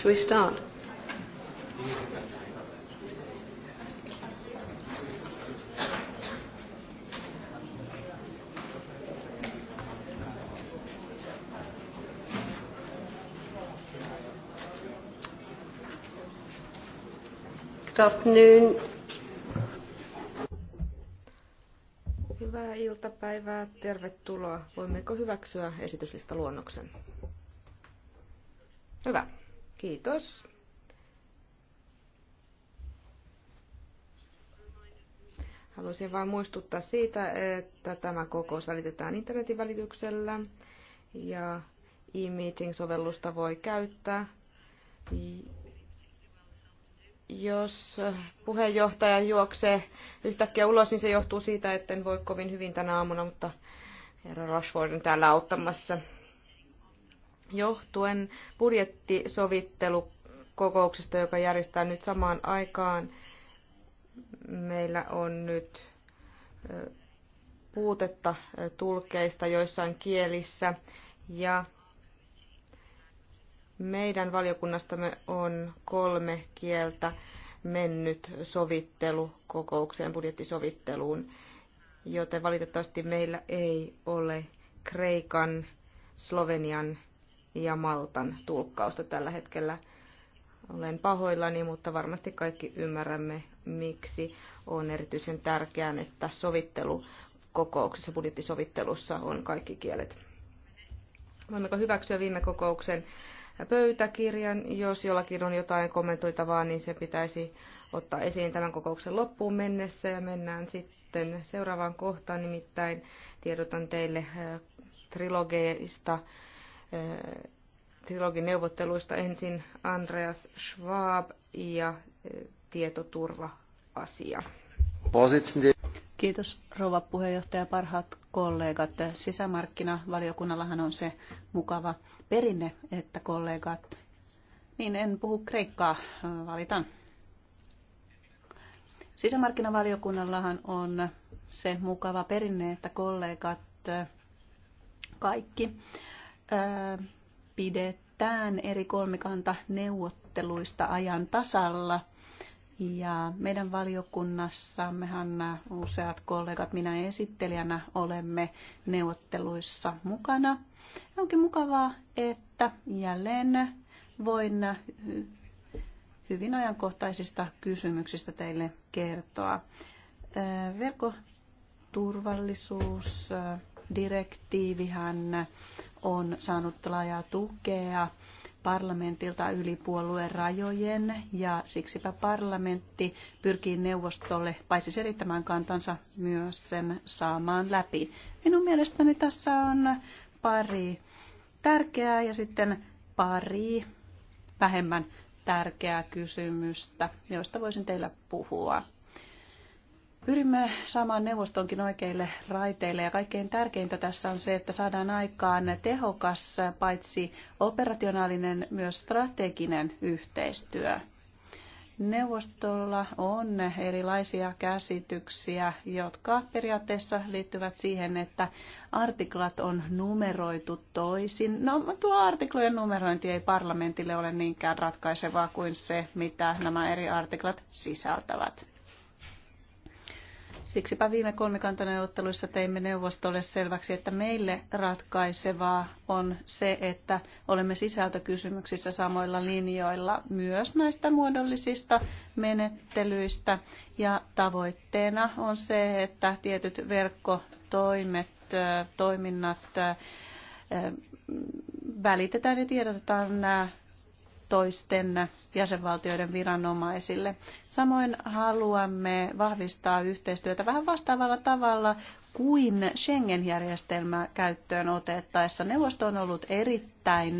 Shall we start? Good afternoon. Hyvää iltapäivää, tervetuloa. Voimmeko hyväksyä esityslistaluonnoksen? Hyvä. Kiitos. Haluaisin vain muistuttaa siitä, että tämä kokous välitetään internetin välityksellä ja e-meeting-sovellusta voi käyttää. Jos puheenjohtaja juoksee yhtäkkiä ulos, niin se johtuu siitä, että en voi kovin hyvin tänä aamuna, mutta herra Rashford on täällä auttamassa johtuen budjettisovittelukokouksesta, joka järjestää nyt samaan aikaan. Meillä on nyt puutetta tulkeista joissain kielissä ja meidän valiokunnastamme on kolme kieltä mennyt sovittelukokoukseen, budjettisovitteluun, joten valitettavasti meillä ei ole Kreikan, Slovenian ja Maltan tulkkausta tällä hetkellä. Olen pahoillani, mutta varmasti kaikki ymmärrämme, miksi on erityisen tärkeää, että sovittelukokouksessa, budjettisovittelussa on kaikki kielet. Voimmeko hyväksyä viime kokouksen pöytäkirjan. Jos jollakin on jotain kommentoitavaa, niin se pitäisi ottaa esiin tämän kokouksen loppuun mennessä ja mennään sitten seuraavaan kohtaan. Nimittäin tiedotan teille eh, trilogeista trilogineuvotteluista ensin Andreas Schwab ja tietoturva-asia. Kiitos rouva puheenjohtaja, parhaat kollegat. Sisämarkkinavaliokunnallahan on se mukava perinne, että kollegat, niin en puhu kreikkaa, valitan. Sisämarkkinavaliokunnallahan on se mukava perinne, että kollegat kaikki pidetään eri kolmikanta neuvotteluista ajan tasalla. Ja meidän valiokunnassammehan useat kollegat, minä esittelijänä, olemme neuvotteluissa mukana. Onkin mukavaa, että jälleen voin hyvin ajankohtaisista kysymyksistä teille kertoa. Verkoturvallisuusdirektiivihän on saanut laajaa tukea parlamentilta yli puolueen rajojen ja siksipä parlamentti pyrkii neuvostolle paitsi siis selittämään kantansa myös sen saamaan läpi. Minun mielestäni tässä on pari tärkeää ja sitten pari vähemmän tärkeää kysymystä, joista voisin teillä puhua. Pyrimme saamaan neuvostonkin oikeille raiteille ja kaikkein tärkeintä tässä on se, että saadaan aikaan tehokas paitsi operationaalinen myös strateginen yhteistyö. Neuvostolla on erilaisia käsityksiä, jotka periaatteessa liittyvät siihen, että artiklat on numeroitu toisin. No tuo artiklojen numerointi ei parlamentille ole niinkään ratkaisevaa kuin se, mitä nämä eri artiklat sisältävät. Siksipä viime kolmikantaneuvotteluissa teimme neuvostolle selväksi, että meille ratkaisevaa on se, että olemme sisältökysymyksissä samoilla linjoilla myös näistä muodollisista menettelyistä. Ja tavoitteena on se, että tietyt verkkotoimet, toiminnat välitetään ja tiedotetaan toisten jäsenvaltioiden viranomaisille. Samoin haluamme vahvistaa yhteistyötä vähän vastaavalla tavalla kuin Schengen-järjestelmä käyttöön otettaessa. Neuvosto on ollut erittäin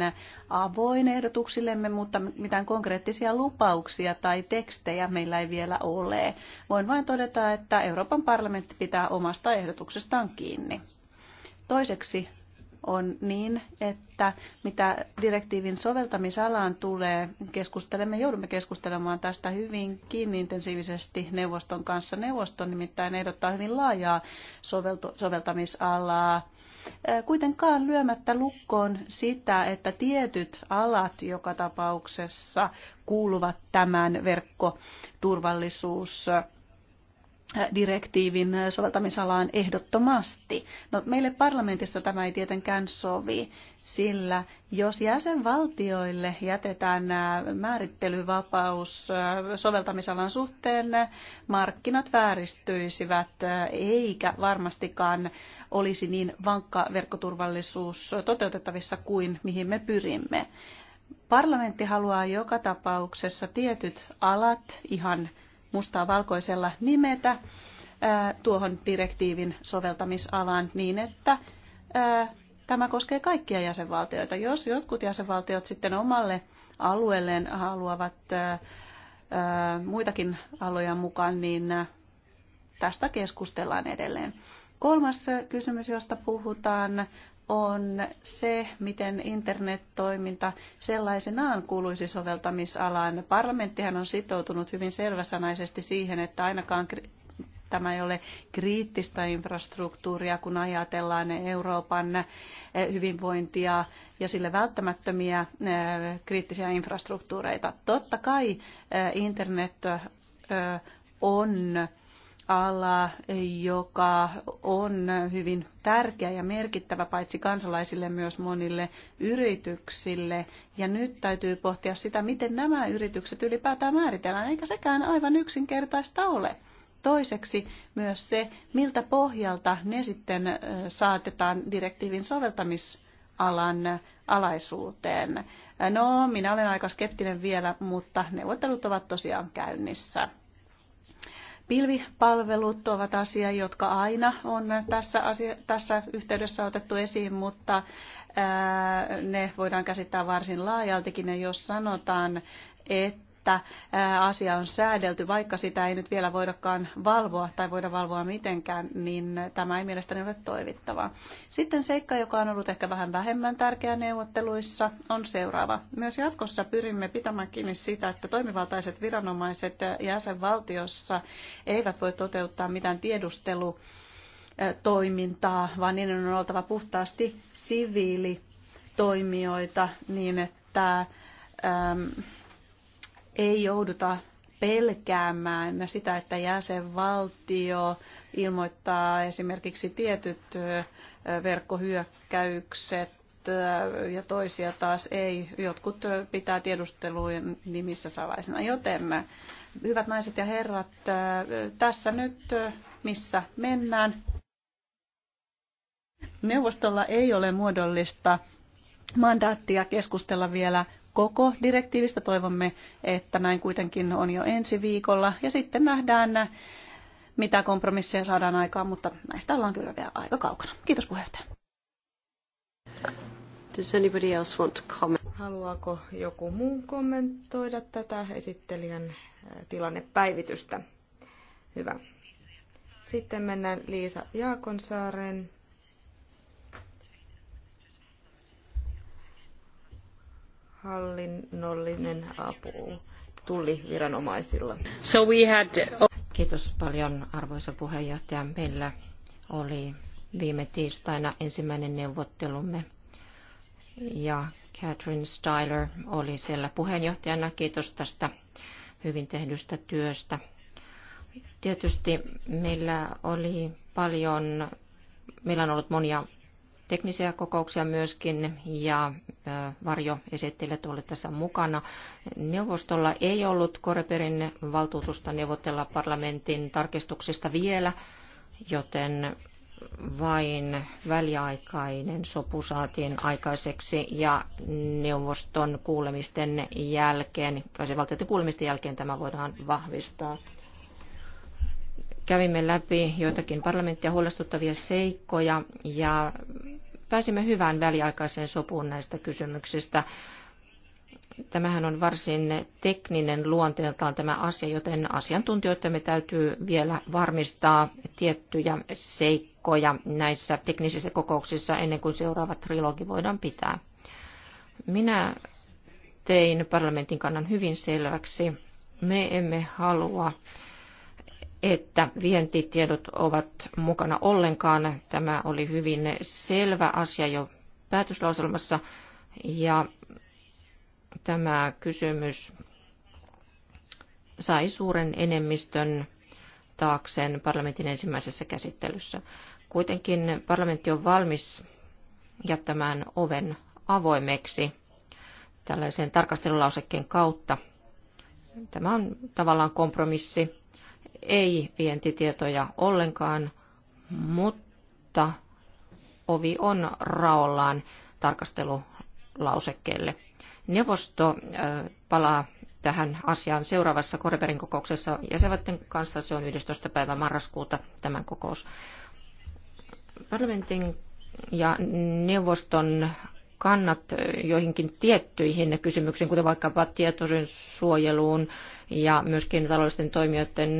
avoin ehdotuksillemme, mutta mitään konkreettisia lupauksia tai tekstejä meillä ei vielä ole. Voin vain todeta, että Euroopan parlamentti pitää omasta ehdotuksestaan kiinni. Toiseksi on niin, että mitä direktiivin soveltamisalaan tulee, keskustelemme, joudumme keskustelemaan tästä hyvinkin intensiivisesti neuvoston kanssa. Neuvosto nimittäin ehdottaa hyvin laajaa sovelto- soveltamisalaa, äh, kuitenkaan lyömättä lukkoon sitä, että tietyt alat joka tapauksessa kuuluvat tämän verkkoturvallisuus direktiivin soveltamisalaan ehdottomasti. No, meille parlamentissa tämä ei tietenkään sovi, sillä jos jäsenvaltioille jätetään määrittelyvapaus soveltamisalan suhteen, markkinat vääristyisivät eikä varmastikaan olisi niin vankka verkkoturvallisuus toteutettavissa kuin mihin me pyrimme. Parlamentti haluaa joka tapauksessa tietyt alat ihan mustaa valkoisella nimetä tuohon direktiivin soveltamisalaan niin, että tämä koskee kaikkia jäsenvaltioita. Jos jotkut jäsenvaltiot sitten omalle alueelleen haluavat muitakin aloja mukaan, niin tästä keskustellaan edelleen. Kolmas kysymys, josta puhutaan, on se, miten internettoiminta sellaisenaan kuuluisi soveltamisalaan. Parlamenttihan on sitoutunut hyvin selväsanaisesti siihen, että ainakaan tämä ei ole kriittistä infrastruktuuria, kun ajatellaan Euroopan eh, hyvinvointia ja sille välttämättömiä eh, kriittisiä infrastruktuureita. Totta kai eh, internet on ala, joka on hyvin tärkeä ja merkittävä paitsi kansalaisille myös monille yrityksille. Ja nyt täytyy pohtia sitä, miten nämä yritykset ylipäätään määritellään, eikä sekään aivan yksinkertaista ole. Toiseksi myös se, miltä pohjalta ne sitten saatetaan direktiivin soveltamisalan alaisuuteen. No, minä olen aika skeptinen vielä, mutta neuvottelut ovat tosiaan käynnissä. Pilvipalvelut ovat asia, jotka aina on tässä, asia, tässä yhteydessä otettu esiin, mutta ää, ne voidaan käsittää varsin laajaltikin. Ja jos sanotaan, että että asia on säädelty, vaikka sitä ei nyt vielä voidakaan valvoa tai voida valvoa mitenkään, niin tämä ei mielestäni ole toivittavaa. Sitten seikka, joka on ollut ehkä vähän vähemmän tärkeä neuvotteluissa, on seuraava. Myös jatkossa pyrimme pitämään kiinni sitä, että toimivaltaiset viranomaiset jäsenvaltiossa eivät voi toteuttaa mitään tiedustelu toimintaa, vaan niin on oltava puhtaasti siviilitoimijoita niin, että ähm, ei jouduta pelkäämään sitä, että jäsenvaltio ilmoittaa esimerkiksi tietyt verkkohyökkäykset ja toisia taas ei. Jotkut pitää tiedustelujen nimissä salaisena. Joten hyvät naiset ja herrat, tässä nyt missä mennään. Neuvostolla ei ole muodollista mandaattia keskustella vielä koko direktiivistä. Toivomme, että näin kuitenkin on jo ensi viikolla. Ja sitten nähdään, mitä kompromisseja saadaan aikaan, mutta näistä ollaan kyllä vielä aika kaukana. Kiitos puheenjohtaja. Does anybody else want to comment? Haluaako joku muu kommentoida tätä esittelijän äh, tilannepäivitystä? Hyvä. Sitten mennään Liisa Jaakonsaaren hallinnollinen apu tuli So we had... Kiitos paljon arvoisa puheenjohtaja. Meillä oli viime tiistaina ensimmäinen neuvottelumme ja Catherine Styler oli siellä puheenjohtajana. Kiitos tästä hyvin tehdystä työstä. Tietysti meillä oli paljon, meillä on ollut monia teknisiä kokouksia myöskin ja varjo varjoesittelijät olivat tässä mukana. Neuvostolla ei ollut Koreperin valtuutusta neuvotella parlamentin tarkistuksista vielä, joten vain väliaikainen sopu saatiin aikaiseksi ja neuvoston kuulemisten jälkeen, siis kuulemisten jälkeen tämä voidaan vahvistaa kävimme läpi joitakin parlamenttia huolestuttavia seikkoja ja pääsimme hyvään väliaikaiseen sopuun näistä kysymyksistä. Tämähän on varsin tekninen luonteeltaan tämä asia, joten asiantuntijoitamme täytyy vielä varmistaa tiettyjä seikkoja näissä teknisissä kokouksissa ennen kuin seuraava trilogi voidaan pitää. Minä tein parlamentin kannan hyvin selväksi. Me emme halua että vientitiedot ovat mukana ollenkaan. Tämä oli hyvin selvä asia jo päätöslauselmassa ja tämä kysymys sai suuren enemmistön taakseen parlamentin ensimmäisessä käsittelyssä. Kuitenkin parlamentti on valmis jättämään oven avoimeksi tällaisen tarkastelulausekkeen kautta. Tämä on tavallaan kompromissi ei vientitietoja ollenkaan, mutta ovi on raollaan tarkastelulausekkeelle. Neuvosto palaa tähän asiaan seuraavassa Koreperin kokouksessa jäsenvätten kanssa. Se on 11. päivä marraskuuta tämän kokous. Parlamentin ja neuvoston kannat joihinkin tiettyihin kysymyksiin, kuten vaikkapa tietosuojeluun suojeluun, ja myöskin taloudellisten toimijoiden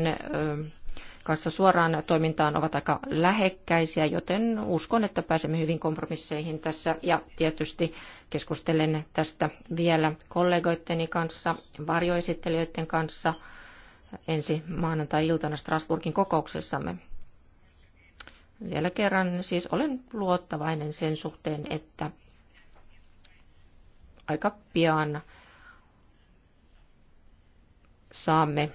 kanssa suoraan toimintaan ovat aika lähekkäisiä, joten uskon, että pääsemme hyvin kompromisseihin tässä. Ja tietysti keskustelen tästä vielä kollegoitteni kanssa, varjoesittelijöiden kanssa ensi maanantai-iltana Strasburgin kokouksessamme. Vielä kerran siis olen luottavainen sen suhteen, että aika pian saamme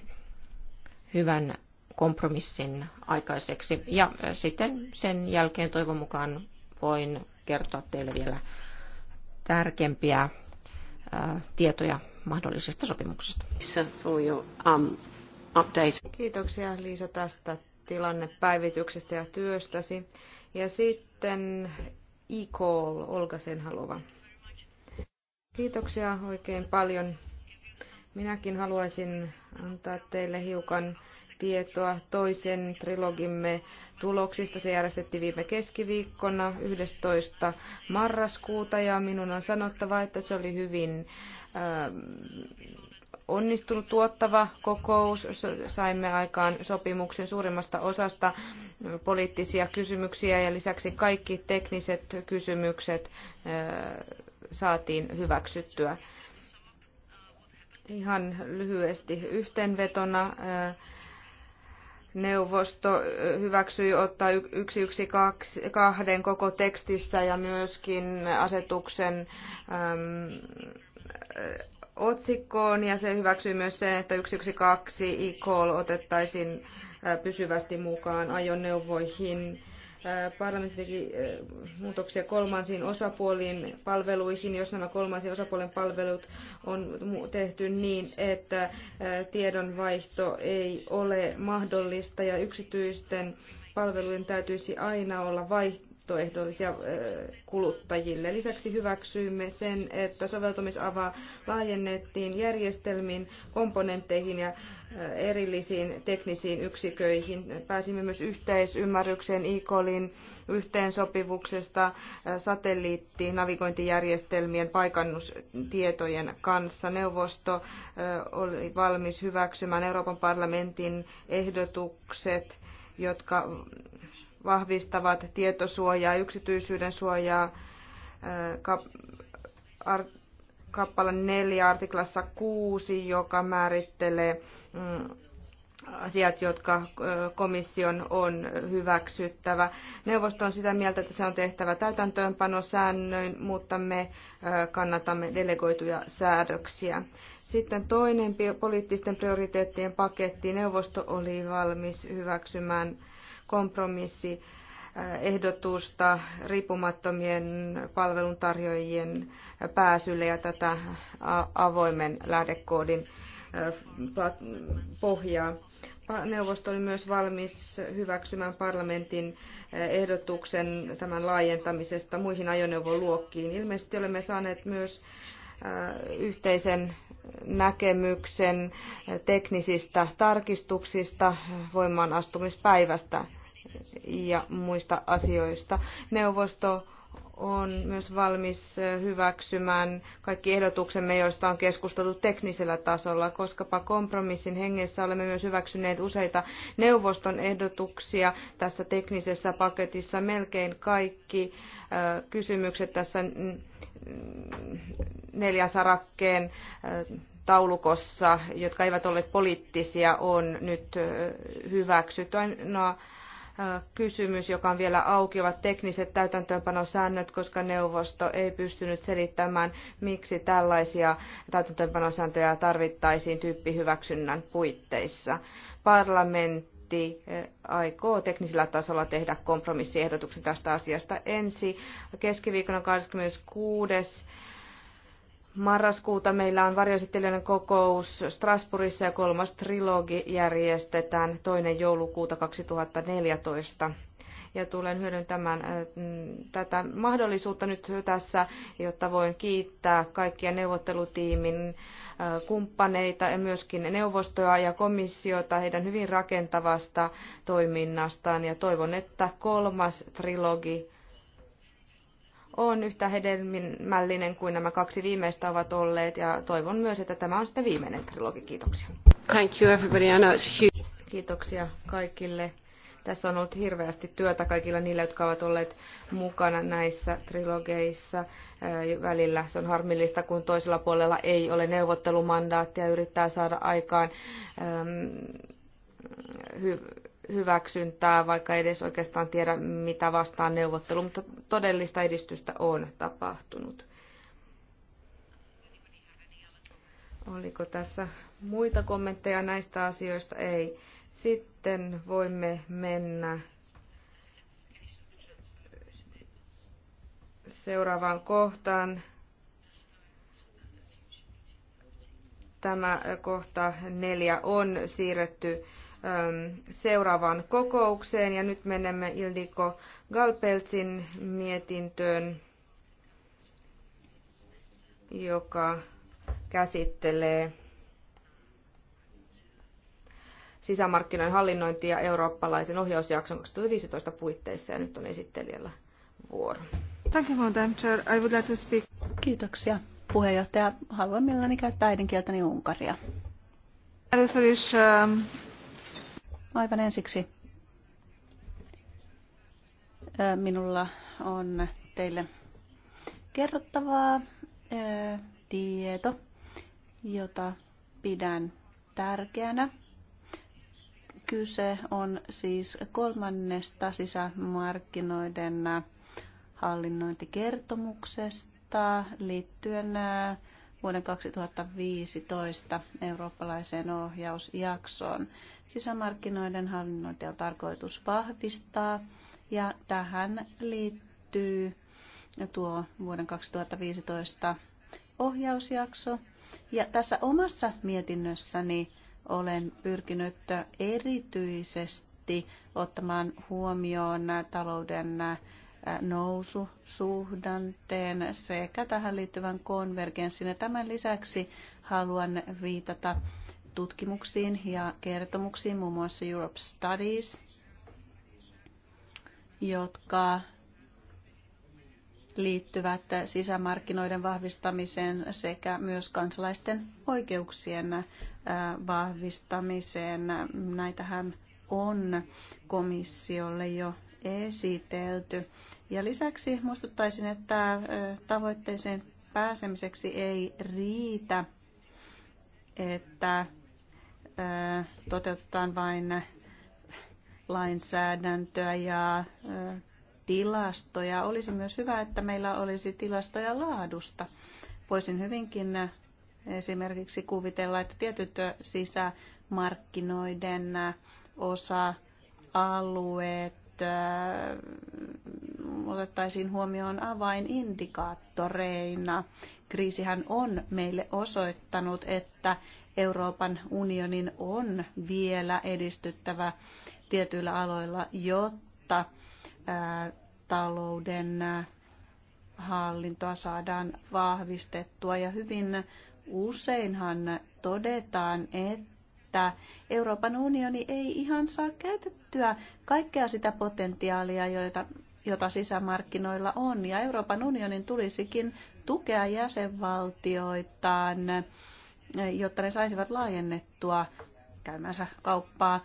hyvän kompromissin aikaiseksi. Ja sitten sen jälkeen toivon mukaan voin kertoa teille vielä tärkeimpiä tietoja mahdollisesta sopimuksesta. Um, Kiitoksia Liisa tästä tilannepäivityksestä ja työstäsi. Ja sitten e-call, Olga Senhalova. Kiitoksia oikein paljon Minäkin haluaisin antaa teille hiukan tietoa toisen trilogimme tuloksista. Se järjestettiin viime keskiviikkona 11. marraskuuta ja minun on sanottava, että se oli hyvin ähm, onnistunut tuottava kokous. Saimme aikaan sopimuksen suurimmasta osasta äh, poliittisia kysymyksiä ja lisäksi kaikki tekniset kysymykset äh, saatiin hyväksyttyä. Ihan lyhyesti yhteenvetona neuvosto hyväksyi ottaa 112 koko tekstissä ja myöskin asetuksen otsikkoon ja se hyväksyi myös sen, että 112 e otettaisiin pysyvästi mukaan ajoneuvoihin parlamentti teki muutoksia kolmansiin osapuoliin palveluihin, jos nämä kolmansien osapuolen palvelut on tehty niin, että tiedonvaihto ei ole mahdollista ja yksityisten palvelujen täytyisi aina olla vaiht- vaihtoehdollisia kuluttajille. Lisäksi hyväksyimme sen, että soveltumisava laajennettiin järjestelmiin, komponentteihin ja erillisiin teknisiin yksiköihin. Pääsimme myös yhteisymmärrykseen ICOLin yhteensopivuksesta satelliittinavigointijärjestelmien paikannustietojen kanssa. Neuvosto oli valmis hyväksymään Euroopan parlamentin ehdotukset, jotka vahvistavat tietosuojaa, yksityisyyden suojaa, kappale 4 artiklassa 6, joka määrittelee mm, asiat, jotka komission on hyväksyttävä. Neuvosto on sitä mieltä, että se on tehtävä täytäntöönpanosäännöin, mutta me kannatamme delegoituja säädöksiä. Sitten toinen poliittisten prioriteettien paketti. Neuvosto oli valmis hyväksymään kompromissiehdotusta äh, riippumattomien palveluntarjoajien pääsylle ja tätä avoimen lähdekoodin äh, pohjaa. Neuvosto oli myös valmis hyväksymään parlamentin äh, ehdotuksen tämän laajentamisesta muihin ajoneuvoluokkiin. Ilmeisesti olemme saaneet myös yhteisen näkemyksen teknisistä tarkistuksista voimaanastumispäivästä ja muista asioista. Neuvosto on myös valmis hyväksymään kaikki ehdotuksemme, joista on keskusteltu teknisellä tasolla, koska kompromissin hengessä olemme myös hyväksyneet useita neuvoston ehdotuksia tässä teknisessä paketissa. Melkein kaikki kysymykset tässä sarakkeen äh, taulukossa, jotka eivät ole poliittisia, on nyt äh, hyväksytty. No, kysymys, joka on vielä auki, ovat tekniset täytäntöönpanosäännöt, koska neuvosto ei pystynyt selittämään, miksi tällaisia täytäntöönpanosääntöjä tarvittaisiin tyyppihyväksynnän puitteissa. Parlamentti parlamentti eh, aikoo teknisellä tasolla tehdä kompromissiehdotuksen tästä asiasta ensi keskiviikkona 26 marraskuuta meillä on varjoesittelijöiden kokous Strasbourgissa ja kolmas trilogi järjestetään toinen joulukuuta 2014. Ja tulen hyödyntämään eh, mm, tätä mahdollisuutta nyt tässä, jotta voin kiittää kaikkia neuvottelutiimin kumppaneita ja myöskin neuvostoa ja komissiota heidän hyvin rakentavasta toiminnastaan. Ja toivon, että kolmas trilogi on yhtä hedelmällinen kuin nämä kaksi viimeistä ovat olleet ja toivon myös, että tämä on sitten viimeinen trilogi. Kiitoksia. Thank you everybody. I know it's huge. Kiitoksia kaikille. Tässä on ollut hirveästi työtä kaikilla niillä, jotka ovat olleet mukana näissä trilogeissa. Välillä se on harmillista, kun toisella puolella ei ole neuvottelumandaattia, yrittää saada aikaan hyväksyntää, vaikka ei edes oikeastaan tiedä, mitä vastaan neuvottelu, mutta todellista edistystä on tapahtunut. Oliko tässä muita kommentteja näistä asioista? Ei. Sitten voimme mennä seuraavaan kohtaan. Tämä kohta neljä on siirretty ähm, seuraavaan kokoukseen ja nyt menemme Ildiko Galpeltsin mietintöön, joka käsittelee sisämarkkinoiden hallinnointia eurooppalaisen ohjausjakson 2015 puitteissa ja nyt on esittelijällä vuoro. Thank you, Madam Chair. I would like to speak. Kiitoksia puheenjohtaja. Haluan mielelläni käyttää äidinkieltäni Unkaria. Ähm, Aivan ensiksi äh, minulla on teille kerrottavaa äh, tieto, jota pidän tärkeänä Kyse on siis kolmannesta sisämarkkinoiden hallinnointikertomuksesta liittyen äh, vuoden 2015 eurooppalaiseen ohjausjaksoon. Sisämarkkinoiden hallinnointi on tarkoitus vahvistaa ja tähän liittyy tuo vuoden 2015 ohjausjakso. Ja tässä omassa mietinnössäni olen pyrkinyt erityisesti ottamaan huomioon talouden noususuhdanteen sekä tähän liittyvän konvergenssin. tämän lisäksi haluan viitata tutkimuksiin ja kertomuksiin, muun muassa Europe Studies, jotka liittyvät sisämarkkinoiden vahvistamiseen sekä myös kansalaisten oikeuksien äh, vahvistamiseen. Näitähän on komissiolle jo esitelty. Ja lisäksi muistuttaisin, että äh, tavoitteeseen pääsemiseksi ei riitä, että äh, toteutetaan vain lainsäädäntöä ja tilastoja. Olisi myös hyvä, että meillä olisi tilastoja laadusta. Voisin hyvinkin esimerkiksi kuvitella, että tietyt sisämarkkinoiden osa-alueet otettaisiin huomioon avainindikaattoreina. Kriisihän on meille osoittanut, että Euroopan unionin on vielä edistyttävä tietyillä aloilla, jotta talouden hallintoa saadaan vahvistettua ja hyvin useinhan todetaan, että Euroopan unioni ei ihan saa käytettyä kaikkea sitä potentiaalia, jota, jota sisämarkkinoilla on. Ja Euroopan unionin tulisikin tukea jäsenvaltioitaan, jotta ne saisivat laajennettua käymänsä kauppaa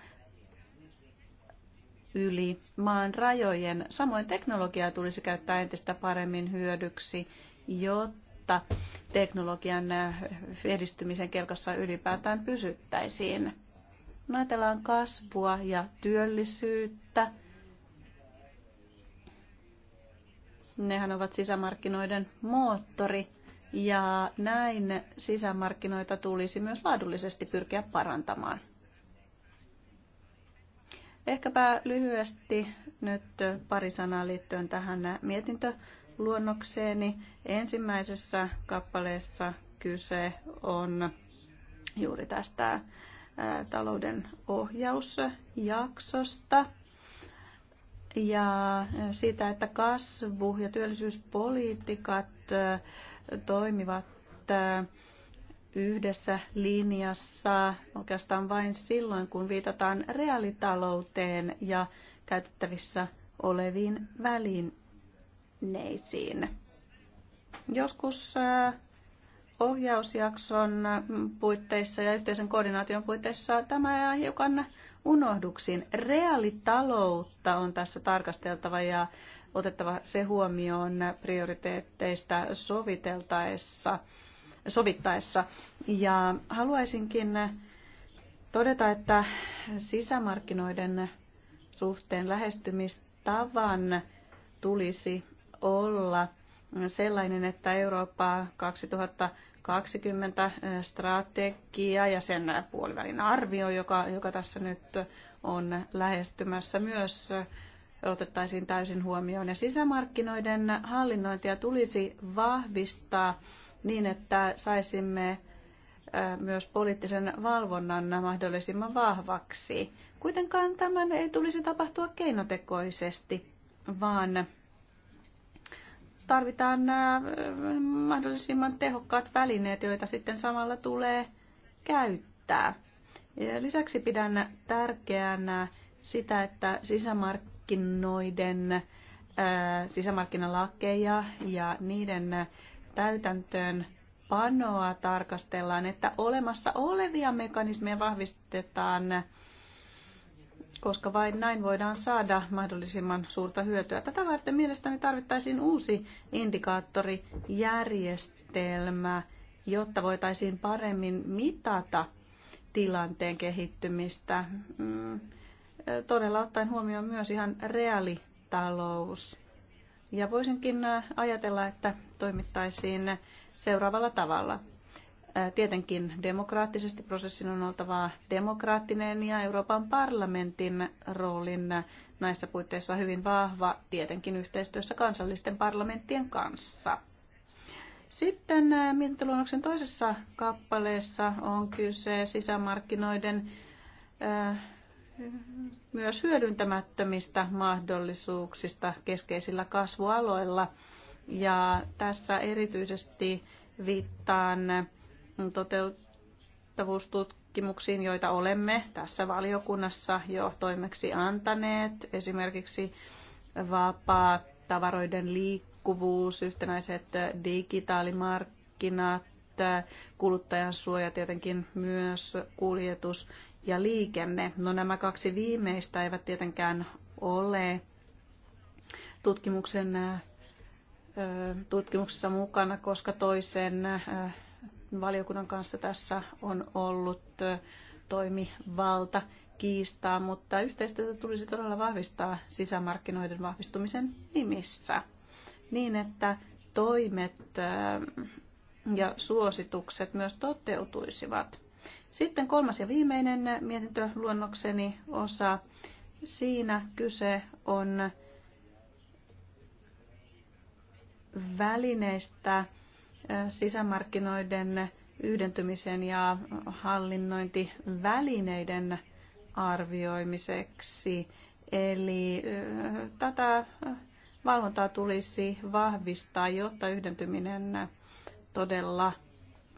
yli maan rajojen. Samoin teknologiaa tulisi käyttää entistä paremmin hyödyksi, jotta teknologian eh, edistymisen kelkassa ylipäätään pysyttäisiin. Kun ajatellaan kasvua ja työllisyyttä, nehän ovat sisämarkkinoiden moottori, ja näin sisämarkkinoita tulisi myös laadullisesti pyrkiä parantamaan. Ehkäpä lyhyesti nyt pari sanaa liittyen tähän mietintöluonnokseeni. Ensimmäisessä kappaleessa kyse on juuri tästä talouden ohjausjaksosta ja siitä, että kasvu- ja työllisyyspolitiikat toimivat yhdessä linjassa oikeastaan vain silloin, kun viitataan reaalitalouteen ja käytettävissä oleviin välineisiin. Joskus äh, ohjausjakson puitteissa ja yhteisen koordinaation puitteissa tämä jää hiukan unohduksiin. Reaalitaloutta on tässä tarkasteltava ja otettava se huomioon prioriteetteista soviteltaessa sovittaessa. Ja haluaisinkin todeta, että sisämarkkinoiden suhteen lähestymistavan tulisi olla sellainen, että Eurooppa 2020 strategia ja sen puolivälin arvio, joka, joka tässä nyt on lähestymässä myös otettaisiin täysin huomioon. Ja sisämarkkinoiden hallinnointia tulisi vahvistaa niin, että saisimme myös poliittisen valvonnan mahdollisimman vahvaksi. Kuitenkaan tämän ei tulisi tapahtua keinotekoisesti, vaan tarvitaan mahdollisimman tehokkaat välineet, joita sitten samalla tulee käyttää. Lisäksi pidän tärkeänä sitä, että sisämarkkinoiden sisämarkkinalakeja ja niiden täytäntöön panoa tarkastellaan, että olemassa olevia mekanismeja vahvistetaan, koska vain näin voidaan saada mahdollisimman suurta hyötyä. Tätä varten mielestäni tarvittaisiin uusi indikaattorijärjestelmä, jotta voitaisiin paremmin mitata tilanteen kehittymistä. Mm, todella ottaen huomioon myös ihan reaalitalous. Ja voisinkin ajatella, että toimittaisiin seuraavalla tavalla. Tietenkin demokraattisesti prosessin on oltava demokraattinen ja Euroopan parlamentin roolin näissä puitteissa hyvin vahva, tietenkin yhteistyössä kansallisten parlamenttien kanssa. Sitten mietintöluonnoksen toisessa kappaleessa on kyse sisämarkkinoiden myös hyödyntämättömistä mahdollisuuksista keskeisillä kasvualoilla. Ja tässä erityisesti viittaan toteuttavuustutkimuksiin, joita olemme tässä valiokunnassa jo toimeksi antaneet. Esimerkiksi vapaa tavaroiden liikkuvuus, yhtenäiset digitaalimarkkinat, kuluttajansuoja tietenkin myös kuljetus ja liikenne. No nämä kaksi viimeistä eivät tietenkään ole tutkimuksen, tutkimuksessa mukana, koska toisen valiokunnan kanssa tässä on ollut toimivalta kiistaa, mutta yhteistyötä tulisi todella vahvistaa sisämarkkinoiden vahvistumisen nimissä niin, että toimet ja suositukset myös toteutuisivat. Sitten kolmas ja viimeinen mietintöluonnokseni osa. Siinä kyse on välineistä sisämarkkinoiden yhdentymisen ja hallinnointivälineiden arvioimiseksi. Eli tätä valvontaa tulisi vahvistaa, jotta yhdentyminen todella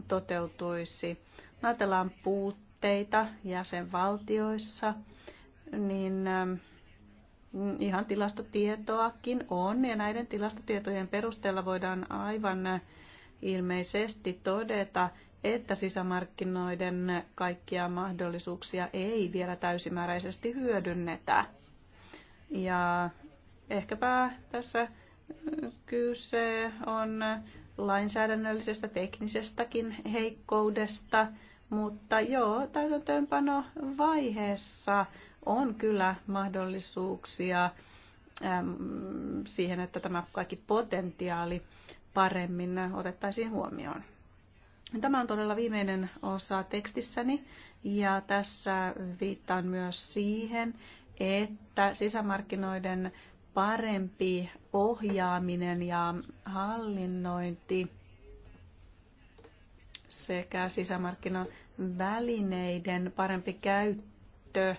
toteutuisi ajatellaan puutteita jäsenvaltioissa, niin ähm, ihan tilastotietoakin on, ja näiden tilastotietojen perusteella voidaan aivan äh, ilmeisesti todeta, että sisämarkkinoiden kaikkia mahdollisuuksia ei vielä täysimääräisesti hyödynnetä. Ja ehkäpä tässä äh, kyse on äh, lainsäädännöllisestä teknisestäkin heikkoudesta, mutta joo, täytäntöönpano vaiheessa on kyllä mahdollisuuksia siihen, että tämä kaikki potentiaali paremmin otettaisiin huomioon. Tämä on todella viimeinen osa tekstissäni ja tässä viittaan myös siihen, että sisämarkkinoiden parempi ohjaaminen ja hallinnointi sekä sisämarkkinoiden välineiden parempi käyttö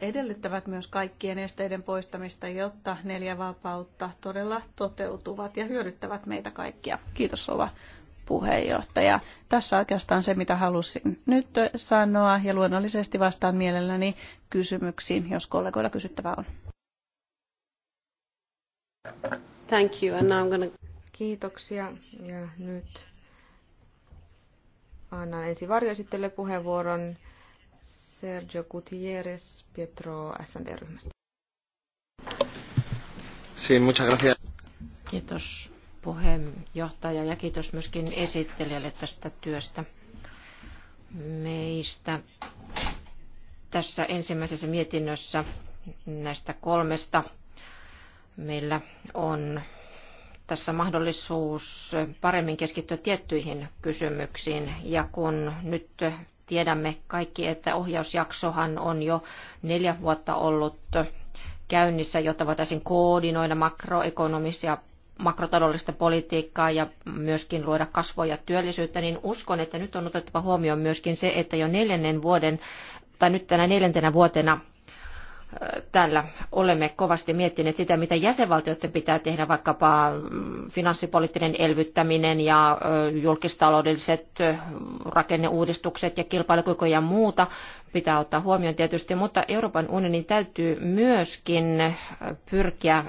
edellyttävät myös kaikkien esteiden poistamista, jotta neljä vapautta todella toteutuvat ja hyödyttävät meitä kaikkia. Kiitos Sova puheenjohtaja. Tässä oikeastaan se, mitä halusin nyt sanoa ja luonnollisesti vastaan mielelläni kysymyksiin, jos kollegoilla kysyttävää on. Thank you, and now I'm gonna... Kiitoksia ja nyt Annan ensin varjoesittelylle puheenvuoron Sergio Gutierrez Pietro SND-ryhmästä. Sí, muchas gracias. Kiitos puheenjohtaja ja kiitos myöskin esittelijälle tästä työstä. Meistä tässä ensimmäisessä mietinnössä näistä kolmesta meillä on tässä mahdollisuus paremmin keskittyä tiettyihin kysymyksiin. Ja kun nyt tiedämme kaikki, että ohjausjaksohan on jo neljä vuotta ollut käynnissä, jotta voitaisiin koordinoida makroekonomisia makrotaloudellista politiikkaa ja myöskin luoda kasvoja ja työllisyyttä, niin uskon, että nyt on otettava huomioon myöskin se, että jo neljännen vuoden tai nyt tänä neljäntenä vuotena täällä olemme kovasti miettineet sitä, mitä jäsenvaltioiden pitää tehdä, vaikkapa mm, finanssipoliittinen elvyttäminen ja julkistaloudelliset rakenneuudistukset ja kilpailukyky ja muuta pitää ottaa huomioon tietysti, mutta Euroopan unionin täytyy myöskin pyrkiä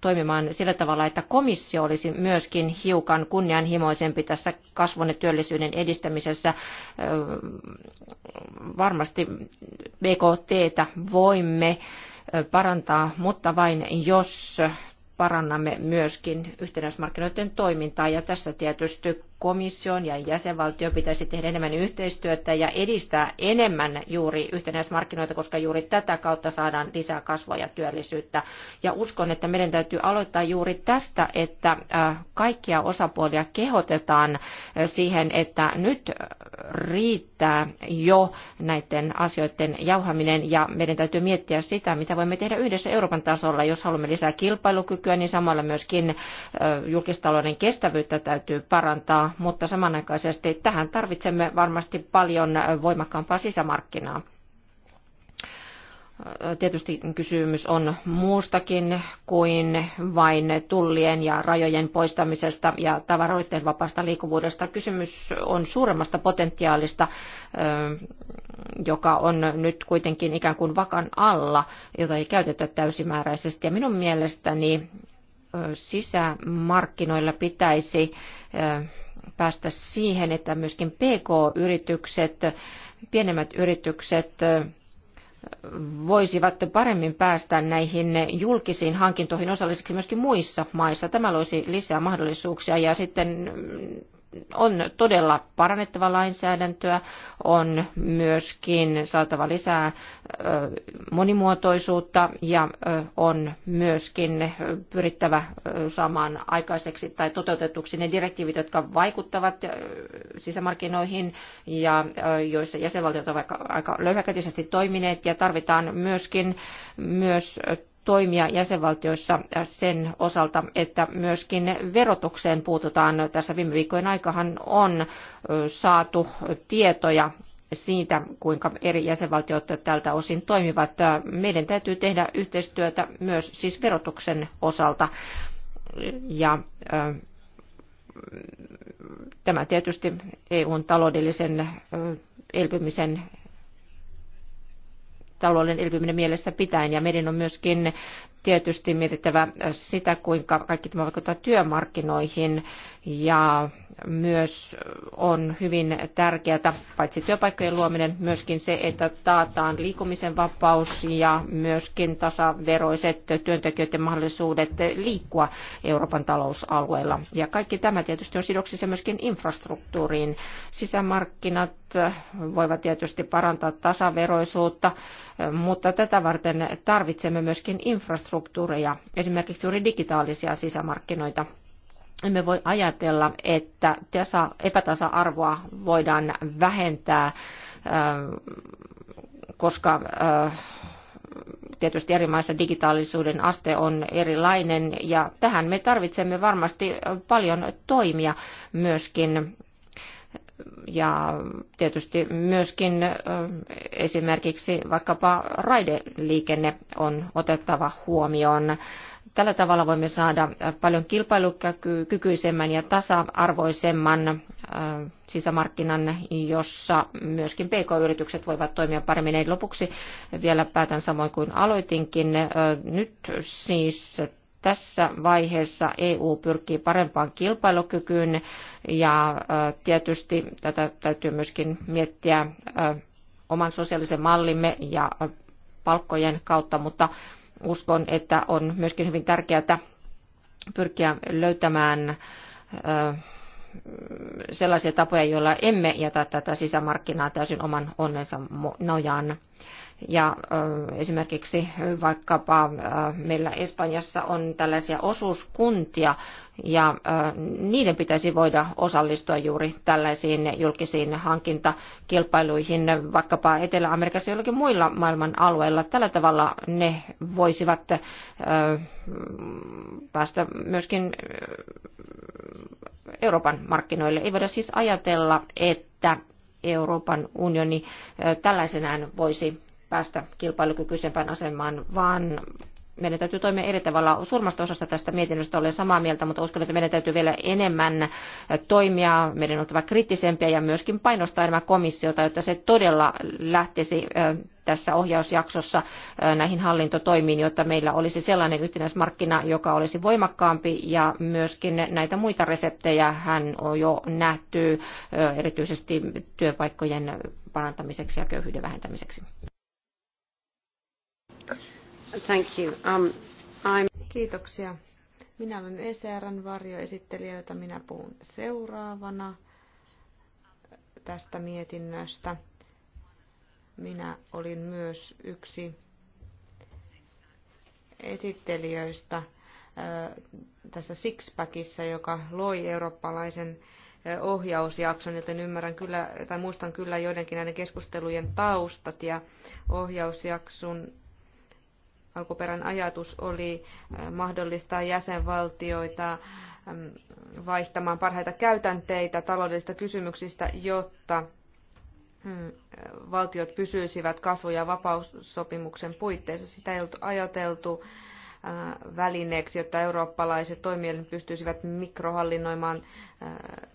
toimimaan sillä tavalla, että komissio olisi myöskin hiukan kunnianhimoisempi tässä kasvun ja työllisyyden edistämisessä. Varmasti BKTtä voimme parantaa, mutta vain jos parannamme myöskin yhtenäismarkkinoiden toimintaa ja tässä tietysti komission ja jäsenvaltio pitäisi tehdä enemmän yhteistyötä ja edistää enemmän juuri yhtenäismarkkinoita, koska juuri tätä kautta saadaan lisää kasvua ja työllisyyttä. Ja uskon, että meidän täytyy aloittaa juuri tästä, että äh, kaikkia osapuolia kehotetaan äh, siihen, että nyt äh, riittää jo näiden asioiden jauhaminen ja meidän täytyy miettiä sitä, mitä voimme tehdä yhdessä Euroopan tasolla, jos haluamme lisää kilpailukykyä, niin samalla myöskin julkistalouden kestävyyttä täytyy parantaa mutta samanaikaisesti tähän tarvitsemme varmasti paljon voimakkaampaa sisämarkkinaa. Tietysti kysymys on muustakin kuin vain tullien ja rajojen poistamisesta ja tavaroiden vapaasta liikkuvuudesta. Kysymys on suuremmasta potentiaalista, joka on nyt kuitenkin ikään kuin vakan alla, jota ei käytetä täysimääräisesti. Ja minun mielestäni sisämarkkinoilla pitäisi päästä siihen, että myöskin PK-yritykset, pienemmät yritykset voisivat paremmin päästä näihin julkisiin hankintoihin osallisiksi myöskin muissa maissa. Tämä loisi lisää mahdollisuuksia ja sitten on todella parannettava lainsäädäntöä, on myöskin saatava lisää monimuotoisuutta ja on myöskin pyrittävä saamaan aikaiseksi tai toteutetuksi ne direktiivit, jotka vaikuttavat sisämarkkinoihin ja joissa jäsenvaltiot ovat aika löyhäkätisesti toimineet ja tarvitaan myöskin myös toimia jäsenvaltioissa sen osalta, että myöskin verotukseen puututaan. Tässä viime viikkojen aikahan on saatu tietoja siitä, kuinka eri jäsenvaltiot tältä osin toimivat. Meidän täytyy tehdä yhteistyötä myös siis verotuksen osalta. Ja tämä tietysti EUn taloudellisen elpymisen talouden elpyminen mielessä pitäen. Ja meidän on myöskin tietysti mietittävä sitä, kuinka kaikki tämä vaikuttaa työmarkkinoihin ja myös on hyvin tärkeää paitsi työpaikkojen luominen, myöskin se, että taataan liikkumisen vapaus ja myöskin tasaveroiset työntekijöiden mahdollisuudet liikkua Euroopan talousalueella. Ja kaikki tämä tietysti on sidoksissa myöskin infrastruktuuriin. Sisämarkkinat voivat tietysti parantaa tasaveroisuutta, mutta tätä varten tarvitsemme myöskin infrastruktuuria infrastruktuureja, esimerkiksi juuri digitaalisia sisämarkkinoita. Emme voi ajatella, että tasa, epätasa-arvoa voidaan vähentää, äh, koska äh, tietysti eri maissa digitaalisuuden aste on erilainen ja tähän me tarvitsemme varmasti paljon toimia myöskin ja tietysti myöskin esimerkiksi vaikkapa raideliikenne on otettava huomioon. Tällä tavalla voimme saada paljon kilpailukykyisemmän ja tasa-arvoisemman sisämarkkinan, jossa myöskin PK-yritykset voivat toimia paremmin. ei lopuksi vielä päätän samoin kuin aloitinkin. Nyt siis tässä vaiheessa EU pyrkii parempaan kilpailukykyyn ja tietysti tätä täytyy myöskin miettiä oman sosiaalisen mallimme ja palkkojen kautta, mutta uskon, että on myöskin hyvin tärkeää pyrkiä löytämään sellaisia tapoja, joilla emme jätä tätä sisämarkkinaa täysin oman onnensa nojaan. Ja esimerkiksi vaikkapa meillä Espanjassa on tällaisia osuuskuntia ja niiden pitäisi voida osallistua juuri tällaisiin julkisiin hankintakilpailuihin vaikkapa Etelä-Amerikassa jollakin muilla maailman alueilla. Tällä tavalla ne voisivat päästä myöskin Euroopan markkinoille. Ei voida siis ajatella, että Euroopan unioni tällaisenään voisi päästä kilpailukykyisempään asemaan, vaan meidän täytyy toimia eri tavalla. Suurmasta osasta tästä mietinnöstä olen samaa mieltä, mutta uskon, että meidän täytyy vielä enemmän toimia. Meidän on oltava kriittisempiä ja myöskin painostaa enemmän komissiota, jotta se todella lähtisi tässä ohjausjaksossa näihin hallintotoimiin, jotta meillä olisi sellainen yhtenäismarkkina, joka olisi voimakkaampi ja myöskin näitä muita reseptejä hän on jo nähty erityisesti työpaikkojen parantamiseksi ja köyhyyden vähentämiseksi. Thank you. Um, I'm... Kiitoksia. Minä olen ECRn varjoesittelijä, jota minä puhun seuraavana tästä mietinnöstä. Minä olin myös yksi esittelijöistä tässä Sixpackissa, joka loi eurooppalaisen ohjausjakson, joten ymmärrän kyllä, tai muistan kyllä joidenkin näiden keskustelujen taustat ja ohjausjakson alkuperän ajatus oli eh, mahdollistaa jäsenvaltioita mm, vaihtamaan parhaita käytänteitä taloudellisista kysymyksistä, jotta mm, valtiot pysyisivät kasvu- ja vapaussopimuksen puitteissa. Sitä ei ollut ajateltu eh, välineeksi, jotta eurooppalaiset toimielimet pystyisivät mikrohallinnoimaan eh,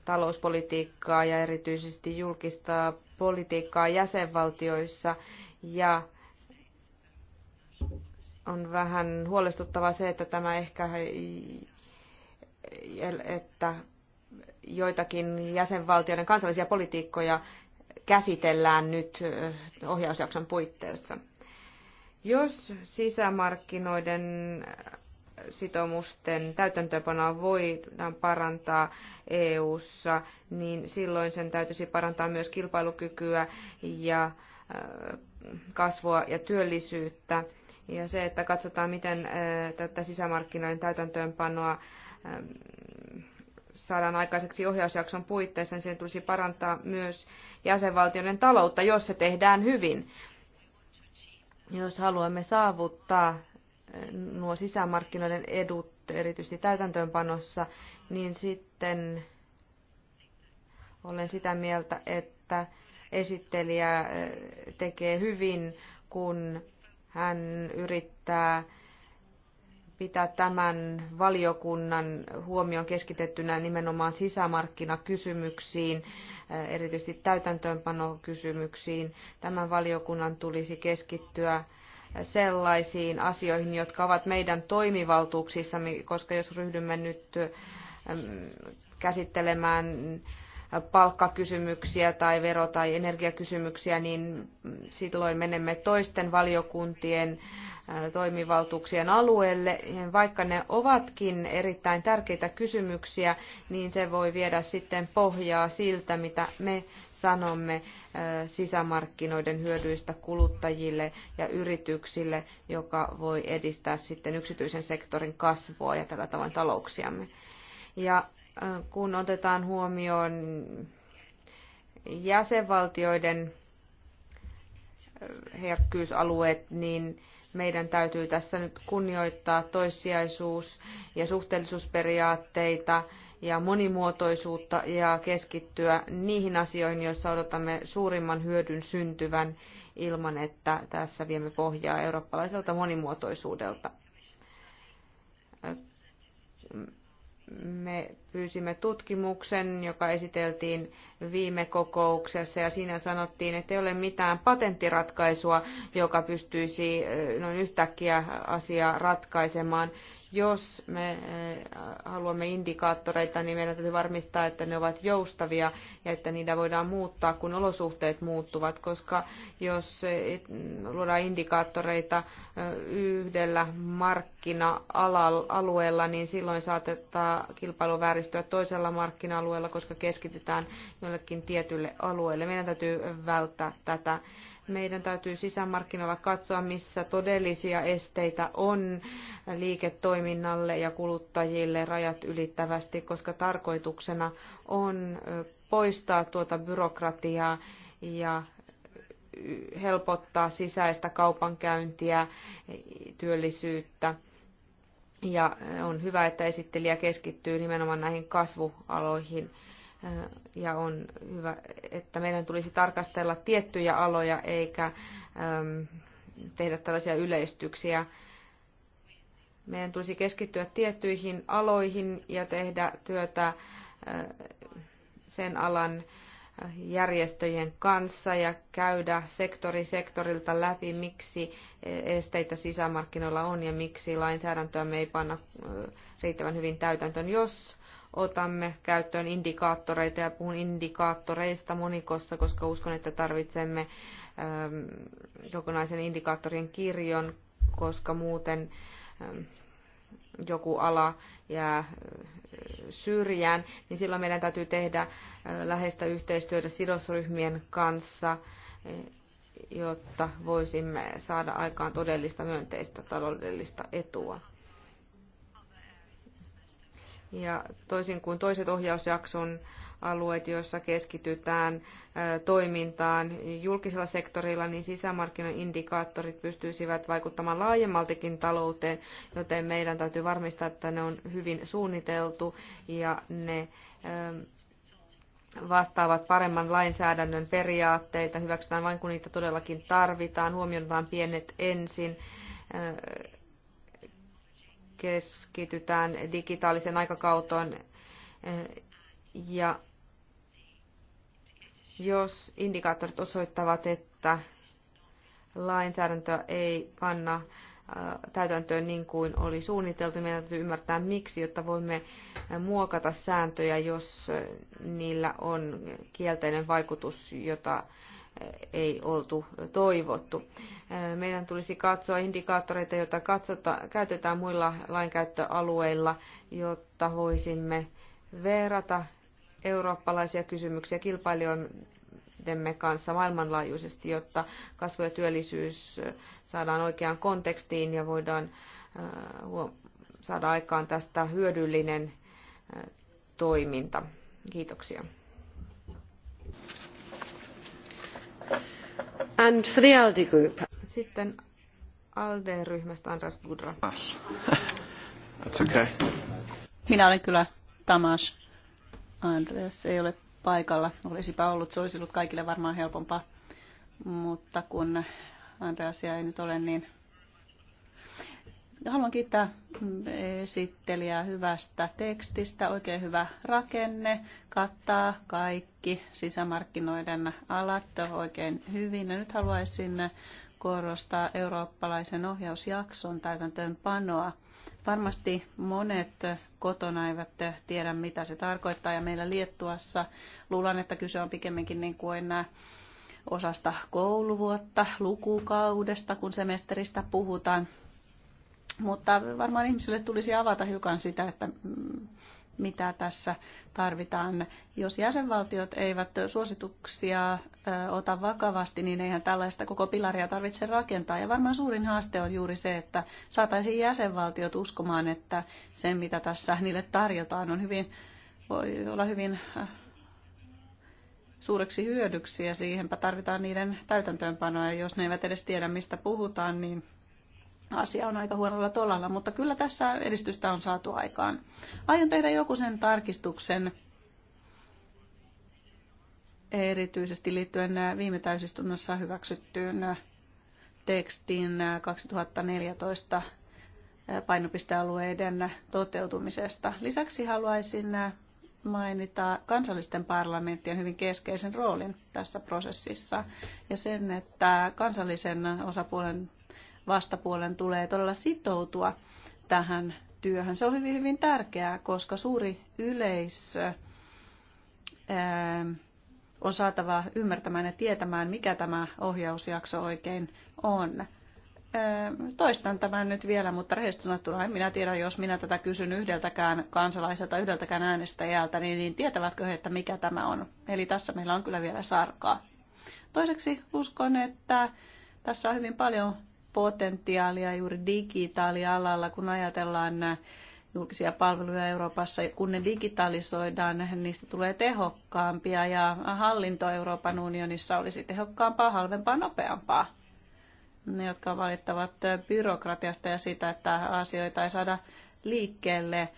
talouspolitiikkaa ja erityisesti julkista politiikkaa jäsenvaltioissa ja on vähän huolestuttavaa se, että tämä ehkä, että joitakin jäsenvaltioiden kansallisia politiikkoja käsitellään nyt ohjausjakson puitteissa. Jos sisämarkkinoiden sitoumusten täytäntöönpanoa voidaan parantaa EU:ssa, niin silloin sen täytyisi parantaa myös kilpailukykyä ja kasvua ja työllisyyttä. Ja se, että katsotaan, miten tätä sisämarkkinoiden täytäntöönpanoa saadaan aikaiseksi ohjausjakson puitteissa, niin sen tulisi parantaa myös jäsenvaltioiden taloutta, jos se tehdään hyvin. Jos haluamme saavuttaa nuo sisämarkkinoiden edut, erityisesti täytäntöönpanossa, niin sitten olen sitä mieltä, että esittelijä äh, tekee hyvin, kun hän yrittää pitää tämän valiokunnan huomion keskitettynä nimenomaan sisämarkkinakysymyksiin, äh, erityisesti täytäntöönpanokysymyksiin. Tämän valiokunnan tulisi keskittyä sellaisiin asioihin, jotka ovat meidän toimivaltuuksissamme, koska jos ryhdymme nyt käsittelemään palkkakysymyksiä tai vero- tai energiakysymyksiä, niin silloin menemme toisten valiokuntien toimivaltuuksien alueelle. Vaikka ne ovatkin erittäin tärkeitä kysymyksiä, niin se voi viedä sitten pohjaa siltä, mitä me sanomme sisämarkkinoiden hyödyistä kuluttajille ja yrityksille, joka voi edistää sitten yksityisen sektorin kasvua ja tällä tavoin talouksiamme. Ja kun otetaan huomioon jäsenvaltioiden herkkyysalueet, niin meidän täytyy tässä nyt kunnioittaa toissijaisuus- ja suhteellisuusperiaatteita ja monimuotoisuutta ja keskittyä niihin asioihin, joissa odotamme suurimman hyödyn syntyvän ilman, että tässä viemme pohjaa eurooppalaiselta monimuotoisuudelta me pyysimme tutkimuksen, joka esiteltiin viime kokouksessa ja siinä sanottiin, että ei ole mitään patenttiratkaisua, joka pystyisi noin yhtäkkiä asiaa ratkaisemaan. Jos me eh, haluamme indikaattoreita, niin meidän täytyy varmistaa, että ne ovat joustavia ja että niitä voidaan muuttaa, kun olosuhteet muuttuvat, koska jos eh, luodaan indikaattoreita eh, yhdellä markkina-alueella, niin silloin saatetaan kilpailu vääristyä toisella markkina-alueella, koska keskitytään jollekin tietylle alueelle. Meidän täytyy välttää tätä meidän täytyy sisämarkkinoilla katsoa, missä todellisia esteitä on liiketoiminnalle ja kuluttajille rajat ylittävästi, koska tarkoituksena on poistaa tuota byrokratiaa ja helpottaa sisäistä kaupankäyntiä, työllisyyttä. Ja on hyvä, että esittelijä keskittyy nimenomaan näihin kasvualoihin ja on hyvä, että meidän tulisi tarkastella tiettyjä aloja eikä tehdä tällaisia yleistyksiä. Meidän tulisi keskittyä tiettyihin aloihin ja tehdä työtä sen alan järjestöjen kanssa ja käydä sektori sektorilta läpi, miksi esteitä sisämarkkinoilla on ja miksi lainsäädäntöä me ei panna riittävän hyvin täytäntöön. Jos otamme käyttöön indikaattoreita ja puhun indikaattoreista monikossa, koska uskon, että tarvitsemme ähm, kokonaisen indikaattorien kirjon, koska muuten ähm, joku ala jää äh, syrjään, niin silloin meidän täytyy tehdä äh, läheistä yhteistyötä sidosryhmien kanssa, jotta voisimme saada aikaan todellista myönteistä taloudellista etua. Ja toisin kuin toiset ohjausjakson alueet, joissa keskitytään toimintaan julkisella sektorilla, niin sisämarkkinan indikaattorit pystyisivät vaikuttamaan laajemmaltikin talouteen, joten meidän täytyy varmistaa, että ne on hyvin suunniteltu ja ne vastaavat paremman lainsäädännön periaatteita, hyväksytään vain kun niitä todellakin tarvitaan, huomioidaan pienet ensin keskitytään digitaalisen aikakautoon eh, ja jos indikaattorit osoittavat, että lainsäädäntöä ei panna eh, täytäntöön niin kuin oli suunniteltu. Meidän täytyy ymmärtää miksi, jotta voimme eh, muokata sääntöjä, jos niillä on kielteinen vaikutus, jota ei oltu toivottu. Meidän tulisi katsoa indikaattoreita, joita katsota, käytetään muilla lainkäyttöalueilla, jotta voisimme verrata eurooppalaisia kysymyksiä kilpailijoidemme kanssa maailmanlaajuisesti, jotta kasvu ja työllisyys saadaan oikeaan kontekstiin ja voidaan saada aikaan tästä hyödyllinen toiminta. Kiitoksia. And for the ALDE group. Sitten ALDE-ryhmästä Andras Budra. That's okay. Minä olen kyllä Tamas. Andres ei ole paikalla. Olisipa ollut, se olisi ollut kaikille varmaan helpompaa. Mutta kun Andreasia ei nyt ole, niin Haluan kiittää mm, esittelijää hyvästä tekstistä. Oikein hyvä rakenne kattaa kaikki sisämarkkinoiden alat oikein hyvin. Ja nyt haluaisin korostaa eurooppalaisen ohjausjakson täytäntöönpanoa. Varmasti monet kotona eivät tiedä, mitä se tarkoittaa, ja meillä Liettuassa luulen, että kyse on pikemminkin niin kuin nämä osasta kouluvuotta, lukukaudesta, kun semesteristä puhutaan. Mutta varmaan ihmisille tulisi avata hiukan sitä, että mitä tässä tarvitaan. Jos jäsenvaltiot eivät suosituksia ota vakavasti, niin eihän tällaista koko pilaria tarvitse rakentaa. Ja varmaan suurin haaste on juuri se, että saataisiin jäsenvaltiot uskomaan, että se mitä tässä niille tarjotaan on hyvin, voi olla hyvin suureksi hyödyksi ja siihenpä tarvitaan niiden täytäntöönpanoa. Ja jos ne eivät edes tiedä, mistä puhutaan, niin asia on aika huonolla tolalla, mutta kyllä tässä edistystä on saatu aikaan. Aion tehdä joku sen tarkistuksen erityisesti liittyen äh, viime täysistunnossa hyväksyttyyn äh, tekstin 2014 äh, painopistealueiden toteutumisesta. Lisäksi haluaisin mainita kansallisten parlamenttien hyvin keskeisen roolin tässä prosessissa ja sen, että kansallisen osapuolen vastapuolen tulee todella sitoutua tähän työhön. Se on hyvin, hyvin tärkeää, koska suuri yleisö on saatava ymmärtämään ja tietämään, mikä tämä ohjausjakso oikein on. Toistan tämän nyt vielä, mutta rehellisesti sanottuna en minä tiedä, jos minä tätä kysyn yhdeltäkään kansalaiselta, yhdeltäkään äänestäjältä, niin, niin tietävätkö he, että mikä tämä on. Eli tässä meillä on kyllä vielä sarkaa. Toiseksi uskon, että tässä on hyvin paljon potentiaalia juuri digitaalialalla, kun ajatellaan julkisia palveluja Euroopassa. Kun ne digitalisoidaan, niistä tulee tehokkaampia ja hallinto Euroopan unionissa olisi tehokkaampaa, halvempaa, nopeampaa. Ne, jotka valittavat byrokratiasta ja sitä, että asioita ei saada liikkeelle,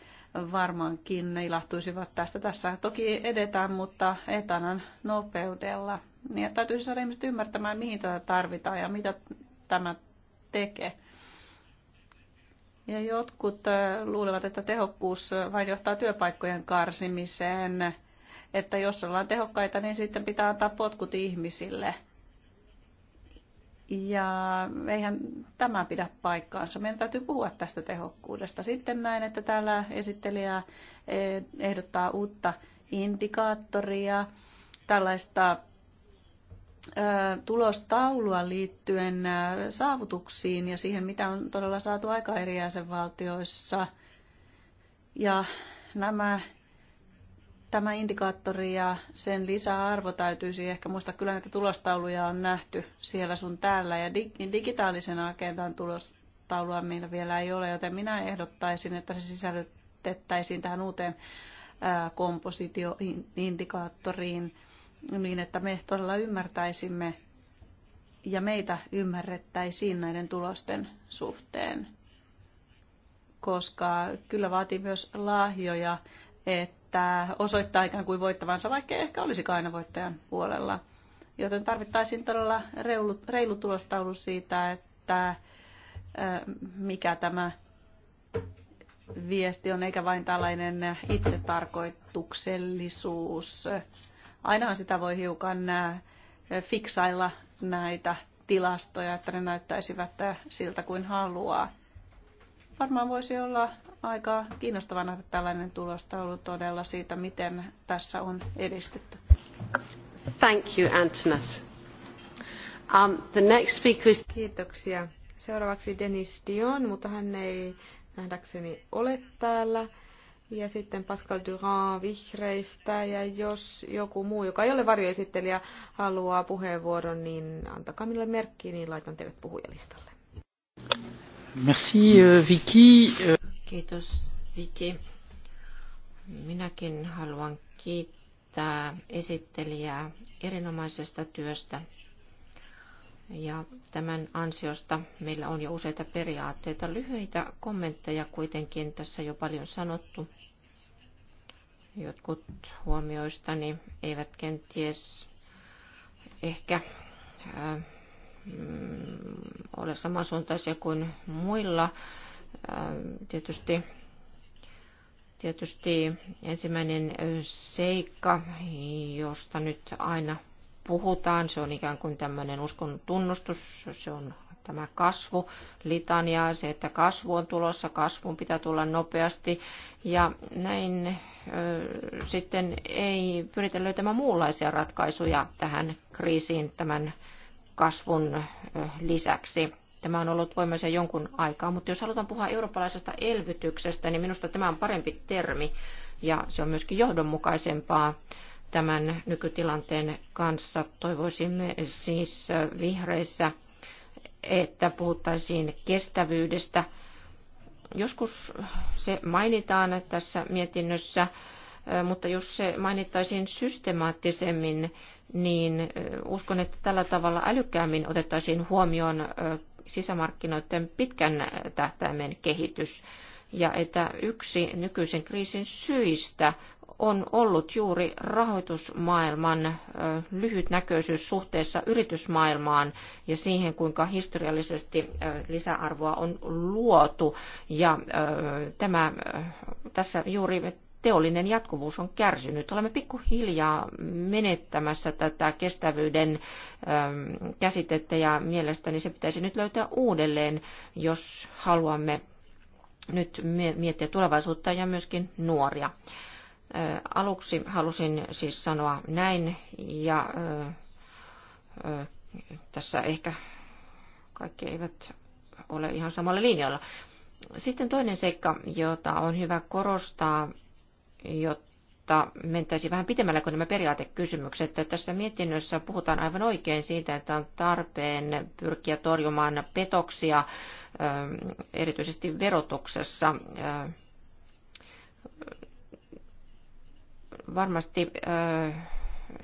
varmaankin ne ilahtuisivat tästä. Tässä toki edetään, mutta etanan nopeudella. Ja niin, täytyy saada ihmiset ymmärtämään, mihin tätä tarvitaan ja mitä tämä tekee Ja jotkut äh, luulevat, että tehokkuus vain johtaa työpaikkojen karsimiseen, että jos ollaan tehokkaita, niin sitten pitää antaa potkut ihmisille. Ja eihän tämä pidä paikkaansa. Meidän täytyy puhua tästä tehokkuudesta. Sitten näin, että täällä esittelijä eh, ehdottaa uutta indikaattoria, tällaista tulostaulua liittyen saavutuksiin ja siihen, mitä on todella saatu aika eri jäsenvaltioissa. Ja nämä, tämä indikaattori ja sen lisäarvo täytyisi ehkä muistaa. Kyllä näitä tulostauluja on nähty siellä sun täällä ja digitaalisen agendan tulostaulua meillä vielä ei ole, joten minä ehdottaisin, että se sisällytettäisiin tähän uuteen kompositioindikaattoriin niin, että me todella ymmärtäisimme ja meitä ymmärrettäisiin näiden tulosten suhteen. Koska kyllä vaatii myös lahjoja, että osoittaa ikään kuin voittavansa, vaikka ehkä olisi aina voittajan puolella. Joten tarvittaisiin todella reilu, reilu tulostaulu siitä, että mikä tämä viesti on, eikä vain tällainen itsetarkoituksellisuus. tarkoituksellisuus Ainahan sitä voi hiukan fiksailla näitä tilastoja, että ne näyttäisivät siltä kuin haluaa. Varmaan voisi olla aika kiinnostava nähdä tällainen tulostaulu todella siitä, miten tässä on edistetty. Thank you, Antonas. Um, the next speaker is... Kiitoksia. Seuraavaksi Denis Dion, mutta hän ei nähdäkseni ole täällä ja sitten Pascal Durand vihreistä. Ja jos joku muu, joka ei ole varjoesittelijä, haluaa puheenvuoron, niin antakaa minulle merkki, niin laitan teidät puhujalistalle. Merci, euh, Vicky. Kiitos, Vicky. Minäkin haluan kiittää esittelijää erinomaisesta työstä ja tämän ansiosta meillä on jo useita periaatteita. Lyhyitä kommentteja kuitenkin tässä jo paljon sanottu. Jotkut huomioistani eivät kenties ehkä äh, ole samansuuntaisia kuin muilla. tietysti tietysti ensimmäinen seikka, josta nyt aina puhutaan. Se on ikään kuin tämmöinen uskon tunnustus, se on tämä kasvu, litania, se, että kasvu on tulossa, kasvun pitää tulla nopeasti. Ja näin ö, sitten ei pyritä löytämään muunlaisia ratkaisuja tähän kriisiin tämän kasvun ö, lisäksi. Tämä on ollut voimassa jonkun aikaa, mutta jos halutaan puhua eurooppalaisesta elvytyksestä, niin minusta tämä on parempi termi ja se on myöskin johdonmukaisempaa tämän nykytilanteen kanssa. Toivoisimme siis vihreissä, että puhuttaisiin kestävyydestä. Joskus se mainitaan tässä mietinnössä, mutta jos se mainittaisiin systemaattisemmin, niin uskon, että tällä tavalla älykkäämmin otettaisiin huomioon sisämarkkinoiden pitkän tähtäimen kehitys ja että yksi nykyisen kriisin syistä on ollut juuri rahoitusmaailman lyhytnäköisyys suhteessa yritysmaailmaan ja siihen, kuinka historiallisesti lisäarvoa on luotu. Ja tämä, tässä juuri teollinen jatkuvuus on kärsinyt. Olemme pikkuhiljaa menettämässä tätä kestävyyden käsitettä ja mielestäni se pitäisi nyt löytää uudelleen, jos haluamme nyt miettiä tulevaisuutta ja myöskin nuoria. Aluksi halusin siis sanoa näin ja tässä ehkä kaikki eivät ole ihan samalla linjalla. Sitten toinen seikka, jota on hyvä korostaa, jotta mentäisiin vähän pitemmälle kuin nämä periaatekysymykset. Tässä mietinnössä puhutaan aivan oikein siitä, että on tarpeen pyrkiä torjumaan petoksia erityisesti verotuksessa. Varmasti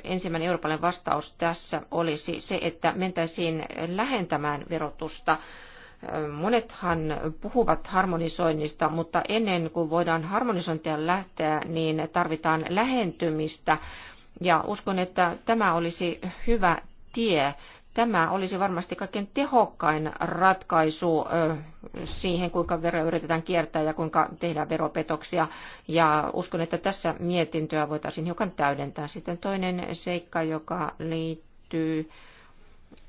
ensimmäinen eurooppalainen vastaus tässä olisi se, että mentäisiin lähentämään verotusta Monethan puhuvat harmonisoinnista, mutta ennen kuin voidaan harmonisointia lähteä, niin tarvitaan lähentymistä. Ja uskon, että tämä olisi hyvä tie Tämä olisi varmasti kaikkein tehokkain ratkaisu siihen, kuinka veroja yritetään kiertää ja kuinka tehdään veropetoksia. Ja uskon, että tässä mietintöä voitaisiin hiukan täydentää. Sitten toinen seikka, joka liittyy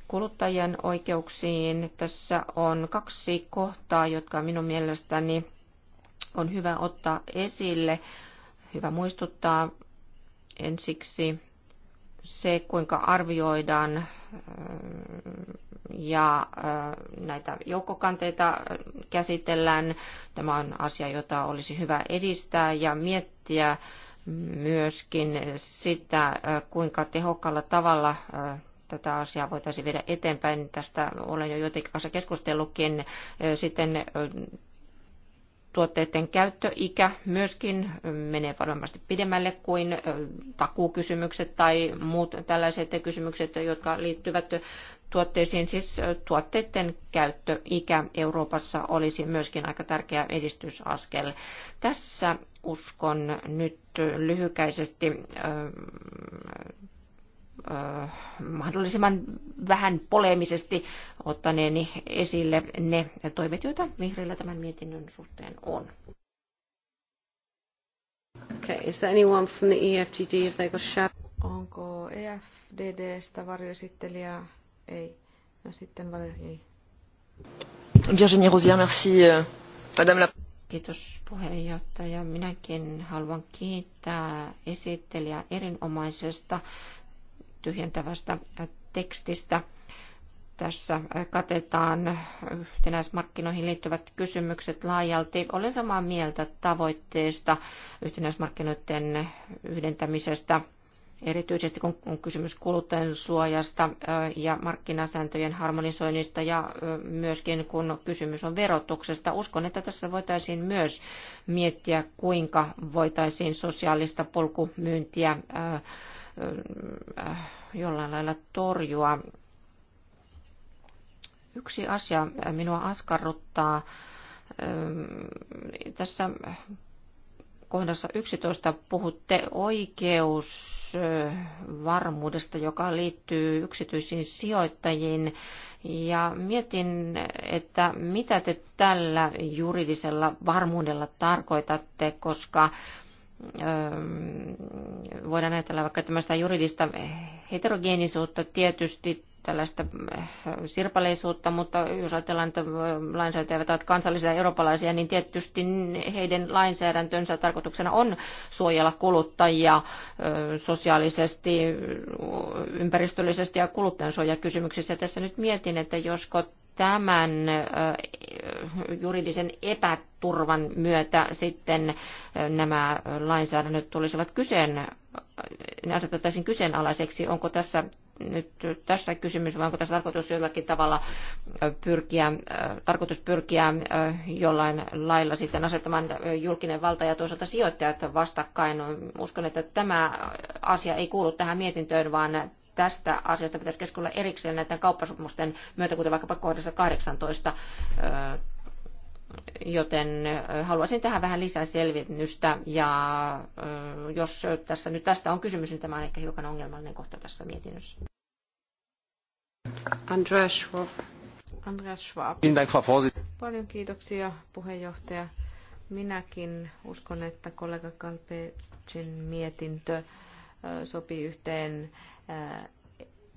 kuluttajien oikeuksiin. Tässä on kaksi kohtaa, jotka minun mielestäni on hyvä ottaa esille. Hyvä muistuttaa ensiksi se, kuinka arvioidaan ja näitä joukkokanteita käsitellään. Tämä on asia, jota olisi hyvä edistää ja miettiä myöskin sitä, kuinka tehokkaalla tavalla tätä asiaa voitaisiin viedä eteenpäin. Tästä olen jo jotenkin kanssa keskustellutkin. Sitten tuotteiden käyttöikä myöskin menee varmasti pidemmälle kuin takuukysymykset tai muut tällaiset kysymykset, jotka liittyvät tuotteisiin. Siis tuotteiden käyttöikä Euroopassa olisi myöskin aika tärkeä edistysaskel. Tässä uskon nyt lyhykäisesti mahdollisimman vähän poleemisesti ottaneeni esille ne toimet, joita vihreillä tämän mietinnön suhteen on. Okay, is there anyone from the e they got Onko EFDDstä varjoesittelijä? Ei. No sitten Valérie. Virginie Rosier, merci. Euh, madame la... Kiitos puheenjohtaja. Minäkin haluan kiittää esittelijää erinomaisesta tyhjentävästä tekstistä. Tässä katetaan yhtenäismarkkinoihin liittyvät kysymykset laajalti. Olen samaa mieltä tavoitteesta yhtenäismarkkinoiden yhdentämisestä erityisesti kun on kysymys kuluttajan suojasta ja markkinasääntöjen harmonisoinnista ja myöskin kun kysymys on verotuksesta. Uskon, että tässä voitaisiin myös miettiä, kuinka voitaisiin sosiaalista polkumyyntiä Äh, jollain lailla torjua. Yksi asia minua askarruttaa. Ähm, tässä kohdassa 11 puhutte oikeusvarmuudesta, joka liittyy yksityisiin sijoittajiin. Ja mietin, että mitä te tällä juridisella varmuudella tarkoitatte, koska voidaan ajatella vaikka tämmöistä juridista heterogeenisuutta tietysti, tällaista äh, sirpaleisuutta, mutta jos ajatellaan, että äh, lainsäätäjät ovat kansallisia ja eurooppalaisia, niin tietysti heidän lainsäädäntönsä tarkoituksena on suojella kuluttajia äh, sosiaalisesti, ympäristöllisesti ja kuluttajansuojakysymyksissä. Tässä nyt mietin, että josko tämän juridisen epäturvan myötä sitten nämä lainsäädännöt tulisivat kyseen, ne asetettaisiin kyseenalaiseksi. Onko tässä nyt tässä kysymys, vai onko tässä tarkoitus jollakin tavalla pyrkiä, tarkoitus pyrkiä jollain lailla sitten asettamaan julkinen valta ja toisaalta sijoittajat vastakkain. Uskon, että tämä asia ei kuulu tähän mietintöön, vaan tästä asiasta pitäisi keskustella erikseen näiden kauppasopimusten myötä, kuten vaikkapa kohdassa 18. Joten haluaisin tähän vähän lisää selvitystä ja jos tässä nyt tästä on kysymys, niin tämä on ehkä hiukan ongelmallinen kohta tässä mietinnössä. Andreas Schwab. Andreas Schwab. Paljon kiitoksia puheenjohtaja. Minäkin uskon, että kollega Kalpecin mietintö sopii yhteen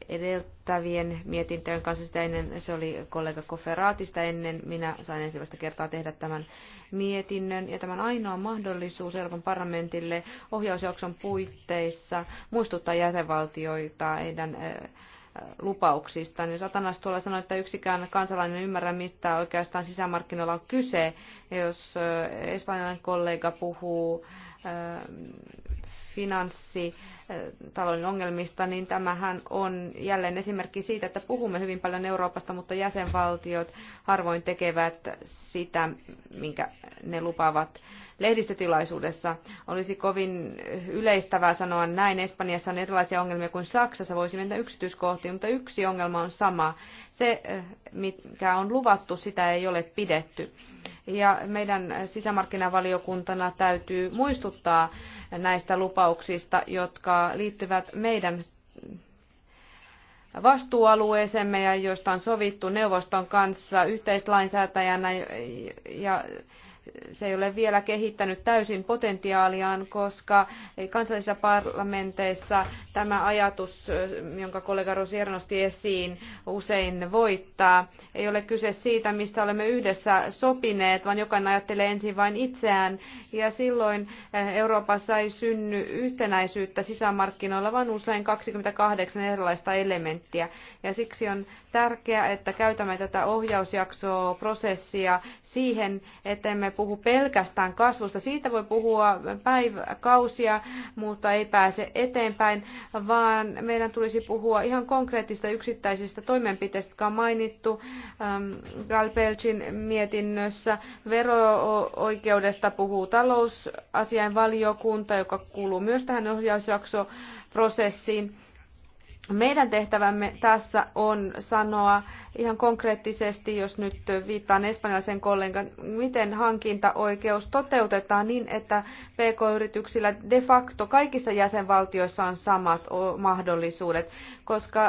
edeltävien mietintöjen kanssa. Sitä ennen se oli kollega Koferaatista ennen. Minä sain ensimmäistä kertaa tehdä tämän mietinnön. Ja tämän ainoa mahdollisuus Euroopan parlamentille ohjausjakson puitteissa muistuttaa jäsenvaltioita heidän lupauksista. Niin Satanas tuolla sanoi, että yksikään kansalainen ymmärrä, mistä oikeastaan sisämarkkinoilla on kyse. Jos espanjalainen kollega puhuu finanssitalouden eh, ongelmista, niin tämähän on jälleen esimerkki siitä, että puhumme hyvin paljon Euroopasta, mutta jäsenvaltiot harvoin tekevät sitä, minkä ne lupaavat lehdistötilaisuudessa. Olisi kovin yleistävää sanoa näin. Espanjassa on erilaisia ongelmia kuin Saksassa. Voisi mennä yksityiskohtiin, mutta yksi ongelma on sama. Se, eh, mikä on luvattu, sitä ei ole pidetty. Ja meidän sisämarkkinavaliokuntana täytyy muistuttaa näistä lupauksista, jotka liittyvät meidän vastuualueeseemme ja joista on sovittu neuvoston kanssa yhteislainsäätäjänä ja se ei ole vielä kehittänyt täysin potentiaaliaan, koska kansallisissa parlamenteissa tämä ajatus, jonka kollega Rosier nosti esiin, usein voittaa. Ei ole kyse siitä, mistä olemme yhdessä sopineet, vaan jokainen ajattelee ensin vain itseään. Ja silloin eh, Euroopassa ei synny yhtenäisyyttä sisämarkkinoilla, vaan usein 28 erilaista elementtiä. Ja siksi on tärkeää, että käytämme tätä ohjausjaksoa prosessia siihen, ettemme puhu pelkästään kasvusta. Siitä voi puhua päiväkausia, mutta ei pääse eteenpäin, vaan meidän tulisi puhua ihan konkreettista yksittäisistä toimenpiteistä, jotka on mainittu ähm, Galpelchin mietinnössä. Vero-oikeudesta puhuu talousasiainvaliokunta, joka kuuluu myös tähän ohjausjaksoprosessiin. Meidän tehtävämme tässä on sanoa ihan konkreettisesti, jos nyt viittaan espanjalaisen kollegan, miten hankintaoikeus toteutetaan niin, että PK-yrityksillä de facto kaikissa jäsenvaltioissa on samat mahdollisuudet, koska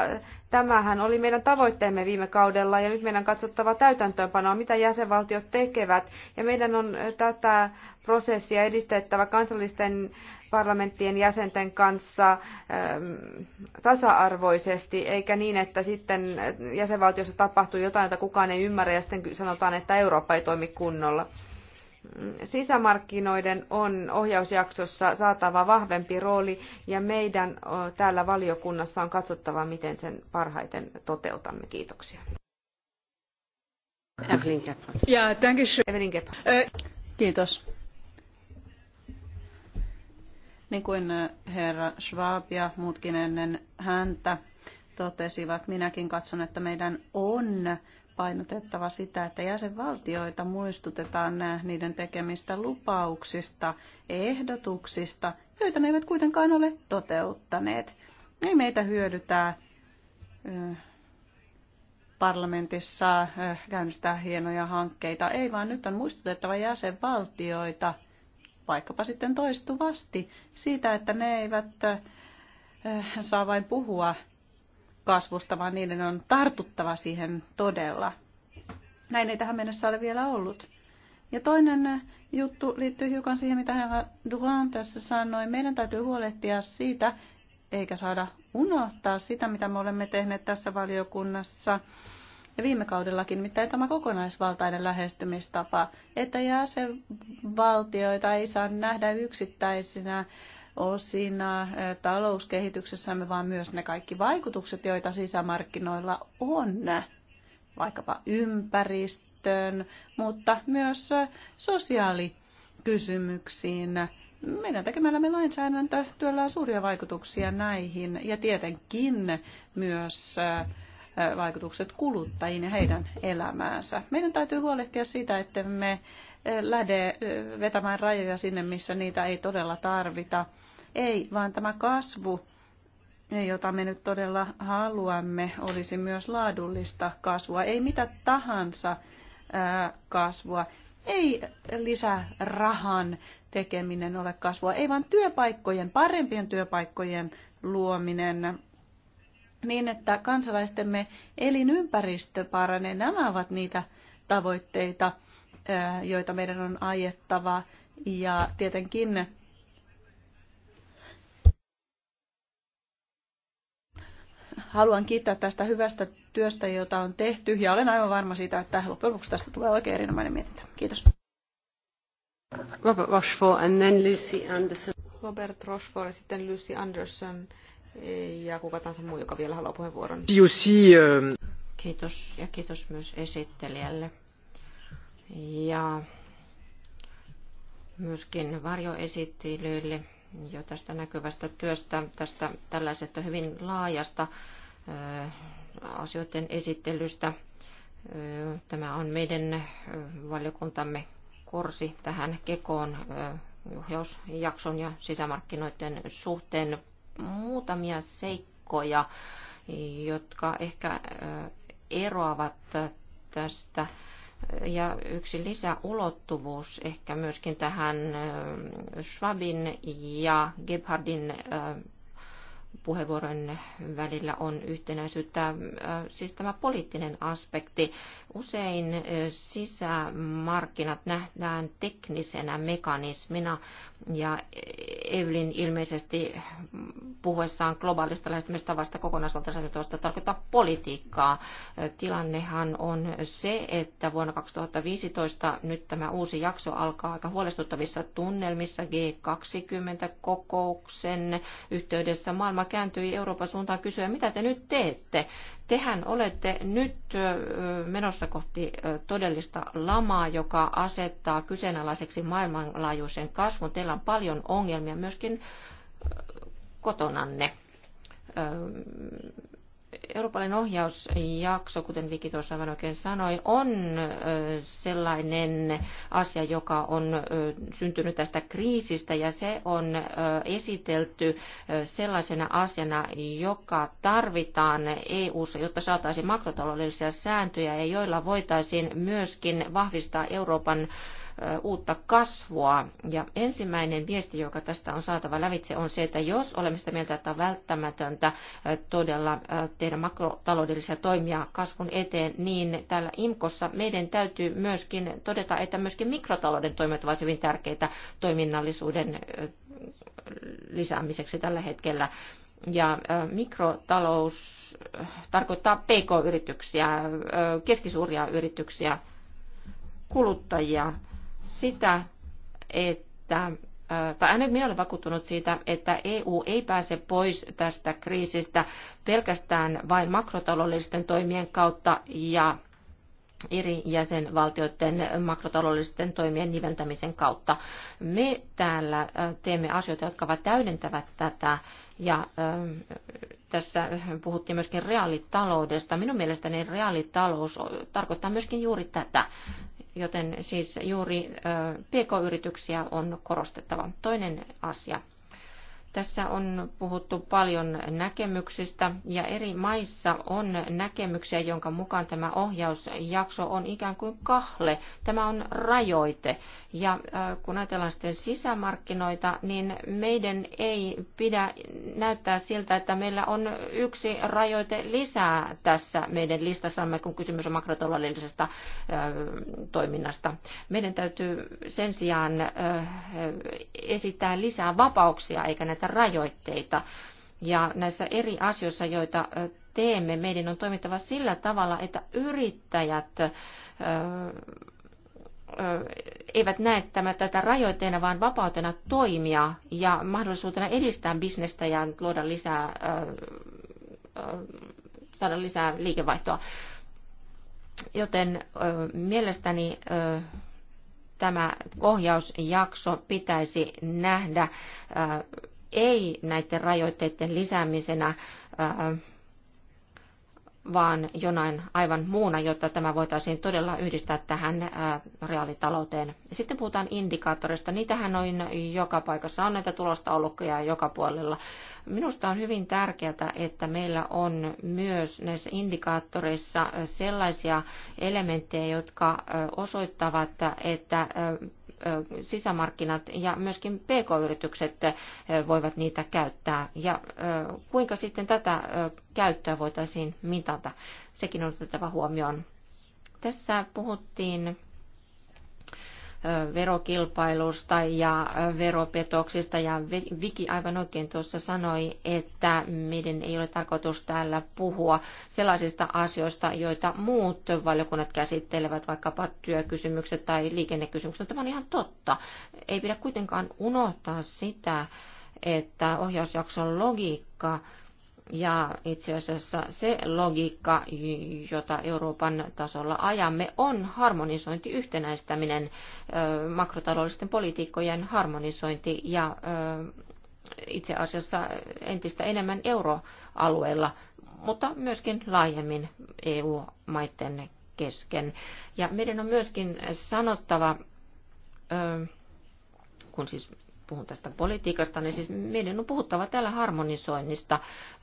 Tämähän oli meidän tavoitteemme viime kaudella ja nyt meidän on katsottava täytäntöönpanoa, mitä jäsenvaltiot tekevät. Ja meidän on tätä prosessia edistettävä kansallisten parlamenttien jäsenten kanssa ähm, tasa-arvoisesti, eikä niin, että sitten jäsenvaltiossa tapahtuu jotain, jota kukaan ei ymmärrä ja sitten sanotaan, että Eurooppa ei toimi kunnolla. Sisämarkkinoiden on ohjausjaksossa saatava vahvempi rooli ja meidän täällä valiokunnassa on katsottava, miten sen parhaiten toteutamme. Kiitoksia. Kiitos. Niin kuin herra Schwab ja muutkin ennen häntä totesivat, minäkin katson, että meidän on painotettava sitä, että jäsenvaltioita muistutetaan niiden tekemistä lupauksista, ehdotuksista, joita ne eivät kuitenkaan ole toteuttaneet. Ei meitä hyödytää parlamentissa käynnistää hienoja hankkeita. Ei vaan nyt on muistutettava jäsenvaltioita, vaikkapa sitten toistuvasti, siitä, että ne eivät saa vain puhua kasvusta, vaan niiden on tartuttava siihen todella. Näin ei tähän mennessä ole vielä ollut. Ja toinen juttu liittyy hiukan siihen, mitä herra Durand tässä sanoi. Meidän täytyy huolehtia siitä, eikä saada unohtaa sitä, mitä me olemme tehneet tässä valiokunnassa ja viime kaudellakin, mitä tämä kokonaisvaltainen lähestymistapa, että jäsenvaltioita ei saa nähdä yksittäisinä siinä eh, talouskehityksessämme, vaan myös ne kaikki vaikutukset, joita sisämarkkinoilla on, vaikkapa ympäristöön, mutta myös eh, sosiaalikysymyksiin. Meidän tekemällämme työllä on suuria vaikutuksia näihin ja tietenkin myös eh, vaikutukset kuluttajiin ja heidän elämäänsä. Meidän täytyy huolehtia siitä, että me lähde vetämään rajoja sinne, missä niitä ei todella tarvita. Ei, vaan tämä kasvu, jota me nyt todella haluamme, olisi myös laadullista kasvua. Ei mitä tahansa kasvua. Ei lisää rahan tekeminen ole kasvua, ei vaan työpaikkojen, parempien työpaikkojen luominen niin, että kansalaistemme elinympäristö paranee. Nämä ovat niitä tavoitteita, joita meidän on ajettava. Ja tietenkin haluan kiittää tästä hyvästä työstä, jota on tehty, ja olen aivan varma siitä, että loppujen lopuksi tästä tulee oikein erinomainen mietintö. Kiitos. Robert Rochefort and then Lucy Anderson. Robert Rochefort ja sitten Lucy Anderson ja kuka tahansa muu, joka vielä haluaa puheenvuoron. Euh, kiitos ja kiitos myös esittelijälle. Ja myöskin varjoesittelyille jo tästä näkyvästä työstä, tästä tällaisesta hyvin laajasta äh, asioiden esittelystä. Äh, tämä on meidän äh, valiokuntamme korsi tähän kekoon ohjausjakson ja sisämarkkinoiden suhteen muutamia seikkoja, jotka ehkä eroavat tästä. Ja yksi lisäulottuvuus ehkä myöskin tähän Schwabin ja Gebhardin puheenvuoron välillä on yhtenäisyyttä, siis tämä poliittinen aspekti. Usein sisämarkkinat nähdään teknisenä mekanismina ja Evelyn ilmeisesti puhuessaan globaalista lähestymistavasta kokonaisvaltaisesta tarkoittaa politiikkaa. Tilannehan on se, että vuonna 2015 nyt tämä uusi jakso alkaa aika huolestuttavissa tunnelmissa G20-kokouksen yhteydessä. Maailma kääntyi Euroopan suuntaan kysyä, mitä te nyt teette? Tehän olette nyt menossa menossa kohti todellista lamaa, joka asettaa kyseenalaiseksi maailmanlaajuisen kasvun. Teillä on paljon ongelmia myöskin kotonanne Euroopan ohjausjakso, kuten Viki tuossa aivan oikein sanoi, on sellainen asia, joka on syntynyt tästä kriisistä ja se on esitelty sellaisena asiana, joka tarvitaan EU-ssa, jotta saataisiin makrotaloudellisia sääntöjä ja joilla voitaisiin myöskin vahvistaa Euroopan uutta kasvua. Ja ensimmäinen viesti, joka tästä on saatava lävitse, on se, että jos olemme sitä mieltä, että on välttämätöntä todella tehdä makrotaloudellisia toimia kasvun eteen, niin täällä IMKossa meidän täytyy myöskin todeta, että myöskin mikrotalouden toimet ovat hyvin tärkeitä toiminnallisuuden lisäämiseksi tällä hetkellä. Ja mikrotalous tarkoittaa pk-yrityksiä, keskisuuria yrityksiä, kuluttajia, sitä, että tai ainakin minä olen vakuuttunut siitä, että EU ei pääse pois tästä kriisistä pelkästään vain makrotaloudellisten toimien kautta ja eri jäsenvaltioiden makrotaloudellisten toimien niveltämisen kautta. Me täällä äh, teemme asioita, jotka ovat täydentävät tätä ja ähm, tässä puhuttiin myöskin reaalitaloudesta. Minun mielestäni reaalitalous tarkoittaa myöskin juuri tätä. Joten siis juuri äh, PK-yrityksiä on korostettava. Toinen asia tässä on puhuttu paljon näkemyksistä ja eri maissa on näkemyksiä, jonka mukaan tämä ohjausjakso on ikään kuin kahle. Tämä on rajoite. Ja kun ajatellaan sitten sisämarkkinoita, niin meidän ei pidä näyttää siltä, että meillä on yksi rajoite lisää tässä meidän listassamme, kun kysymys on makrotaloudellisesta toiminnasta. Meidän täytyy sen sijaan esittää lisää vapauksia, eikä näitä näitä rajoitteita. Ja näissä eri asioissa, joita teemme, meidän on toimittava sillä tavalla, että yrittäjät eivät näe tämä, tätä rajoitteena, vaan vapautena toimia ja mahdollisuutena edistää bisnestä ja luoda lisää, saada lisää liikevaihtoa. Joten mielestäni tämä ohjausjakso pitäisi nähdä ei näiden rajoitteiden lisäämisenä, vaan jonain aivan muuna, jotta tämä voitaisiin todella yhdistää tähän reaalitalouteen. Sitten puhutaan indikaattorista. Niitähän on joka paikassa, on näitä tulostaulukkoja joka puolella. Minusta on hyvin tärkeää, että meillä on myös näissä indikaattoreissa sellaisia elementtejä, jotka osoittavat, että sisämarkkinat ja myöskin pk-yritykset voivat niitä käyttää. Ja kuinka sitten tätä käyttöä voitaisiin mitata, sekin on otettava huomioon. Tässä puhuttiin verokilpailusta ja veropetoksista. Ja Viki aivan oikein tuossa sanoi, että meidän ei ole tarkoitus täällä puhua sellaisista asioista, joita muut valiokunnat käsittelevät, vaikkapa työkysymykset tai liikennekysymykset. Tämä on ihan totta. Ei pidä kuitenkaan unohtaa sitä, että ohjausjakson logiikka ja itse asiassa se logiikka, jota Euroopan tasolla ajamme, on harmonisointi, yhtenäistäminen, makrotaloudellisten politiikkojen harmonisointi ja itse asiassa entistä enemmän euroalueella, mutta myöskin laajemmin EU-maiden kesken. Ja meidän on myöskin sanottava, kun siis puhun tästä politiikasta, niin siis meidän on puhuttava täällä harmonisoinnista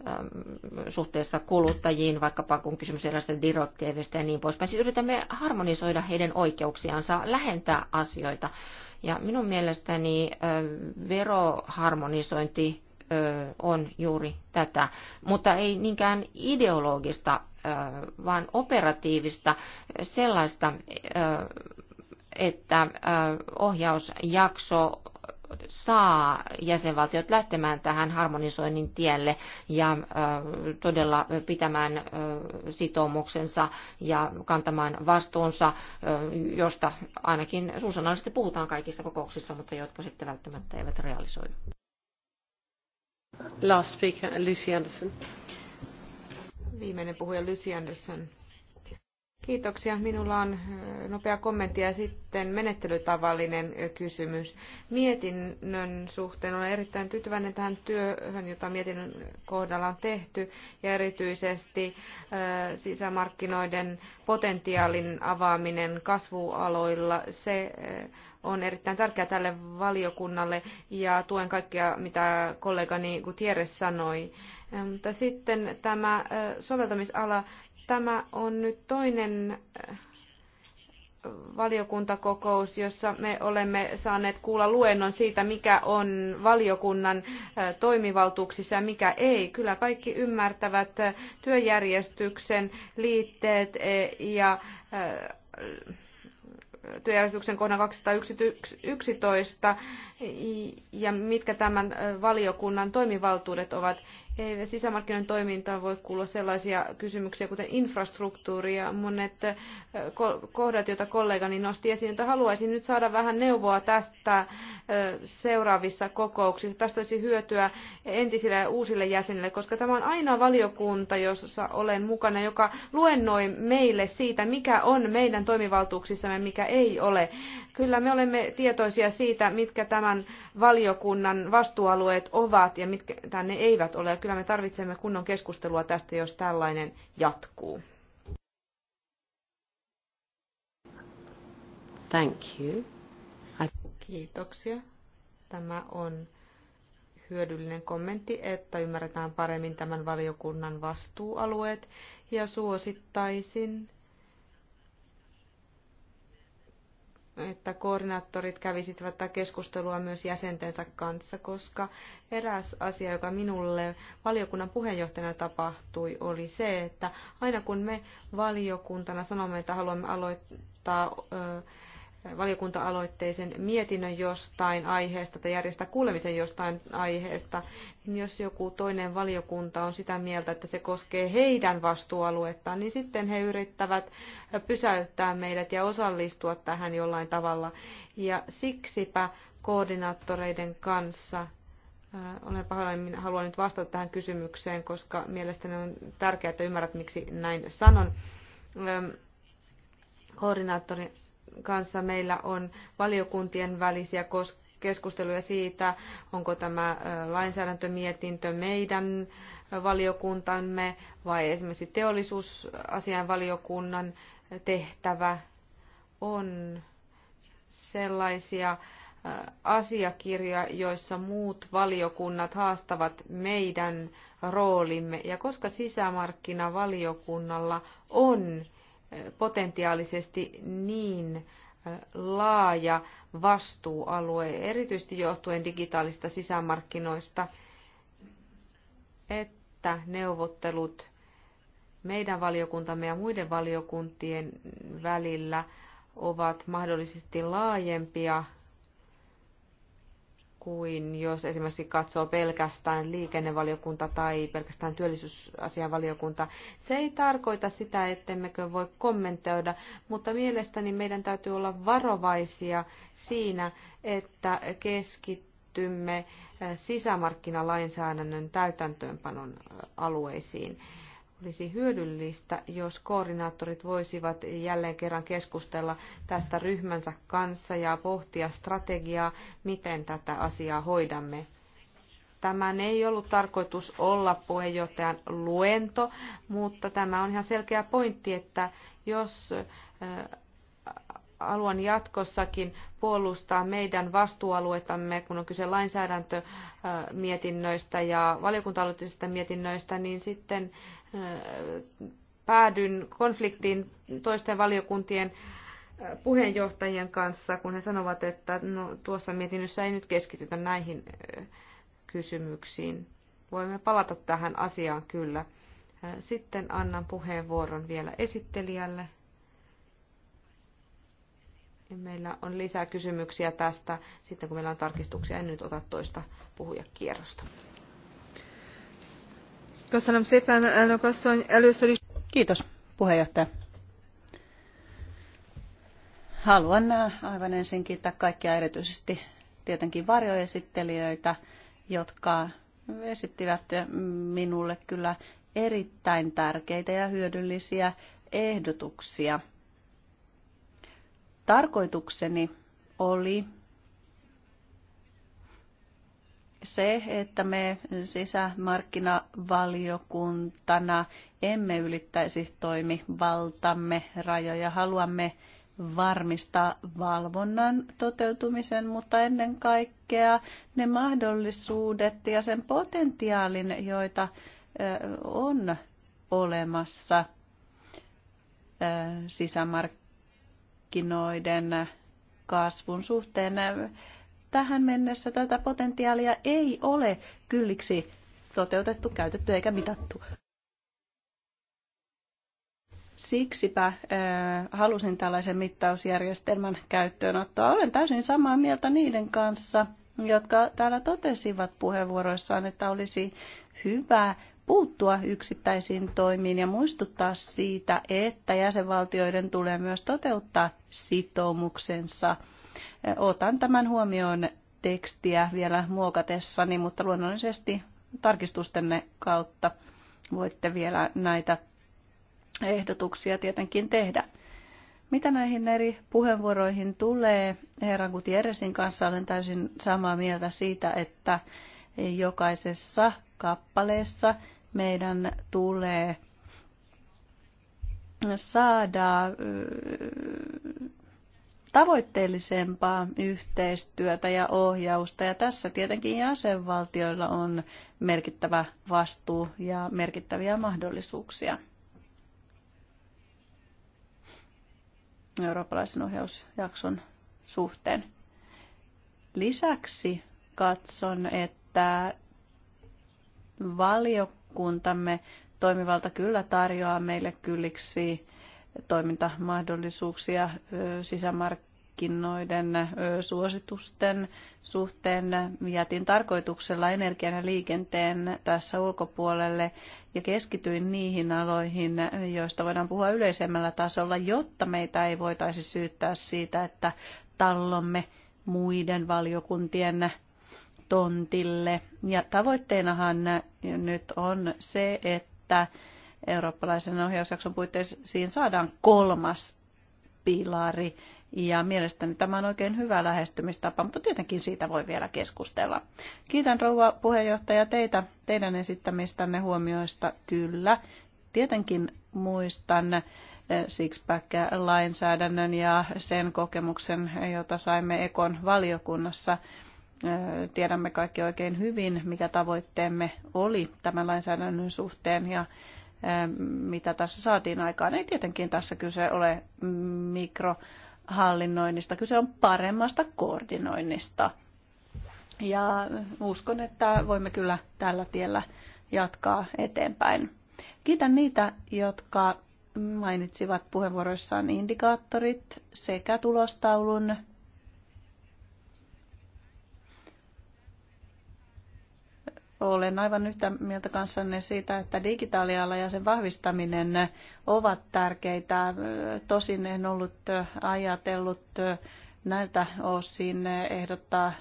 ähm, suhteessa kuluttajiin, vaikkapa kun kysymys erilaisista direktiiveistä ja niin poispäin. Siis yritämme harmonisoida heidän oikeuksiansa, lähentää asioita. Ja minun mielestäni äh, veroharmonisointi äh, on juuri tätä, mutta ei niinkään ideologista, äh, vaan operatiivista sellaista, että ohjausjakso saa jäsenvaltiot lähtemään tähän harmonisoinnin tielle ja todella pitämään sitoumuksensa ja kantamaan vastuunsa, josta ainakin suusanallisesti puhutaan kaikissa kokouksissa, mutta jotka sitten välttämättä eivät realisoidu. Last speaker, Lucy Anderson. Viimeinen puhuja Lucy Anderson. Kiitoksia. Minulla on nopea kommentti ja sitten menettelytavallinen kysymys. Mietinnön suhteen olen erittäin tyytyväinen tähän työhön, jota mietinnön kohdalla on tehty, ja erityisesti sisämarkkinoiden potentiaalin avaaminen kasvualoilla. Se on erittäin tärkeää tälle valiokunnalle ja tuen kaikkea, mitä kollegani Gutierrez sanoi. Mutta sitten tämä soveltamisala, Tämä on nyt toinen äh, valiokuntakokous, jossa me olemme saaneet kuulla luennon siitä, mikä on valiokunnan äh, toimivaltuuksissa ja mikä ei. Kyllä kaikki ymmärtävät äh, työjärjestyksen liitteet e, ja työjärjestyksen kohdan 211 ja mitkä tämän valiokunnan toimivaltuudet ovat sisämarkkinoiden toimintaan voi kuulua sellaisia kysymyksiä kuten infrastruktuuri ja monet kohdat, joita kollegani nosti esiin, joita haluaisin nyt saada vähän neuvoa tästä seuraavissa kokouksissa. Tästä olisi hyötyä entisille ja uusille jäsenille, koska tämä on aina valiokunta, jossa olen mukana, joka luennoi meille siitä, mikä on meidän toimivaltuuksissamme, mikä ei ole. Kyllä me olemme tietoisia siitä, mitkä tämän valiokunnan vastuualueet ovat ja mitkä tänne eivät ole kyllä me tarvitsemme kunnon keskustelua tästä, jos tällainen jatkuu. Thank you. Kiitoksia. Tämä on hyödyllinen kommentti, että ymmärretään paremmin tämän valiokunnan vastuualueet ja suosittaisin että koordinaattorit kävisivät tätä keskustelua myös jäsentensä kanssa, koska eräs asia, joka minulle valiokunnan puheenjohtajana tapahtui, oli se, että aina kun me valiokuntana sanomme, että haluamme aloittaa valiokunta-aloitteisen mietinnön jostain aiheesta tai järjestää kuulemisen jostain aiheesta, niin jos joku toinen valiokunta on sitä mieltä, että se koskee heidän vastuualuettaan, niin sitten he yrittävät pysäyttää meidät ja osallistua tähän jollain tavalla. Ja siksipä koordinaattoreiden kanssa äh, olen pahoillani, minä haluan nyt vastata tähän kysymykseen, koska mielestäni on tärkeää, että ymmärrät, miksi näin sanon. Koordinaattori kanssa meillä on valiokuntien välisiä keskusteluja siitä, onko tämä lainsäädäntömietintö meidän valiokuntamme vai esimerkiksi teollisuusasian valiokunnan tehtävä on sellaisia asiakirjoja, joissa muut valiokunnat haastavat meidän roolimme. Ja koska sisämarkkinavaliokunnalla on potentiaalisesti niin laaja vastuualue, erityisesti johtuen digitaalista sisämarkkinoista, että neuvottelut meidän valiokuntamme ja muiden valiokuntien välillä ovat mahdollisesti laajempia kuin jos esimerkiksi katsoo pelkästään liikennevaliokunta tai pelkästään työllisyysasianvaliokunta. Se ei tarkoita sitä, ettemmekö voi kommentoida, mutta mielestäni meidän täytyy olla varovaisia siinä, että keskittymme sisämarkkinalainsäädännön täytäntöönpanon alueisiin olisi hyödyllistä, jos koordinaattorit voisivat jälleen kerran keskustella tästä ryhmänsä kanssa ja pohtia strategiaa, miten tätä asiaa hoidamme. Tämän ei ollut tarkoitus olla puheenjohtajan luento, mutta tämä on ihan selkeä pointti, että jos haluan jatkossakin puolustaa meidän vastuualuettamme, kun on kyse lainsäädäntömietinnöistä ja valiokunta mietinnöistä, niin sitten äh, päädyn konfliktiin toisten valiokuntien äh, puheenjohtajien kanssa, kun he sanovat, että no, tuossa mietinnössä ei nyt keskitytä näihin äh, kysymyksiin. Voimme palata tähän asiaan kyllä. Sitten annan puheenvuoron vielä esittelijälle. Meillä on lisää kysymyksiä tästä sitten, kun meillä on tarkistuksia. En nyt ota toista puhujakierrosta. Kiitos, puheenjohtaja. Haluan äh, aivan ensin kiittää kaikkia erityisesti tietenkin varjoesittelijöitä, jotka esittivät minulle kyllä erittäin tärkeitä ja hyödyllisiä ehdotuksia – Tarkoitukseni oli se, että me sisämarkkinavaliokuntana emme ylittäisi toimivaltamme rajoja. Haluamme varmistaa valvonnan toteutumisen, mutta ennen kaikkea ne mahdollisuudet ja sen potentiaalin, joita on olemassa sisämarkkinoilla markkinoiden kasvun suhteen. Tähän mennessä tätä potentiaalia ei ole kylliksi toteutettu, käytetty eikä mitattu. Siksipä halusin tällaisen mittausjärjestelmän käyttöönottoa. Olen täysin samaa mieltä niiden kanssa, jotka täällä totesivat puheenvuoroissaan, että olisi hyvä puuttua yksittäisiin toimiin ja muistuttaa siitä, että jäsenvaltioiden tulee myös toteuttaa sitoumuksensa. Otan tämän huomioon tekstiä vielä muokatessani, mutta luonnollisesti tarkistustenne kautta voitte vielä näitä ehdotuksia tietenkin tehdä. Mitä näihin eri puheenvuoroihin tulee, herra Gutierrezin kanssa olen täysin samaa mieltä siitä, että jokaisessa kappaleessa meidän tulee saada tavoitteellisempaa yhteistyötä ja ohjausta. Ja tässä tietenkin jäsenvaltioilla on merkittävä vastuu ja merkittäviä mahdollisuuksia. eurooppalaisen ohjausjakson suhteen. Lisäksi katson, että valiokunta Kuntamme toimivalta kyllä tarjoaa meille kylliksi toimintamahdollisuuksia sisämarkkinoiden suositusten suhteen. Jätin tarkoituksella energian ja liikenteen tässä ulkopuolelle ja keskityin niihin aloihin, joista voidaan puhua yleisemmällä tasolla, jotta meitä ei voitaisi syyttää siitä, että tallomme muiden valiokuntien tontille. Ja tavoitteenahan nyt on se, että eurooppalaisen ohjausjakson siinä saadaan kolmas pilari. Ja mielestäni tämä on oikein hyvä lähestymistapa, mutta tietenkin siitä voi vielä keskustella. Kiitän rouva puheenjohtaja teitä, teidän esittämistänne huomioista. Kyllä, tietenkin muistan eh, Sixpack-lainsäädännön ja sen kokemuksen, jota saimme Ekon valiokunnassa – Tiedämme kaikki oikein hyvin, mikä tavoitteemme oli tämän lainsäädännön suhteen ja mitä tässä saatiin aikaan. Ei tietenkin tässä kyse ole mikrohallinnoinnista, kyse on paremmasta koordinoinnista. Ja uskon, että voimme kyllä tällä tiellä jatkaa eteenpäin. Kiitän niitä, jotka mainitsivat puheenvuoroissaan indikaattorit sekä tulostaulun Olen aivan yhtä mieltä kanssanne siitä, että digitaaliala ja sen vahvistaminen ovat tärkeitä. Tosin en ollut ajatellut näiltä osin ehdottaa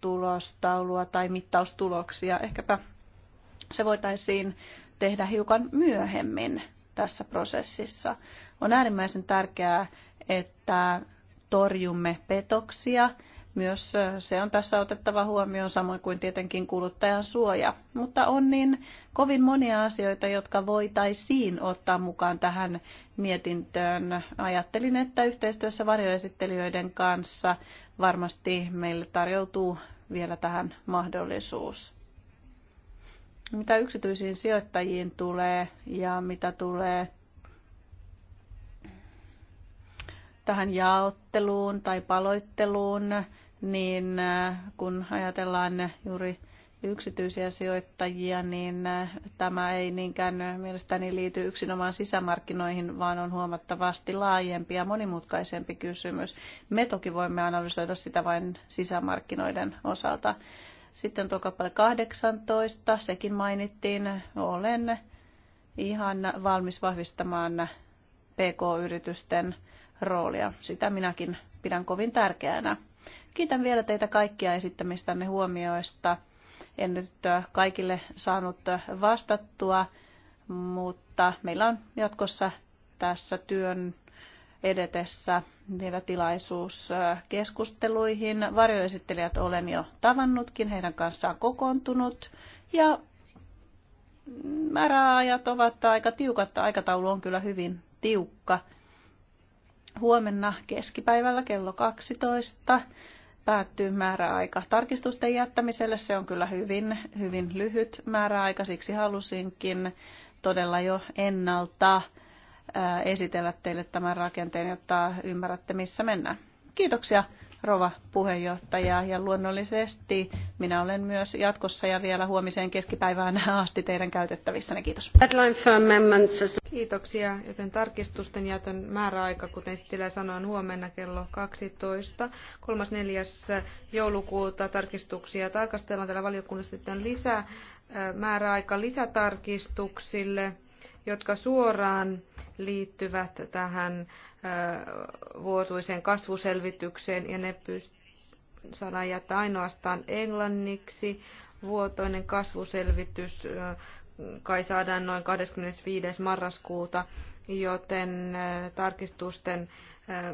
tulostaulua tai mittaustuloksia. Ehkäpä se voitaisiin tehdä hiukan myöhemmin tässä prosessissa. On äärimmäisen tärkeää, että torjumme petoksia myös se on tässä otettava huomioon, samoin kuin tietenkin kuluttajan suoja. Mutta on niin kovin monia asioita, jotka voitaisiin ottaa mukaan tähän mietintöön. Ajattelin, että yhteistyössä varjoesittelijöiden kanssa varmasti meille tarjoutuu vielä tähän mahdollisuus. Mitä yksityisiin sijoittajiin tulee ja mitä tulee tähän jaotteluun tai paloitteluun, niin äh, kun ajatellaan juuri yksityisiä sijoittajia, niin äh, tämä ei niinkään äh, mielestäni liity yksinomaan sisämarkkinoihin, vaan on huomattavasti laajempi ja monimutkaisempi kysymys. Me toki voimme analysoida sitä vain sisämarkkinoiden osalta. Sitten tuo kappale 18, sekin mainittiin. Olen ihan valmis vahvistamaan PK-yritysten roolia. Sitä minäkin pidän kovin tärkeänä. Kiitän vielä teitä kaikkia esittämistänne huomioista. En nyt kaikille saanut vastattua, mutta meillä on jatkossa tässä työn edetessä vielä tilaisuus keskusteluihin. Varjoesittelijät olen jo tavannutkin, heidän kanssaan kokoontunut ja määräajat ovat aika tiukat, aikataulu on kyllä hyvin tiukka huomenna keskipäivällä kello 12 päättyy määräaika tarkistusten jättämiselle. Se on kyllä hyvin, hyvin lyhyt määräaika, siksi halusinkin todella jo ennalta esitellä teille tämän rakenteen, jotta ymmärrätte missä mennään. Kiitoksia rova puheenjohtaja. Ja luonnollisesti minä olen myös jatkossa ja vielä huomiseen keskipäivään asti teidän käytettävissänne. Kiitos. Kiitoksia, joten tarkistusten jätön määräaika, kuten Sitilä on huomenna kello 12. 3.4. joulukuuta tarkistuksia tarkastellaan täällä valiokunnassa sitten lisää määräaika lisätarkistuksille jotka suoraan liittyvät tähän vuotuiseen kasvuselvitykseen ja ne saadaan jättää ainoastaan englanniksi. Vuotoinen kasvuselvitys kai saadaan noin 25. marraskuuta, joten tarkistusten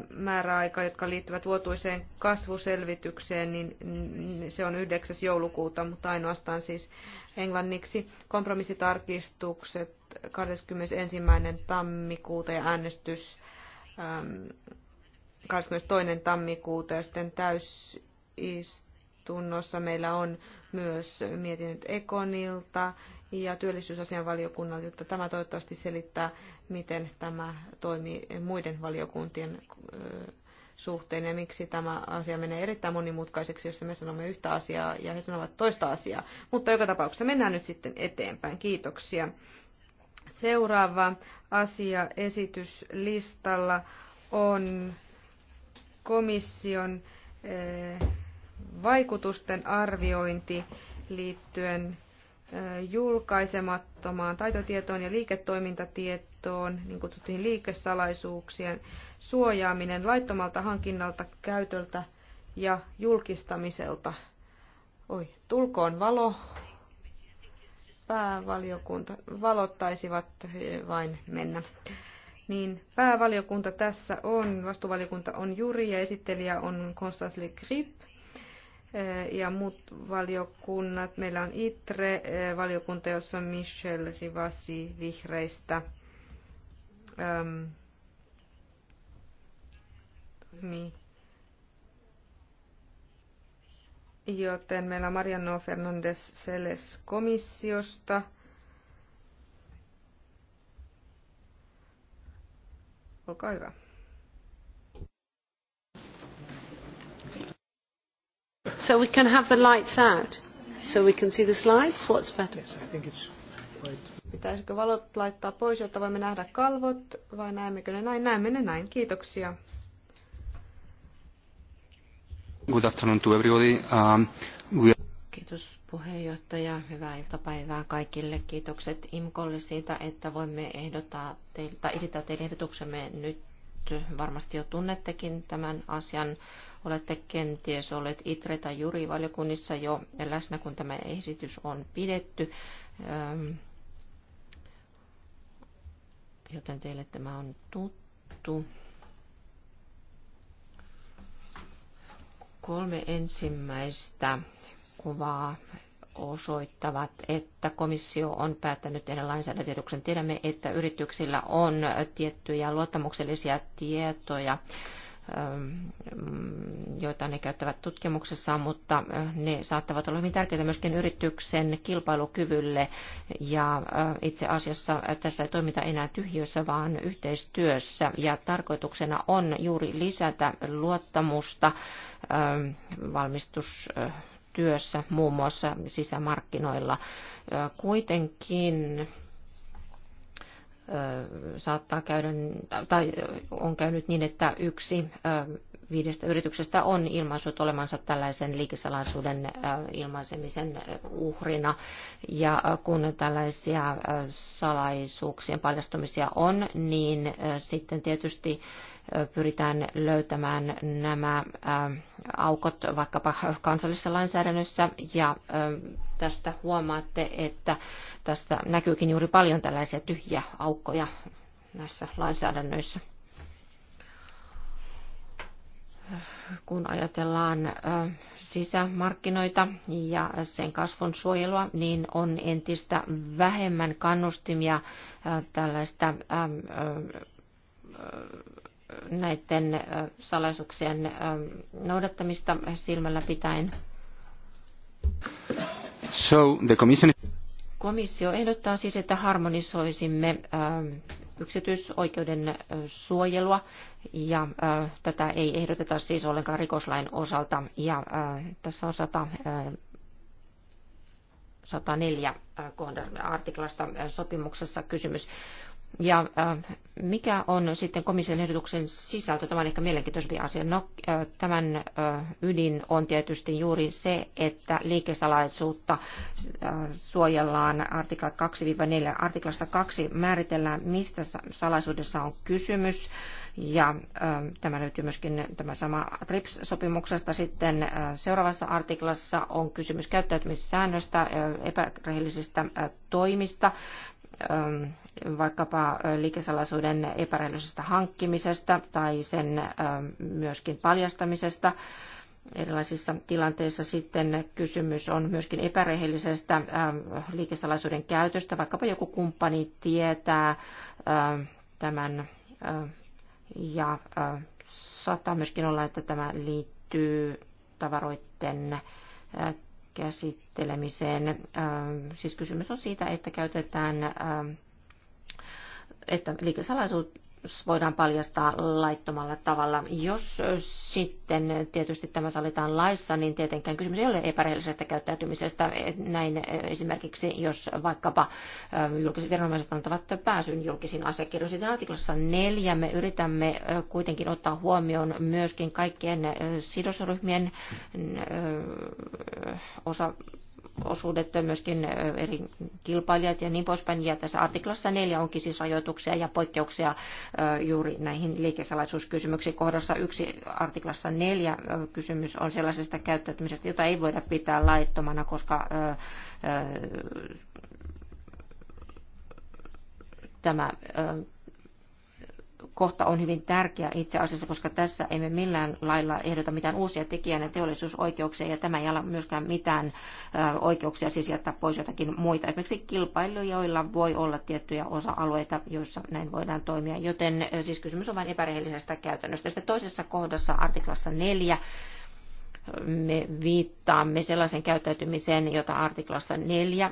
määräaika, jotka liittyvät vuotuiseen kasvuselvitykseen, niin se on 9. joulukuuta, mutta ainoastaan siis englanniksi. Kompromissitarkistukset 21. tammikuuta ja äänestys 22. Ähm, tammikuuta ja sitten täysistunnossa meillä on myös mietinnöt Ekonilta ja työllisyysasian valiokunnalta, jotta tämä toivottavasti selittää, miten tämä toimii muiden valiokuntien äh, suhteen ja miksi tämä asia menee erittäin monimutkaiseksi, jos me sanomme yhtä asiaa ja he sanovat toista asiaa. Mutta joka tapauksessa mennään nyt sitten eteenpäin. Kiitoksia. Seuraava asia esityslistalla on komission eh, vaikutusten arviointi liittyen eh, julkaisemattomaan taitotietoon ja liiketoimintatietoon, niin kutsuttuihin liikesalaisuuksien suojaaminen laittomalta hankinnalta, käytöltä ja julkistamiselta. Oi, tulkoon valo päävaliokunta valottaisivat vain mennä. Niin päävaliokunta tässä on, vastuvaliokunta on Juri ja esittelijä on Konstantin Le Grip eh, ja muut valiokunnat. Meillä on ITRE-valiokunta, eh, jossa on Michel Rivasi vihreistä ähm, Joten meillä on Mariano Fernandez Seles komissiosta. Olkaa hyvä. So we can have the lights out, so we can see the slides. What's better? Yes, I think it's quite... Pitäisikö valot laittaa pois, jotta voimme nähdä kalvot, vai näemmekö ne näin? Näemme ne näin. Kiitoksia. Good afternoon to everybody. Um, we... Kiitos puheenjohtaja. Hyvää iltapäivää kaikille. Kiitokset IMKOlle siitä, että voimme ehdottaa teille, tai esittää teille ehdotuksemme nyt varmasti jo tunnettekin tämän asian. Olette kenties olleet ITRE tai JURI-valiokunnissa jo läsnä, kun tämä esitys on pidetty. Ähm, joten teille tämä on tuttu. Kolme ensimmäistä kuvaa osoittavat, että komissio on päättänyt tehdä lainsäädäntöehdotuksen. Tiedämme, että yrityksillä on tiettyjä luottamuksellisia tietoja Ähm, joita ne käyttävät tutkimuksessa, mutta äh, ne saattavat olla hyvin tärkeitä myöskin yrityksen kilpailukyvylle. Ja äh, itse asiassa tässä ei toimita enää tyhjössä, vaan yhteistyössä. Ja tarkoituksena on juuri lisätä luottamusta ähm, valmistustyössä muun muassa sisämarkkinoilla. Äh, kuitenkin saattaa käydä, tai on käynyt niin, että yksi viidestä yrityksestä on ilmaissut olemansa tällaisen liikesalaisuuden ilmaisemisen uhrina. Ja kun tällaisia salaisuuksien paljastumisia on, niin sitten tietysti pyritään löytämään nämä aukot vaikkapa kansallisessa lainsäädännössä ja tästä huomaatte, että tästä näkyykin juuri paljon tällaisia tyhjiä aukkoja näissä lainsäädännöissä. Kun ajatellaan sisämarkkinoita ja sen kasvun suojelua, niin on entistä vähemmän kannustimia tällaista näiden salaisuuksien noudattamista silmällä pitäen. So the commission... Komissio ehdottaa siis, että harmonisoisimme yksityisoikeuden suojelua ja tätä ei ehdoteta siis ollenkaan rikoslain osalta ja tässä on 100, 104 artiklasta sopimuksessa kysymys. Ja äh, mikä on sitten komission ehdotuksen sisältö? Tämä on ehkä mielenkiintoisempi asia. No, äh, tämän äh, ydin on tietysti juuri se, että liikesalaisuutta suojellaan artikla 2-4. Artiklassa 2 määritellään, mistä salaisuudessa on kysymys. Ja tämä löytyy myöskin tämä sama TRIPS-sopimuksesta. Sitten seuraavassa artiklassa on kysymys käyttäytymissäännöstä, epärehellisistä toimista Ähm, vaikkapa liikesalaisuuden epäreiluisesta hankkimisesta tai sen ähm, myöskin paljastamisesta. Erilaisissa tilanteissa sitten kysymys on myöskin epärehellisestä ähm, liikesalaisuuden käytöstä. Vaikkapa joku kumppani tietää tämän ja äh, saattaa myöskin olla, että tämä liittyy tavaroiden äh, käsittelemiseen. Siis kysymys on siitä, että käytetään että liikesalaisuus voidaan paljastaa laittomalla tavalla. Jos sitten tietysti tämä salitaan laissa, niin tietenkään kysymys ei ole epärehellisestä käyttäytymisestä. Näin esimerkiksi, jos vaikkapa ähm, julkiset viranomaiset antavat pääsyn julkisiin asiakirjoihin. Sitten artiklassa neljä me yritämme äh, kuitenkin ottaa huomioon myöskin kaikkien äh, sidosryhmien äh, osa osuudet, myöskin eri kilpailijat ja niin poispäin. Ja tässä artiklassa 4 onkin siis rajoituksia ja poikkeuksia juuri näihin liikesalaisuuskysymyksiin. Kohdassa yksi artiklassa 4 kysymys on sellaisesta käyttäytymisestä, jota ei voida pitää laittomana, koska tämä kohta on hyvin tärkeä itse asiassa, koska tässä emme millään lailla ehdota mitään uusia tekijän ja teollisuusoikeuksia, ja tämä ei ole myöskään mitään oikeuksia siis jättää pois jotakin muita. Esimerkiksi kilpailijoilla voi olla tiettyjä osa-alueita, joissa näin voidaan toimia, joten siis kysymys on vain epärehellisestä käytännöstä. Sitten toisessa kohdassa, artiklassa 4, me viittaamme sellaisen käyttäytymiseen, jota artiklassa 4,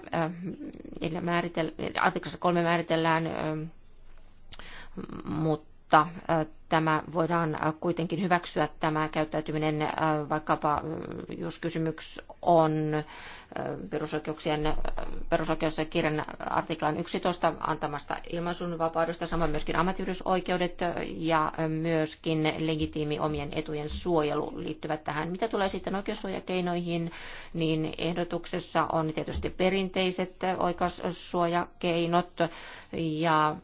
eli määritel, artiklassa kolme määritellään mutta tämä voidaan kuitenkin hyväksyä tämä käyttäytyminen, vaikkapa jos kysymys on perusoikeuksien, perusoikeuskirjan artiklan 11 antamasta ilmaisunvapaudesta, samoin myöskin ammattiyhdysoikeudet ja myöskin legitiimi omien etujen suojelu liittyvät tähän. Mitä tulee sitten oikeussuojakeinoihin, niin ehdotuksessa on tietysti perinteiset oikeussuojakeinot ja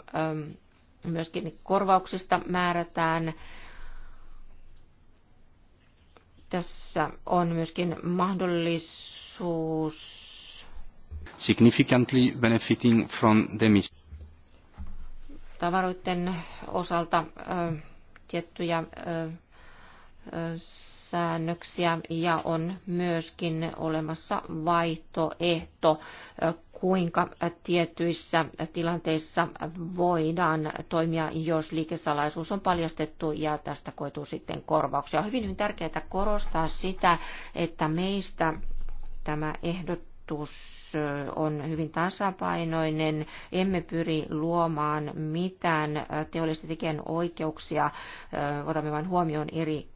Myöskin korvauksista määrätään. Tässä on myöskin mahdollisuus significantly benefiting from the Tavaroiden osalta ö, tiettyjä ö, ö, säännöksiä ja on myöskin olemassa vaihtoehto kuinka tietyissä tilanteissa voidaan toimia, jos liikesalaisuus on paljastettu ja tästä koituu sitten korvauksia. On hyvin, hyvin tärkeää korostaa sitä, että meistä tämä ehdotus on hyvin tasapainoinen. Emme pyri luomaan mitään teollisten tekijän oikeuksia. Otamme vain huomioon eri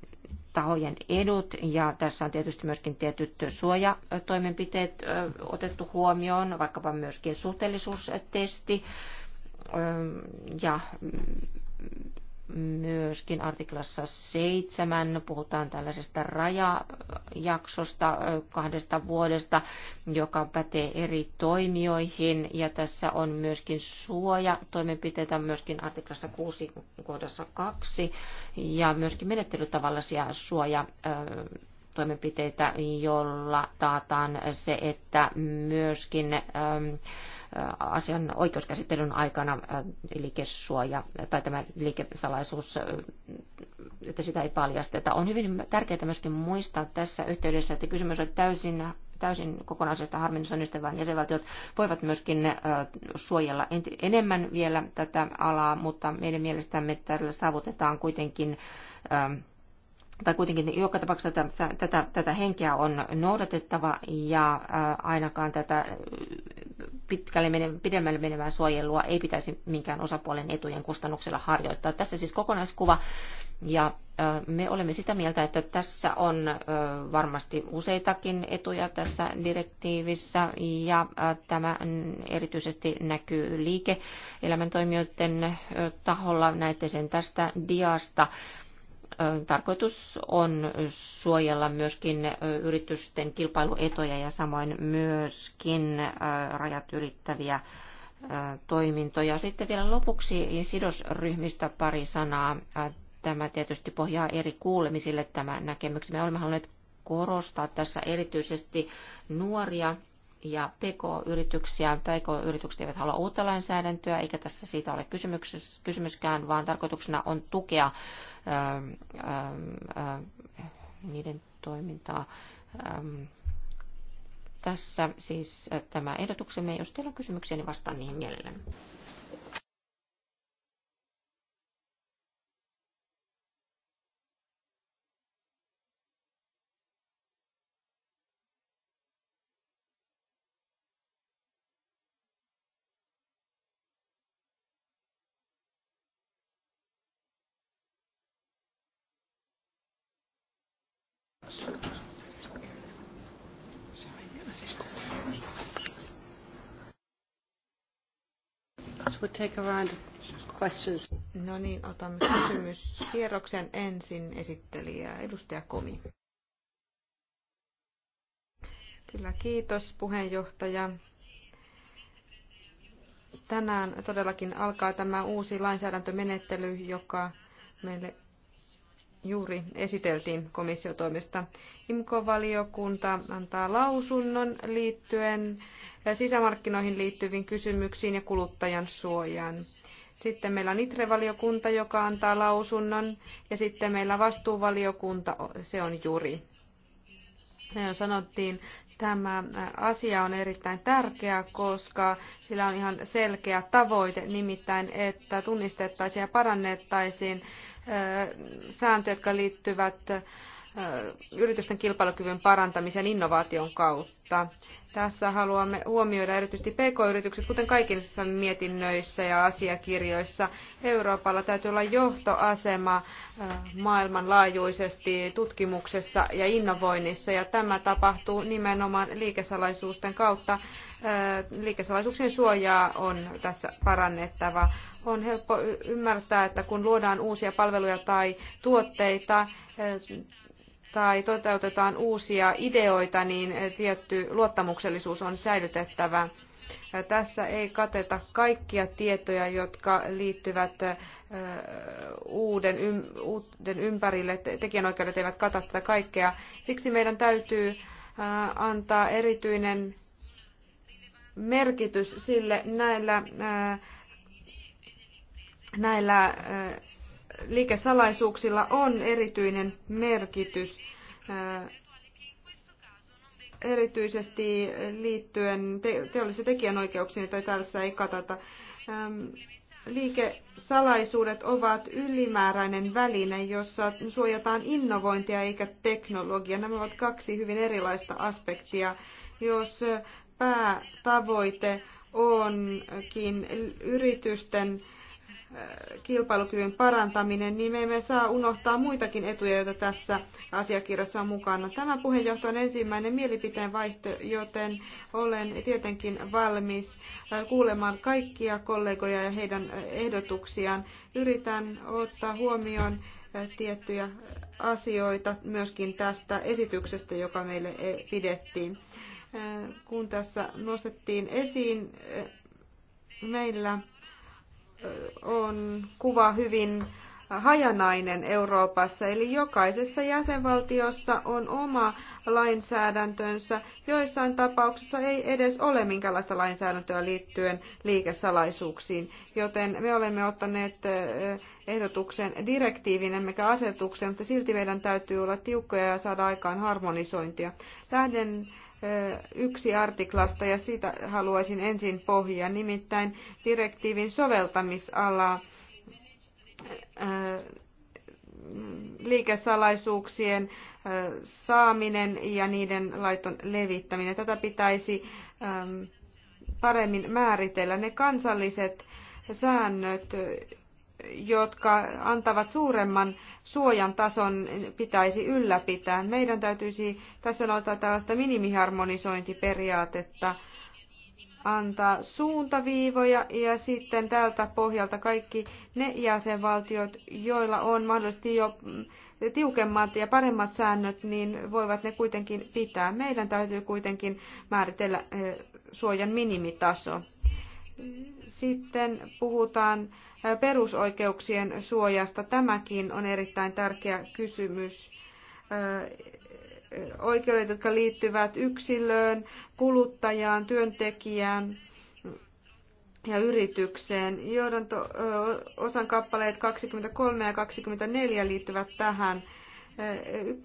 tahojen edut ja tässä on tietysti myöskin tietyt suojatoimenpiteet otettu huomioon, vaikkapa myöskin suhteellisuustesti ja myöskin artiklassa 7 puhutaan tällaisesta rajajaksosta kahdesta vuodesta, joka pätee eri toimijoihin. Ja tässä on myöskin suoja myöskin artiklassa 6 kohdassa 2 ja myöskin menettelytavallisia suoja toimenpiteitä, jolla taataan se, että myöskin ähm, Äh, asian oikeuskäsittelyn aikana äh, liikesuoja tai tämä liikesalaisuus, äh, että sitä ei paljasteta. On hyvin tärkeää myöskin muistaa tässä yhteydessä, että kysymys on täysin täysin kokonaisesta harmonisoinnista, vaan jäsenvaltiot voivat myöskin suojella enemmän vielä tätä alaa, mutta meidän mielestämme tällä saavutetaan kuitenkin ähm, tai kuitenkin joka tapauksessa tätä, tätä, tätä henkeä on noudatettava ja ainakaan tätä pitkälle menevä, pidemmälle menevää suojelua ei pitäisi minkään osapuolen etujen kustannuksella harjoittaa. Tässä siis kokonaiskuva. Ja me olemme sitä mieltä, että tässä on varmasti useitakin etuja tässä direktiivissä ja tämä erityisesti näkyy liike elämäntoimijoiden taholla. Näette sen tästä diasta. Tarkoitus on suojella myöskin yritysten kilpailuetoja ja samoin myöskin rajat ylittäviä toimintoja. Sitten vielä lopuksi sidosryhmistä pari sanaa. Tämä tietysti pohjaa eri kuulemisille tämä näkemyksemme. Olemme halunneet korostaa tässä erityisesti nuoria ja PK-yrityksiä. PK-yritykset eivät halua uutta lainsäädäntöä, eikä tässä siitä ole kysymyskään, vaan tarkoituksena on tukea ää, ää, ää, niiden toimintaa. Ähm, tässä siis äh, tämä ehdotuksemme. Jos teillä on kysymyksiä, niin vastaan niihin mielelläni. take a round of questions. No niin, otamme kysymyskierroksen ensin esittelijä edustaja Komi. Kyllä, kiitos puheenjohtaja. Tänään todellakin alkaa tämä uusi lainsäädäntömenettely, joka meille juuri esiteltiin komissiotoimesta. IMKO-valiokunta antaa lausunnon liittyen sisämarkkinoihin liittyviin kysymyksiin ja kuluttajan suojaan. Sitten meillä on ITRE-valiokunta, joka antaa lausunnon, ja sitten meillä vastuuvaliokunta, se on juri. Ja jo sanottiin, tämä asia on erittäin tärkeä, koska sillä on ihan selkeä tavoite, nimittäin että tunnistettaisiin ja parannettaisiin sääntöjä, jotka liittyvät yritysten kilpailukyvyn parantamiseen innovaation kautta mutta tässä haluamme huomioida erityisesti pk-yritykset, kuten kaikissa mietinnöissä ja asiakirjoissa. Euroopalla täytyy olla johtoasema äh, maailmanlaajuisesti tutkimuksessa ja innovoinnissa, ja tämä tapahtuu nimenomaan liikesalaisuusten kautta. Äh, liikesalaisuuksien suojaa on tässä parannettava. On helppo ymmärtää, että kun luodaan uusia palveluja tai tuotteita, äh, tai toteutetaan uusia ideoita, niin tietty luottamuksellisuus on säilytettävä. Tässä ei kateta kaikkia tietoja, jotka liittyvät uuden, uuden ympärille. Tekijänoikeudet eivät kata tätä kaikkea. Siksi meidän täytyy antaa erityinen merkitys sille näillä, näillä liikesalaisuuksilla on erityinen merkitys äh, erityisesti liittyen teollisiin tekijänoikeuksiin, tai tässä ei katata. Ähm, liikesalaisuudet ovat ylimääräinen väline, jossa suojataan innovointia eikä teknologia. Nämä ovat kaksi hyvin erilaista aspektia. Jos päätavoite onkin yritysten kilpailukyvyn parantaminen, niin me emme saa unohtaa muitakin etuja, joita tässä asiakirjassa on mukana. Tämä puheenjohto on ensimmäinen mielipiteen vaihto, joten olen tietenkin valmis kuulemaan kaikkia kollegoja ja heidän ehdotuksiaan. Yritän ottaa huomioon tiettyjä asioita myöskin tästä esityksestä, joka meille pidettiin. Kun tässä nostettiin esiin meillä on kuva hyvin hajanainen Euroopassa, eli jokaisessa jäsenvaltiossa on oma lainsäädäntönsä. Joissain tapauksissa ei edes ole minkälaista lainsäädäntöä liittyen liikesalaisuuksiin, joten me olemme ottaneet ehdotuksen direktiivin emmekä asetuksen, mutta silti meidän täytyy olla tiukkoja ja saada aikaan harmonisointia. Lähden yksi artiklasta ja siitä haluaisin ensin pohjia, nimittäin direktiivin soveltamisalaa liikesalaisuuksien saaminen ja niiden laiton levittäminen. Tätä pitäisi paremmin määritellä. Ne kansalliset säännöt, jotka antavat suuremman suojan tason, pitäisi ylläpitää. Meidän täytyisi tässä noudattaa tällaista minimiharmonisointiperiaatetta, antaa suuntaviivoja ja sitten tältä pohjalta kaikki ne jäsenvaltiot, joilla on mahdollisesti jo tiukemmat ja paremmat säännöt, niin voivat ne kuitenkin pitää. Meidän täytyy kuitenkin määritellä eh, suojan minimitaso. Sitten puhutaan perusoikeuksien suojasta. Tämäkin on erittäin tärkeä kysymys. Oikeudet, jotka liittyvät yksilöön, kuluttajaan, työntekijään ja yritykseen. Johdanto, osan kappaleet 23 ja 24 liittyvät tähän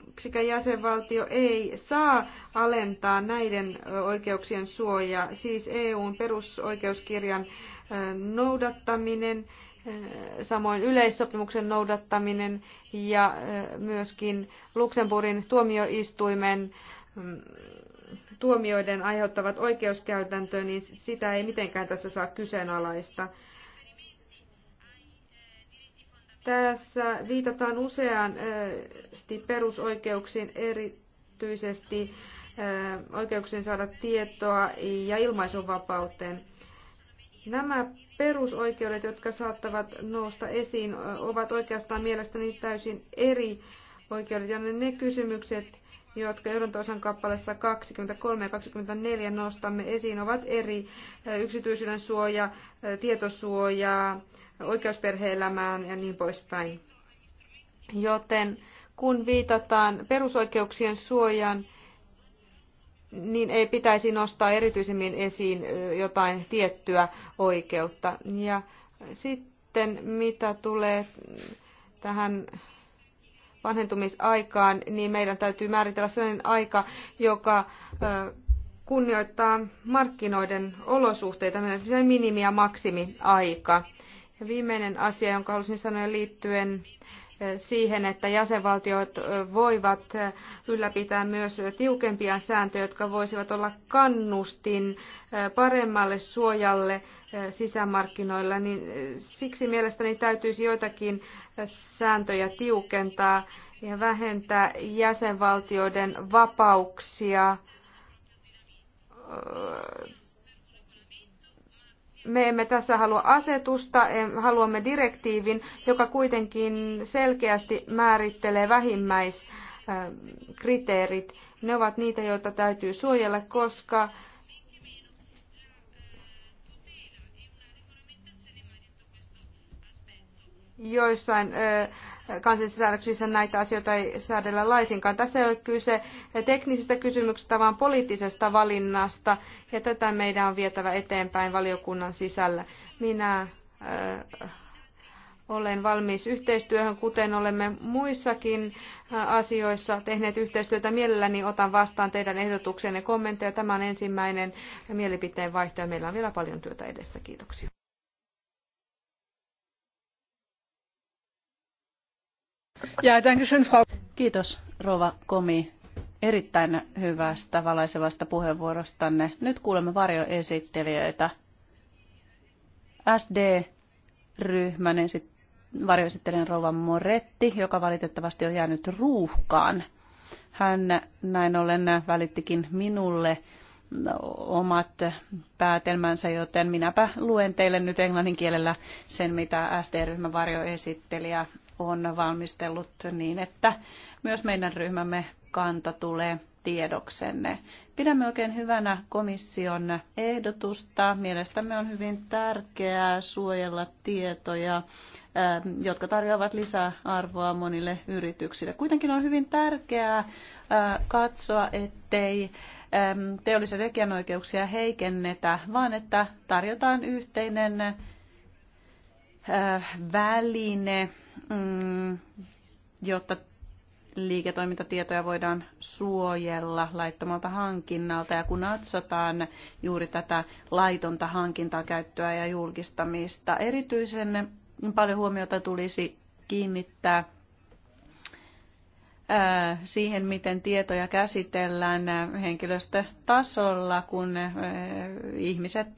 yksikään jäsenvaltio ei saa alentaa näiden oikeuksien suojaa, siis EUn perusoikeuskirjan noudattaminen samoin yleissopimuksen noudattaminen ja myöskin Luxemburgin tuomioistuimen mm, tuomioiden aiheuttavat oikeuskäytäntöä, niin sitä ei mitenkään tässä saa kyseenalaista. Tässä viitataan usean perusoikeuksiin, erityisesti oikeuksiin saada tietoa ja ilmaisunvapauteen. Nämä perusoikeudet, jotka saattavat nousta esiin, ovat oikeastaan mielestäni täysin eri oikeudet. Ja ne kysymykset, jotka osan kappaleessa 23 ja 24 nostamme esiin, ovat eri yksityisyyden suoja, tietosuoja, oikeus perhe-elämään ja niin poispäin. Joten kun viitataan perusoikeuksien suojaan, niin ei pitäisi nostaa erityisemmin esiin jotain tiettyä oikeutta. Ja sitten mitä tulee tähän vanhentumisaikaan, niin meidän täytyy määritellä sellainen aika, joka kunnioittaa markkinoiden olosuhteita, meidän minimi- ja maksimiaika. Ja viimeinen asia, jonka halusin sanoa liittyen siihen, että jäsenvaltiot voivat ylläpitää myös tiukempia sääntöjä, jotka voisivat olla kannustin paremmalle suojalle sisämarkkinoilla, niin siksi mielestäni täytyisi joitakin sääntöjä tiukentaa ja vähentää jäsenvaltioiden vapauksia me emme tässä halua asetusta, haluamme direktiivin, joka kuitenkin selkeästi määrittelee vähimmäiskriteerit. Ne ovat niitä, joita täytyy suojella, koska joissain kansallisissa näitä asioita ei säädellä laisinkaan. Tässä ei ole kyse teknisistä kysymyksistä, vaan poliittisesta valinnasta, ja tätä meidän on vietävä eteenpäin valiokunnan sisällä. Minä olen valmis yhteistyöhön, kuten olemme muissakin asioissa tehneet yhteistyötä. Mielelläni otan vastaan teidän ehdotuksenne kommentteja. Tämä on ensimmäinen mielipiteen vaihto ja meillä on vielä paljon työtä edessä. Kiitoksia. Kiitos Rova Komi erittäin hyvästä valaisevasta puheenvuorostanne. Nyt kuulemme varjoesittelijöitä. SD-ryhmän varjoesittelijän Rova Moretti, joka valitettavasti on jäänyt ruuhkaan. Hän näin ollen välittikin minulle omat päätelmänsä, joten minäpä luen teille nyt englannin kielellä sen, mitä SD-ryhmän varjoesittelijä on valmistellut niin, että myös meidän ryhmämme kanta tulee tiedoksenne. Pidämme oikein hyvänä komission ehdotusta. Mielestämme on hyvin tärkeää suojella tietoja, ähm, jotka tarjoavat lisäarvoa monille yrityksille. Kuitenkin on hyvin tärkeää äh, katsoa, ettei ähm, teollisia tekijänoikeuksia heikennetä, vaan että tarjotaan yhteinen äh, väline Mm, jotta liiketoimintatietoja voidaan suojella laittomalta hankinnalta ja kun atsotaan juuri tätä laitonta hankintaa, käyttöä ja julkistamista. Erityisen paljon huomiota tulisi kiinnittää siihen, miten tietoja käsitellään henkilöstötasolla, kun ihmiset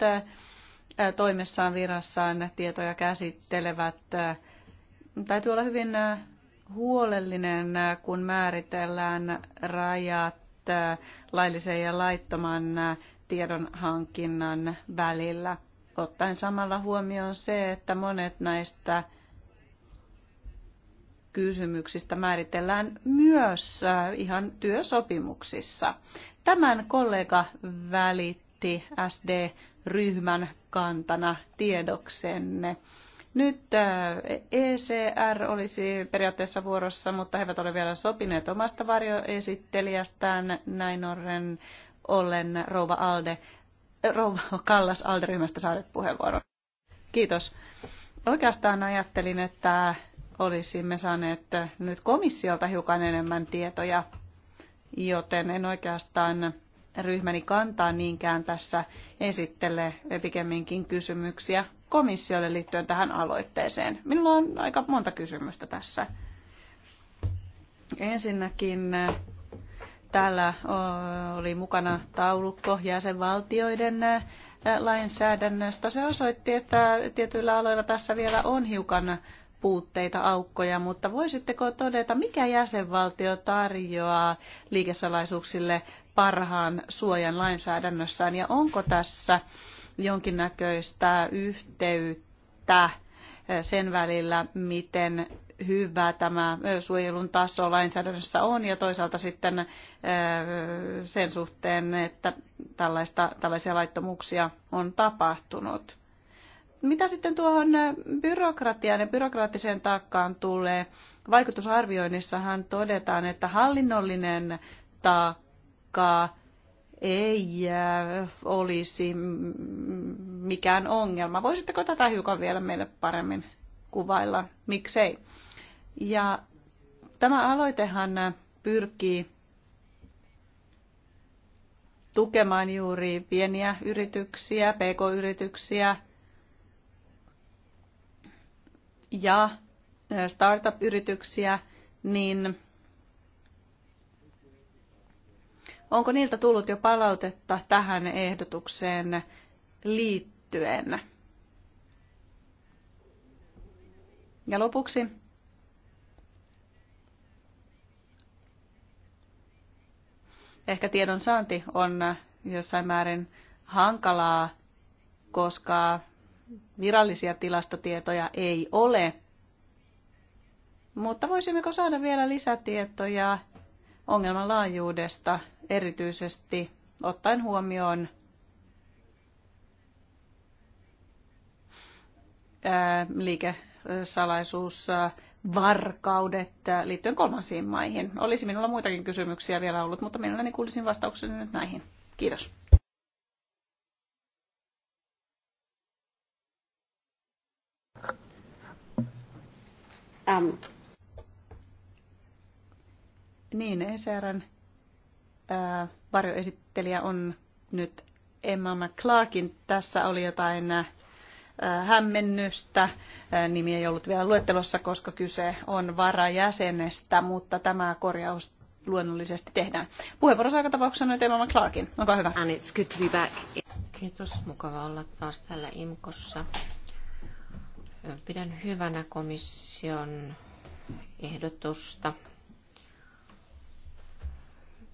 toimessaan virassaan tietoja käsittelevät Täytyy olla hyvin äh, huolellinen, äh, kun määritellään rajat äh, laillisen ja laittoman tiedon hankinnan välillä, ottaen samalla huomioon se, että monet näistä kysymyksistä määritellään myös ihan työsopimuksissa. Tämän kollega välitti SD-ryhmän kantana tiedoksenne. Nyt äh, ECR olisi periaatteessa vuorossa, mutta he eivät ole vielä sopineet omasta varjoesittelijästään. Näin ollen, ollen Rouva, Alde, äh, Rouva Kallas Alde-ryhmästä saadet puheenvuoron. Kiitos. Oikeastaan ajattelin, että olisimme saaneet nyt komissiolta hiukan enemmän tietoja, joten en oikeastaan ryhmäni kantaa niinkään tässä esittele pikemminkin kysymyksiä komissiolle liittyen tähän aloitteeseen? Minulla on aika monta kysymystä tässä. Ensinnäkin täällä oli mukana taulukko jäsenvaltioiden lainsäädännöstä. Se osoitti, että tietyillä aloilla tässä vielä on hiukan puutteita, aukkoja, mutta voisitteko todeta, mikä jäsenvaltio tarjoaa liikesalaisuuksille parhaan suojan lainsäädännössään ja onko tässä jonkinnäköistä yhteyttä sen välillä, miten hyvä tämä suojelun taso lainsäädännössä on ja toisaalta sitten sen suhteen, että tällaista, tällaisia laittomuuksia on tapahtunut. Mitä sitten tuohon byrokratiaan ja byrokraattiseen taakkaan tulee? Vaikutusarvioinnissahan todetaan, että hallinnollinen taakka ei äh, olisi mikään ongelma. Voisitteko tätä hiukan vielä meille paremmin kuvailla? Miksei? Ja tämä aloitehan äh, pyrkii tukemaan juuri pieniä yrityksiä, pk-yrityksiä ja äh, startup-yrityksiä, niin Onko niiltä tullut jo palautetta tähän ehdotukseen liittyen? Ja lopuksi ehkä tiedonsaanti on jossain määrin hankalaa, koska virallisia tilastotietoja ei ole. Mutta voisimmeko saada vielä lisätietoja ongelman laajuudesta, erityisesti ottaen huomioon liikesalaisuus, varkaudet liittyen kolmansiin maihin. Olisi minulla muitakin kysymyksiä vielä ollut, mutta mielelläni kuulisin vastaukseni nyt näihin. Kiitos. Um, niin, ESRn varjoesittelijä on nyt Emma McClarkin. Tässä oli jotain ää, hämmennystä. Ää, nimi ei ollut vielä luettelossa, koska kyse on varajäsenestä, mutta tämä korjaus luonnollisesti tehdään. Puheenvuorossa aika tapauksessa nyt Emma McClarkin. Onko hyvä. And it's good to be back. Kiitos. Mukava olla taas täällä IMKossa. Pidän hyvänä komission ehdotusta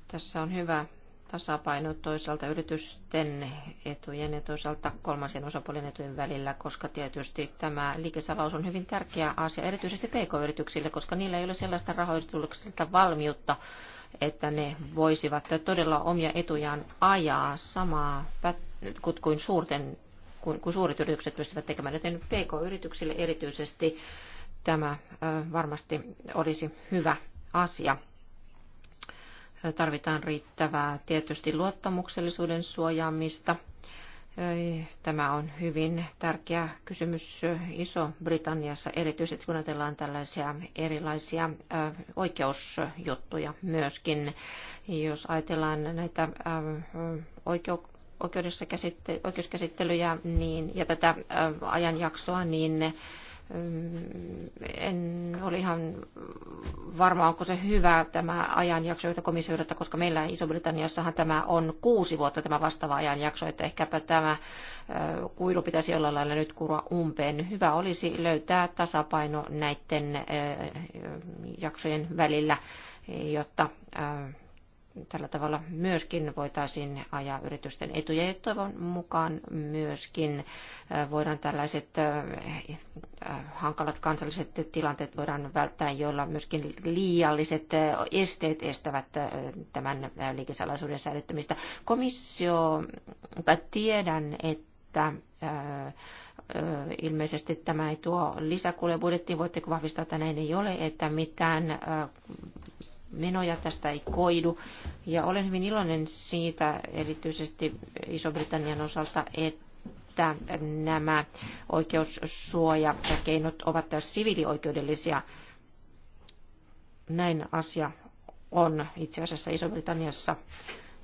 tässä on hyvä tasapaino toisaalta yritysten etujen ja toisaalta kolmansien osapuolen etujen välillä, koska tietysti tämä liikesalaus on hyvin tärkeä asia, erityisesti pk-yrityksille, koska niillä ei ole sellaista rahoituksellista valmiutta, että ne voisivat todella omia etujaan ajaa samaa kuin suurten kun, kun suuret yritykset pystyvät tekemään, joten pk-yrityksille erityisesti tämä varmasti olisi hyvä asia tarvitaan riittävää tietysti luottamuksellisuuden suojaamista. Tämä on hyvin tärkeä kysymys Iso-Britanniassa, erityisesti kun ajatellaan tällaisia erilaisia oikeusjuttuja myöskin. Jos ajatellaan näitä oikeudessa käsitte- oikeuskäsittelyjä niin, ja tätä ajanjaksoa, niin en ole ihan varma, onko se hyvä tämä ajanjakso, jota komissio koska meillä Iso-Britanniassahan tämä on kuusi vuotta tämä vastaava ajanjakso, että ehkäpä tämä kuilu pitäisi jollain lailla nyt kurua umpeen. Hyvä olisi löytää tasapaino näiden jaksojen välillä, jotta tällä tavalla myöskin voitaisiin ajaa yritysten etuja. Ja toivon mukaan myöskin äh, voidaan tällaiset äh, äh, hankalat kansalliset tilanteet voidaan välttää, joilla myöskin liialliset esteet estävät tämän liikesalaisuuden säilyttämistä. Komissio, tiedän, että ilmeisesti tämä ei tuo lisäkuluja budjettiin. Voitteko vahvistaa, että näin ei ole, että mitään menoja tästä ei koidu. Ja olen hyvin iloinen siitä, erityisesti Iso-Britannian osalta, että että nämä oikeussuojakeinot ovat täysin siviilioikeudellisia. Näin asia on itse asiassa Iso-Britanniassa.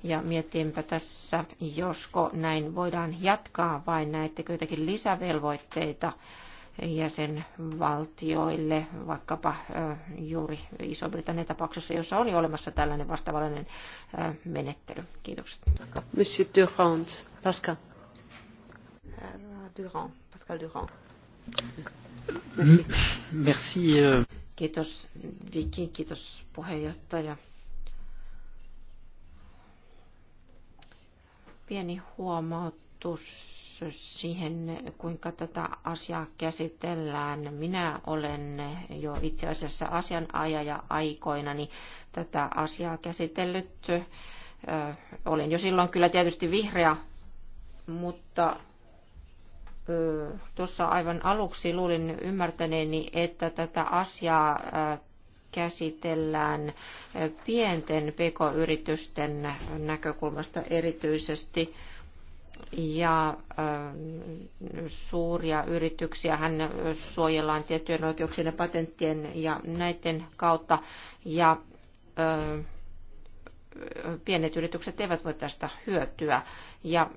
Ja miettiinpä tässä, josko näin voidaan jatkaa vai näettekö jotakin lisävelvoitteita jäsenvaltioille, vaikkapa juuri Iso-Britannian tapauksessa, jossa on jo olemassa tällainen vastaavallinen menettely. Kiitokset. Monsieur Durand, Pascal. Durand, Pascal Durand. Merci. Merci. Euh, kiitos Viki, kiitos puheenjohtaja. Pieni huomautus siihen, kuinka tätä asiaa käsitellään. Minä olen jo itse asiassa asianajaja aikoinani tätä asiaa käsitellyt. Olin jo silloin kyllä tietysti vihreä, mutta tuossa aivan aluksi luulin ymmärtäneeni, että tätä asiaa käsitellään pienten pk-yritysten näkökulmasta erityisesti ja suuria yrityksiä hän suojellaan tiettyjen oikeuksien ja patenttien ja näiden kautta. Ja pienet yritykset eivät voi tästä hyötyä. Ja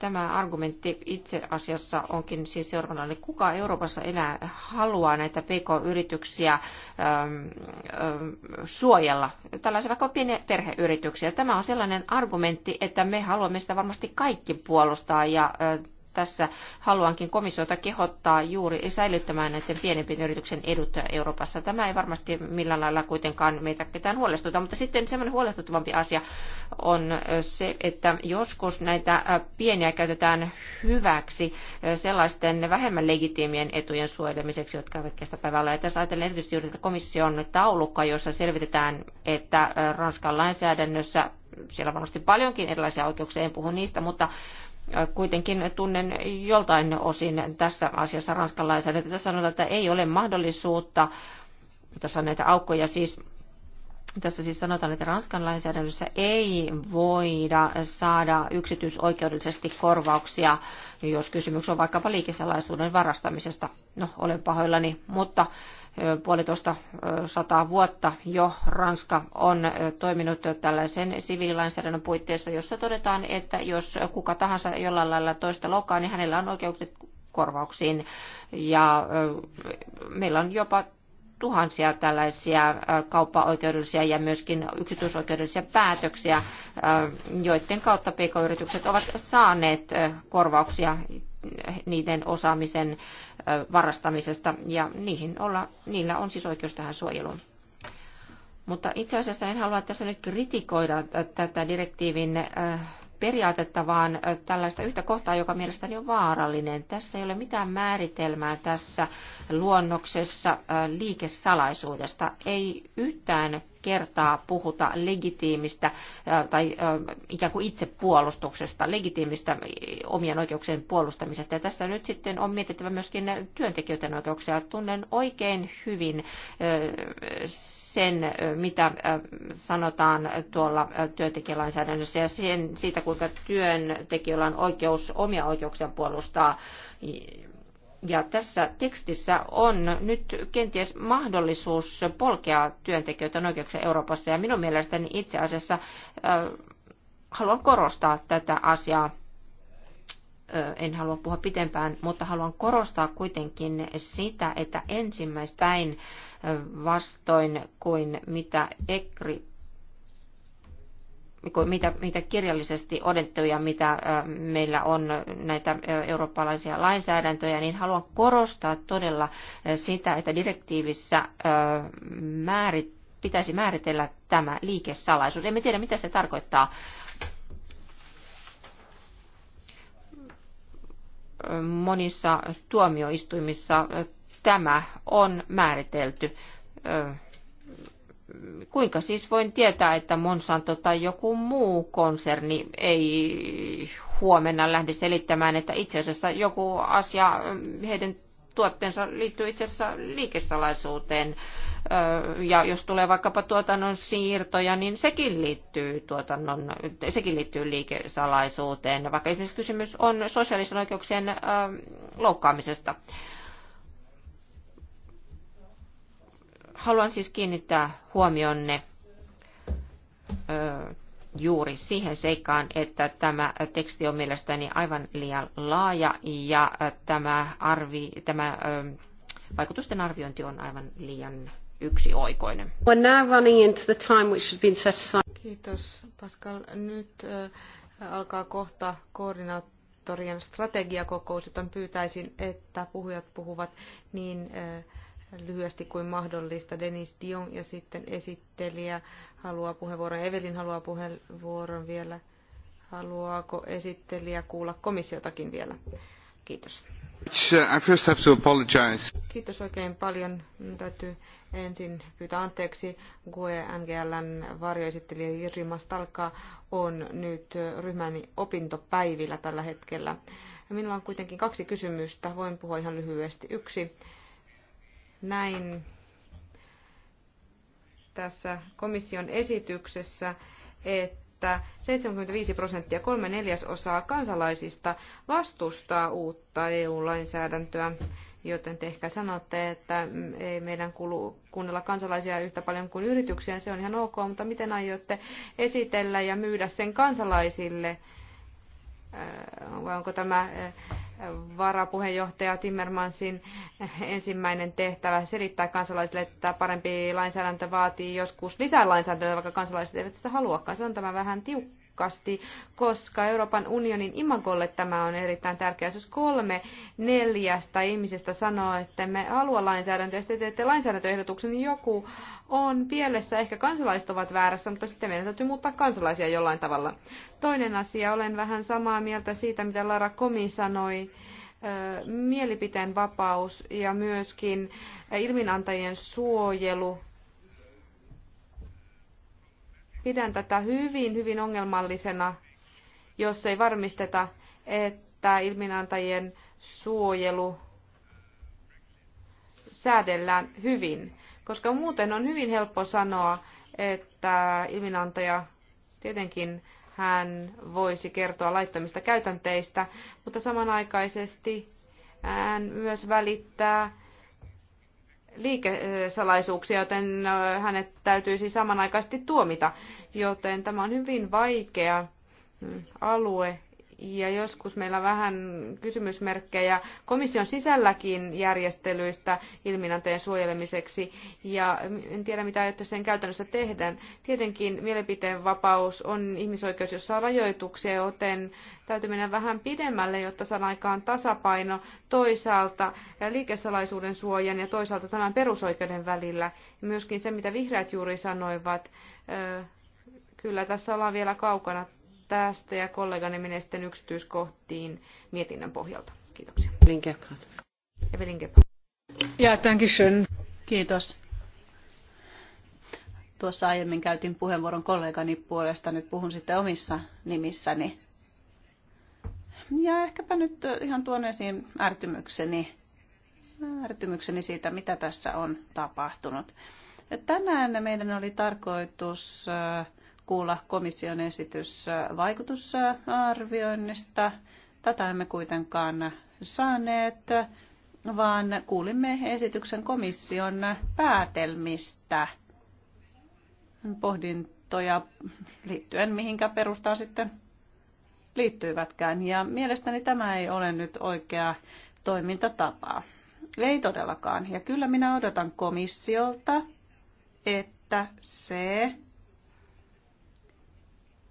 Tämä argumentti itse asiassa onkin siis seuraavana, kuka Euroopassa enää haluaa näitä PK-yrityksiä ähm, ähm, suojella, tällaisia vaikka pieniä perheyrityksiä. Tämä on sellainen argumentti, että me haluamme sitä varmasti kaikki puolustaa ja äh, tässä haluankin komissiota kehottaa juuri säilyttämään näiden pienempien yrityksen edut Euroopassa. Tämä ei varmasti millään lailla kuitenkaan meitä ketään huolestuta, mutta sitten semmoinen huolestuttavampi asia on se, että joskus näitä pieniä käytetään hyväksi sellaisten vähemmän legitiimien etujen suojelemiseksi, jotka eivät kestä päivällä. Ja tässä ajatellen erityisesti juuri komission taulukka, jossa selvitetään, että Ranskan lainsäädännössä siellä on varmasti paljonkin erilaisia oikeuksia, en puhu niistä, mutta Äh, kuitenkin tunnen joltain osin tässä asiassa ranskalaisen, että tässä sanotaan, että ei ole mahdollisuutta, tässä on näitä aukkoja siis, tässä siis sanotaan, että Ranskan lainsäädännössä ei voida saada yksityisoikeudellisesti korvauksia, jos kysymys on vaikkapa liikesalaisuuden varastamisesta. No, olen pahoillani, mutta puolitoista sataa vuotta jo Ranska on toiminut tällaisen siviililainsäädännön puitteissa, jossa todetaan, että jos kuka tahansa jollain lailla toista loukkaa, niin hänellä on oikeudet korvauksiin. Ja meillä on jopa tuhansia tällaisia kauppaoikeudellisia ja myöskin yksityisoikeudellisia päätöksiä, joiden kautta pk-yritykset ovat saaneet korvauksia niiden osaamisen varastamisesta ja niihin olla, niillä on siis oikeus tähän suojeluun. Mutta itse asiassa en halua tässä nyt kritikoida tätä direktiivin periaatetta, vaan tällaista yhtä kohtaa, joka mielestäni on vaarallinen. Tässä ei ole mitään määritelmää tässä luonnoksessa liikesalaisuudesta. Ei yhtään kertaa puhuta legitiimistä tai ikään kuin itsepuolustuksesta, legitiimistä omien oikeuksien puolustamisesta. Ja tässä nyt sitten on mietittävä myöskin työntekijöiden oikeuksia. Tunnen oikein hyvin sen, mitä sanotaan tuolla työntekijälainsäädännössä ja siitä, kuinka työntekijöillä on oikeus omia oikeuksia puolustaa ja tässä tekstissä on nyt kenties mahdollisuus polkea työntekijöitä oikeuksia Euroopassa. Ja minun mielestäni itse asiassa äh, haluan korostaa tätä asiaa. Äh, en halua puhua pitempään, mutta haluan korostaa kuitenkin sitä, että ensimmäistäin äh, vastoin kuin mitä ECRI mitä, mitä kirjallisesti odettuja, ja mitä meillä on näitä eurooppalaisia lainsäädäntöjä, niin haluan korostaa todella sitä, että direktiivissä määrit, pitäisi määritellä tämä liikesalaisuus. Emme tiedä, mitä se tarkoittaa. Monissa tuomioistuimissa tämä on määritelty kuinka siis voin tietää, että Monsanto tai joku muu konserni ei huomenna lähde selittämään, että itse asiassa joku asia mm, heidän tuotteensa liittyy itse asiassa liikesalaisuuteen. Ja jos tulee vaikkapa tuotannon siirtoja, niin sekin liittyy, tuotannon, sekin liittyy liikesalaisuuteen, vaikka esimerkiksi kysymys on sosiaalisen oikeuksien loukkaamisesta. Haluan siis kiinnittää huomionne juuri siihen seikkaan, että tämä teksti on mielestäni aivan liian laaja ja tämä, arvi, tämä vaikutusten arviointi on aivan liian yksioikoinen. We're now running into the time which has been set aside. Kiitos Pascal. Nyt ö, alkaa kohta koordinaattorien strategiakokous, joten pyytäisin, että puhujat puhuvat niin äh, lyhyesti kuin mahdollista. Denis Dion ja sitten esittelijä haluaa puheenvuoron. Evelin haluaa puheenvuoron vielä. Haluaako esittelijä kuulla komissiotakin vielä? Kiitos. Kiitos oikein paljon. Täytyy ensin pyytää anteeksi. GUE NGLn varjoesittelijä Jirri Mastalka on nyt ryhmäni opintopäivillä tällä hetkellä. Minulla on kuitenkin kaksi kysymystä. Voin puhua ihan lyhyesti. Yksi näin tässä komission esityksessä, että 75 prosenttia, kolme neljäsosaa kansalaisista vastustaa uutta EU-lainsäädäntöä, joten te ehkä sanotte, että ei meidän kuulu kuunnella kansalaisia yhtä paljon kuin yrityksiä, se on ihan ok, mutta miten aiotte esitellä ja myydä sen kansalaisille? Äh, vai onko tämä äh, varapuheenjohtaja Timmermansin ensimmäinen tehtävä selittää kansalaisille, että parempi lainsäädäntö vaatii joskus lisää lainsäädäntöä, vaikka kansalaiset eivät sitä haluakaan. Se on tämä vähän tiukka tehokkaasti, koska Euroopan unionin imagolle tämä on erittäin tärkeää. Jos kolme neljästä ihmisestä sanoo, että me halua lainsäädäntöä ja sitten teette lainsäädäntöehdotuksen, niin joku on pielessä. Ehkä kansalaiset ovat väärässä, mutta sitten meidän täytyy muuttaa kansalaisia jollain tavalla. Toinen asia, olen vähän samaa mieltä siitä, mitä Lara Komi sanoi mielipiteen vapaus ja myöskin ilminantajien suojelu Pidän tätä hyvin, hyvin ongelmallisena, jos ei varmisteta, että ilminantajien suojelu säädellään hyvin. Koska muuten on hyvin helppo sanoa, että ilminantaja tietenkin hän voisi kertoa laittomista käytänteistä, mutta samanaikaisesti hän myös välittää liikesalaisuuksia, joten hänet täytyisi samanaikaisesti tuomita. Joten tämä on hyvin vaikea mm, alue ja joskus meillä on vähän kysymysmerkkejä komission sisälläkin järjestelyistä ilminanteen suojelemiseksi ja en tiedä mitä aiotte sen käytännössä tehdä. Tietenkin mielipiteen vapaus on ihmisoikeus, jossa on rajoituksia, joten täytyy mennä vähän pidemmälle, jotta saadaan aikaan tasapaino toisaalta liikesalaisuuden suojan ja toisaalta tämän perusoikeuden välillä. Myöskin se, mitä vihreät juuri sanoivat, kyllä tässä ollaan vielä kaukana tästä ja kollegani menee sitten yksityiskohtiin mietinnön pohjalta. Kiitoksia. Evelin Gebhardt. Evelin Gebhardt. Ja, schön. Kiitos. Tuossa aiemmin käytin puheenvuoron kollegani puolesta, nyt puhun sitten omissa nimissäni. Ja ehkäpä nyt ihan tuon esiin ärtymykseni, ärtymykseni siitä, mitä tässä on tapahtunut. Tänään meidän oli tarkoitus äh, kuulla komission esitys äh, vaikutusarvioinnista. Tätä emme kuitenkaan saaneet, vaan kuulimme esityksen komission päätelmistä pohdintoja liittyen mihinkä perustaa sitten liittyivätkään. Ja mielestäni tämä ei ole nyt oikea toimintatapa. Ei todellakaan. Ja kyllä minä odotan komissiolta, että se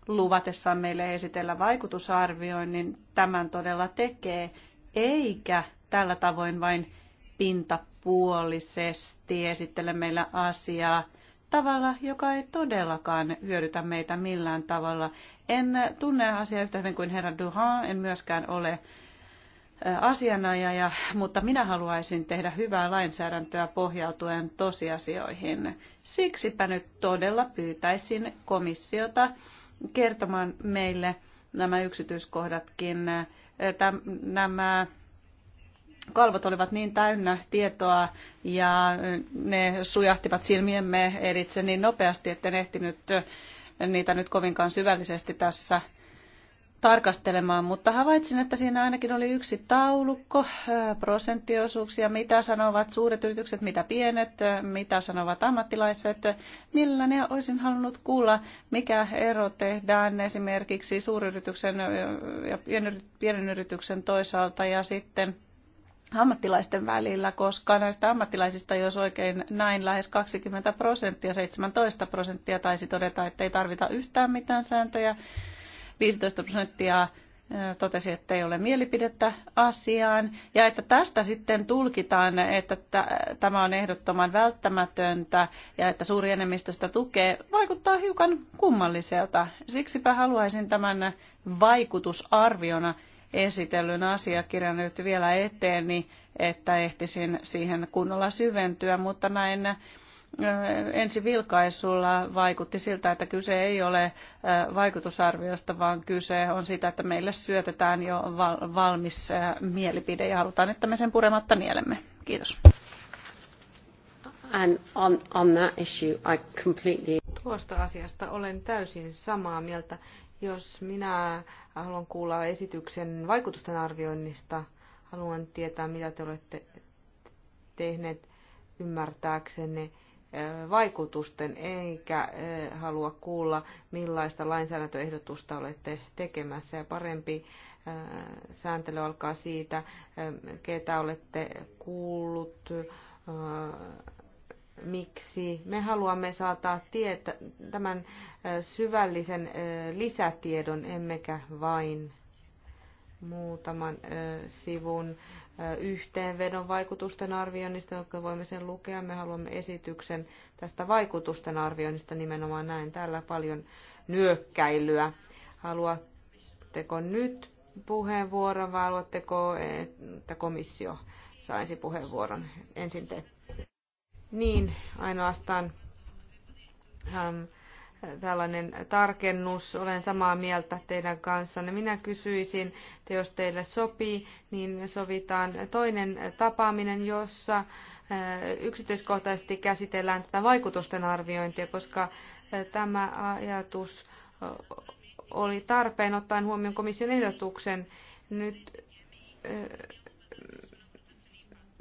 luvatessaan meille esitellä vaikutusarvioinnin tämän todella tekee, eikä tällä tavoin vain pintapuolisesti esittele meillä asiaa tavalla, joka ei todellakaan hyödytä meitä millään tavalla. En tunne asiaa yhtä hyvin kuin herra Duhan, en myöskään ole asianajaja, mutta minä haluaisin tehdä hyvää lainsäädäntöä pohjautuen tosiasioihin. Siksipä nyt todella pyytäisin komissiota kertomaan meille nämä yksityiskohdatkin. Nämä kalvot olivat niin täynnä tietoa ja ne sujahtivat silmiemme eritse niin nopeasti, että en ehtinyt niitä nyt kovinkaan syvällisesti tässä tarkastelemaan, mutta havaitsin, että siinä ainakin oli yksi taulukko, prosenttiosuuksia, mitä sanovat suuret yritykset, mitä pienet, mitä sanovat ammattilaiset. millä ne olisin halunnut kuulla, mikä ero tehdään esimerkiksi suuryrityksen ja pienen yrityksen toisaalta ja sitten ammattilaisten välillä, koska näistä ammattilaisista, jos oikein näin, lähes 20 prosenttia, 17 prosenttia taisi todeta, että ei tarvita yhtään mitään sääntöjä 15 prosenttia totesi, että ei ole mielipidettä asiaan ja että tästä sitten tulkitaan, että tämä on ehdottoman välttämätöntä ja että suuri enemmistö sitä tukee, vaikuttaa hiukan kummalliselta. Siksipä haluaisin tämän vaikutusarviona esitellyn asiakirjan nyt vielä eteeni, että ehtisin siihen kunnolla syventyä, mutta näin ensi vilkaisulla vaikutti siltä, että kyse ei ole vaikutusarviosta, vaan kyse on siitä, että meille syötetään jo valmis mielipide ja halutaan, että me sen purematta nielemme. Kiitos. And on, on that issue, I completely... Tuosta asiasta olen täysin samaa mieltä. Jos minä haluan kuulla esityksen vaikutusten arvioinnista, haluan tietää, mitä te olette tehneet ymmärtääksenne vaikutusten, eikä halua kuulla, millaista lainsäädäntöehdotusta olette tekemässä. Ja parempi sääntely alkaa siitä, ketä olette kuullut, miksi. Me haluamme saada tietä, tämän syvällisen lisätiedon, emmekä vain muutaman sivun yhteenvedon vaikutusten arvioinnista, jotka voimme sen lukea. Me haluamme esityksen tästä vaikutusten arvioinnista nimenomaan näin. Täällä paljon nyökkäilyä. Haluatteko nyt puheenvuoron vai haluatteko, että komissio saisi puheenvuoron? Ensin te. Niin, ainoastaan Um, tällainen tarkennus. Olen samaa mieltä teidän kanssanne. Minä kysyisin, että jos teille sopii, niin sovitaan toinen tapaaminen, jossa eh, yksityiskohtaisesti käsitellään tätä vaikutusten arviointia, koska eh, tämä ajatus eh, oli tarpeen ottaen huomioon komission ehdotuksen. Nyt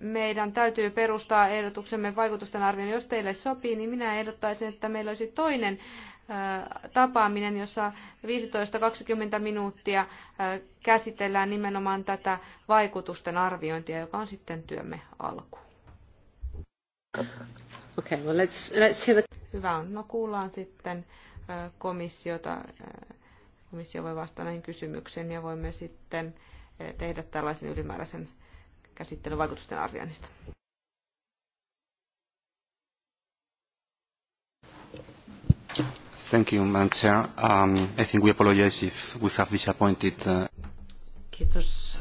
meidän täytyy perustaa ehdotuksemme vaikutusten arvioon. Jos teille sopii, niin minä ehdottaisin, että meillä olisi toinen tapaaminen, jossa 15-20 minuuttia käsitellään nimenomaan tätä vaikutusten arviointia, joka on sitten työmme alku. Okay, well let's, let's hear the... Hyvä on. No kuullaan sitten komissiota. Komissio voi vastata näihin kysymyksiin ja voimme sitten tehdä tällaisen ylimääräisen vaikutusten arvioinnista. Thank you, Madam Chair. Um, I think we apologize if we have disappointed. Uh... Kiitos.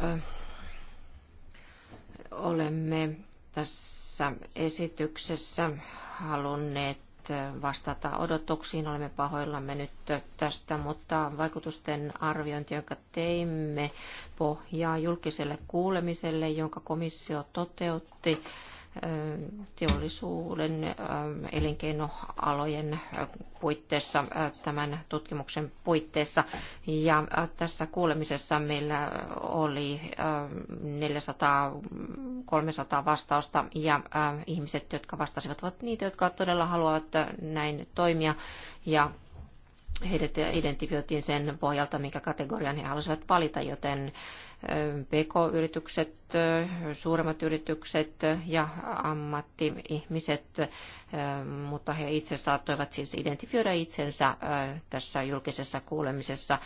Olemme tässä esityksessä halunneet Eh, vastata odotuksiin. Olemme pahoillamme nyt tästä, mutta vaikutusten arviointi, jonka teimme, pohjaa julkiselle kuulemiselle, jonka komissio toteutti teollisuuden ähm, elinkeinoalojen äh, puitteissa, äh, tämän tutkimuksen puitteissa. Ja äh, tässä kuulemisessa meillä oli 400-300 ähm, vastausta ja ihmiset, jotka vastasivat, ovat niitä, jotka todella haluavat näin toimia ja heidät identifioitiin sen pohjalta, minkä kategorian he halusivat valita, joten PK-yritykset, suuremmat yritykset ja ammattiihmiset, mutta he itse saattoivat siis identifioida itsensä tässä julkisessa kuulemisessa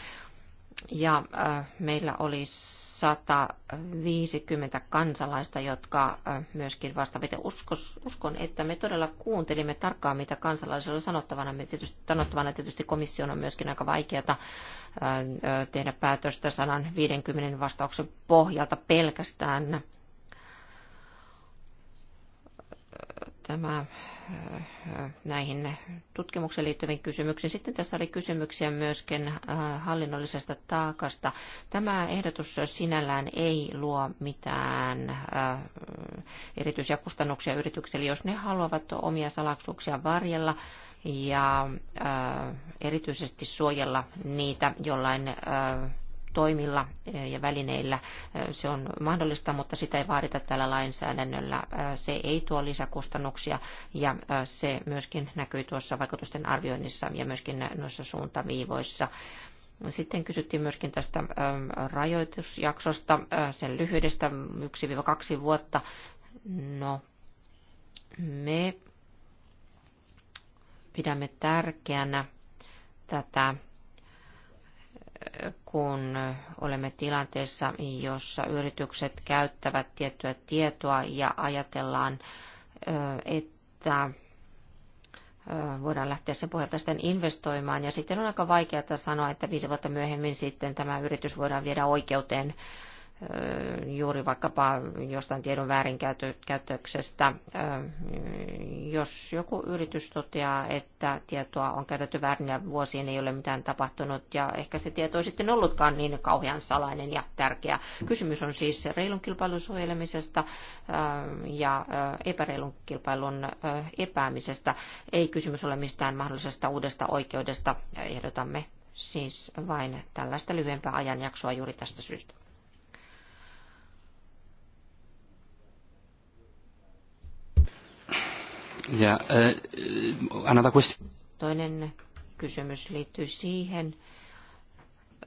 ja äh, meillä oli 150 kansalaista, jotka äh, myöskin vastaavat. Uskon, että me todella kuuntelimme tarkkaan, mitä kansalaisilla oli sanottavana. Me tietysti, sanottavana tietysti komission on myöskin aika vaikeata äh, tehdä päätöstä 150 vastauksen pohjalta pelkästään tämä äh, näihin tutkimukseen liittyviin kysymyksiin. Sitten tässä oli kysymyksiä myöskin äh, hallinnollisesta taakasta. Tämä ehdotus sinällään ei luo mitään äh, erityisiä kustannuksia yritykselle, jos ne haluavat omia salaksuuksia varjella ja erityisesti suojella niitä jollain toimilla eh, ja välineillä eh, se on mahdollista, mutta sitä ei vaadita tällä lainsäädännöllä. Eh, se ei tuo lisäkustannuksia ja se myöskin näkyy tuossa vaikutusten arvioinnissa ja myöskin noissa suuntaviivoissa. Sitten kysyttiin myöskin tästä rajoitusjaksosta, sen lyhyydestä 1-2 vuotta. No, me pidämme tärkeänä tätä kun olemme tilanteessa, jossa yritykset käyttävät tiettyä tietoa ja ajatellaan, että voidaan lähteä sen pohjalta sitten investoimaan. Ja sitten on aika vaikeaa sanoa, että viisi vuotta myöhemmin sitten tämä yritys voidaan viedä oikeuteen juuri vaikkapa jostain tiedon väärinkäytöksestä. Jos joku yritys toteaa, että tietoa on käytetty väärin ja vuosien ei ole mitään tapahtunut ja ehkä se tieto ei sitten ollutkaan niin kauhean salainen ja tärkeä. Kysymys on siis reilun kilpailun suojelemisesta ja epäreilun kilpailun epäämisestä. Ei kysymys ole mistään mahdollisesta uudesta oikeudesta. Ehdotamme siis vain tällaista lyhyempää ajanjaksoa juuri tästä syystä. Ja, äh, Toinen kysymys liittyy siihen,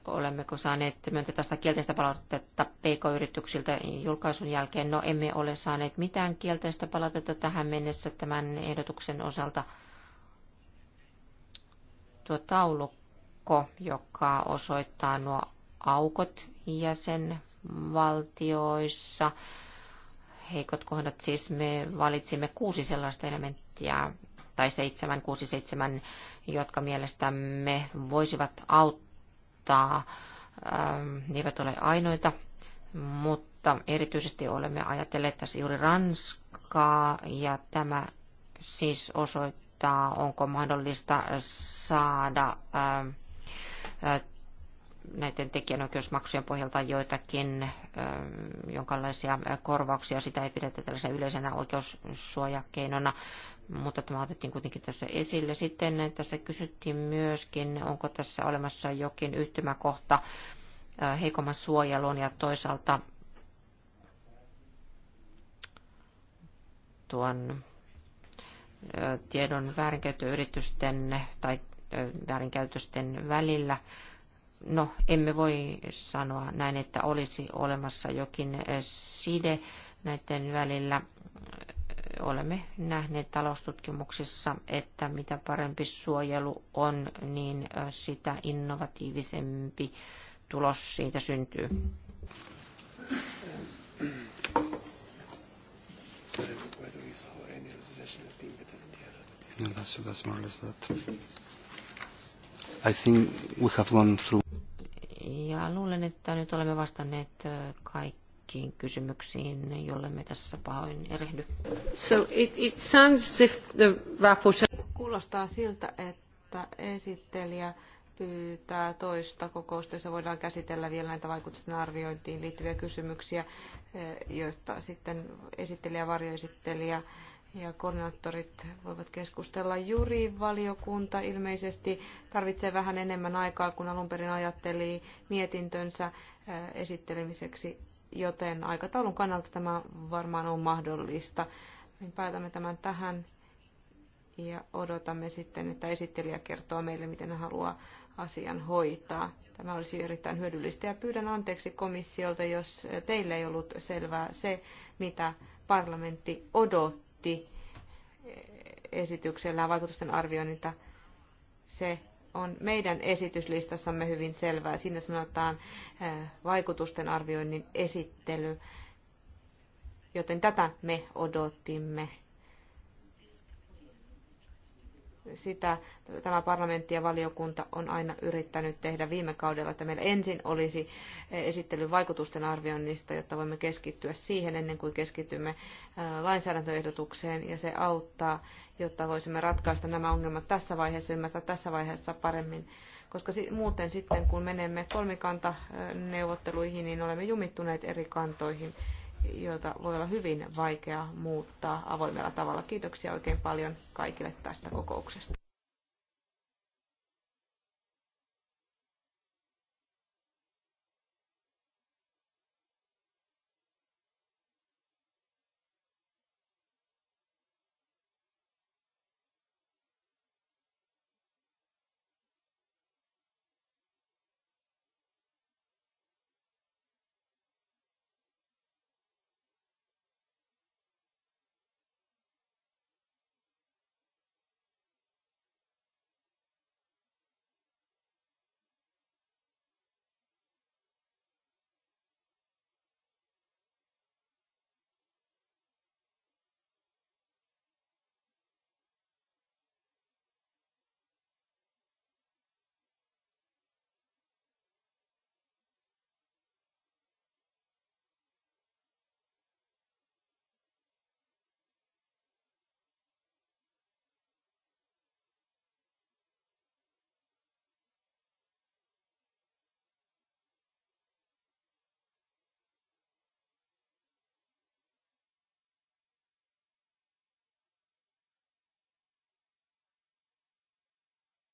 olemmeko saaneet myönteistä kielteistä palautetta PK-yrityksiltä julkaisun jälkeen. No emme ole saaneet mitään kielteistä palautetta tähän mennessä tämän ehdotuksen osalta. Tuo taulukko, joka osoittaa nuo aukot jäsenvaltioissa, heikot kohdat, siis me valitsimme kuusi sellaista elementtiä tai seitsemän, kuusi, seitsemän, jotka mielestämme voisivat auttaa. Ähm, ne eivät ole ainoita, mutta erityisesti olemme ajatelleet tässä juuri Ranskaa ja tämä siis osoittaa, onko mahdollista saada ähm, näiden tekijänoikeusmaksujen pohjalta joitakin jonkinlaisia korvauksia. Sitä ei pidetä tällaisena yleisenä oikeussuojakeinona, mutta tämä otettiin kuitenkin tässä esille. Sitten tässä kysyttiin myöskin, onko tässä olemassa jokin yhtymäkohta heikomman suojelun ja toisaalta tuon tiedon väärinkäyttöyritysten tai väärinkäytösten välillä no, emme voi sanoa näin, että olisi olemassa jokin side näiden välillä. Olemme nähneet taloustutkimuksissa, että mitä parempi suojelu on, niin sitä innovatiivisempi tulos siitä syntyy. No, I think we have gone through. Ja luulen, että nyt olemme vastanneet kaikkiin kysymyksiin, jolle me tässä pahoin erehdy. So it, it sounds if the rapporteur... Kuulostaa siltä, että esittelijä pyytää toista kokousta, jossa voidaan käsitellä vielä näitä vaikutusten arviointiin liittyviä kysymyksiä, joista sitten esittelijä, varjoesittelijä, ja koordinaattorit voivat keskustella. Juri valiokunta ilmeisesti tarvitsee vähän enemmän aikaa kuin alun perin ajatteli mietintönsä äh, esittelemiseksi, joten aikataulun kannalta tämä varmaan on mahdollista. Niin päätämme tämän tähän ja odotamme sitten, että esittelijä kertoo meille, miten hän haluaa asian hoitaa. Tämä olisi erittäin hyödyllistä ja pyydän anteeksi komissiolta, jos teille ei ollut selvää se, mitä parlamentti odottaa esitti esityksellään vaikutusten arvioinnita, se on meidän esityslistassamme hyvin selvää. Siinä sanotaan eh, vaikutusten arvioinnin esittely, joten tätä me odotimme sitä tämä parlamentti ja valiokunta on aina yrittänyt tehdä viime kaudella, että meillä ensin olisi eh, esittely vaikutusten arvioinnista, jotta voimme keskittyä siihen ennen kuin keskitymme eh, lainsäädäntöehdotukseen, ja se auttaa, jotta voisimme ratkaista nämä ongelmat tässä vaiheessa, ymmärtää tässä vaiheessa paremmin. Koska muuten sitten, kun menemme kolmikanta eh, neuvotteluihin, niin olemme jumittuneet eri kantoihin joita voi olla hyvin vaikea muuttaa avoimella tavalla. Kiitoksia oikein paljon kaikille tästä kokouksesta.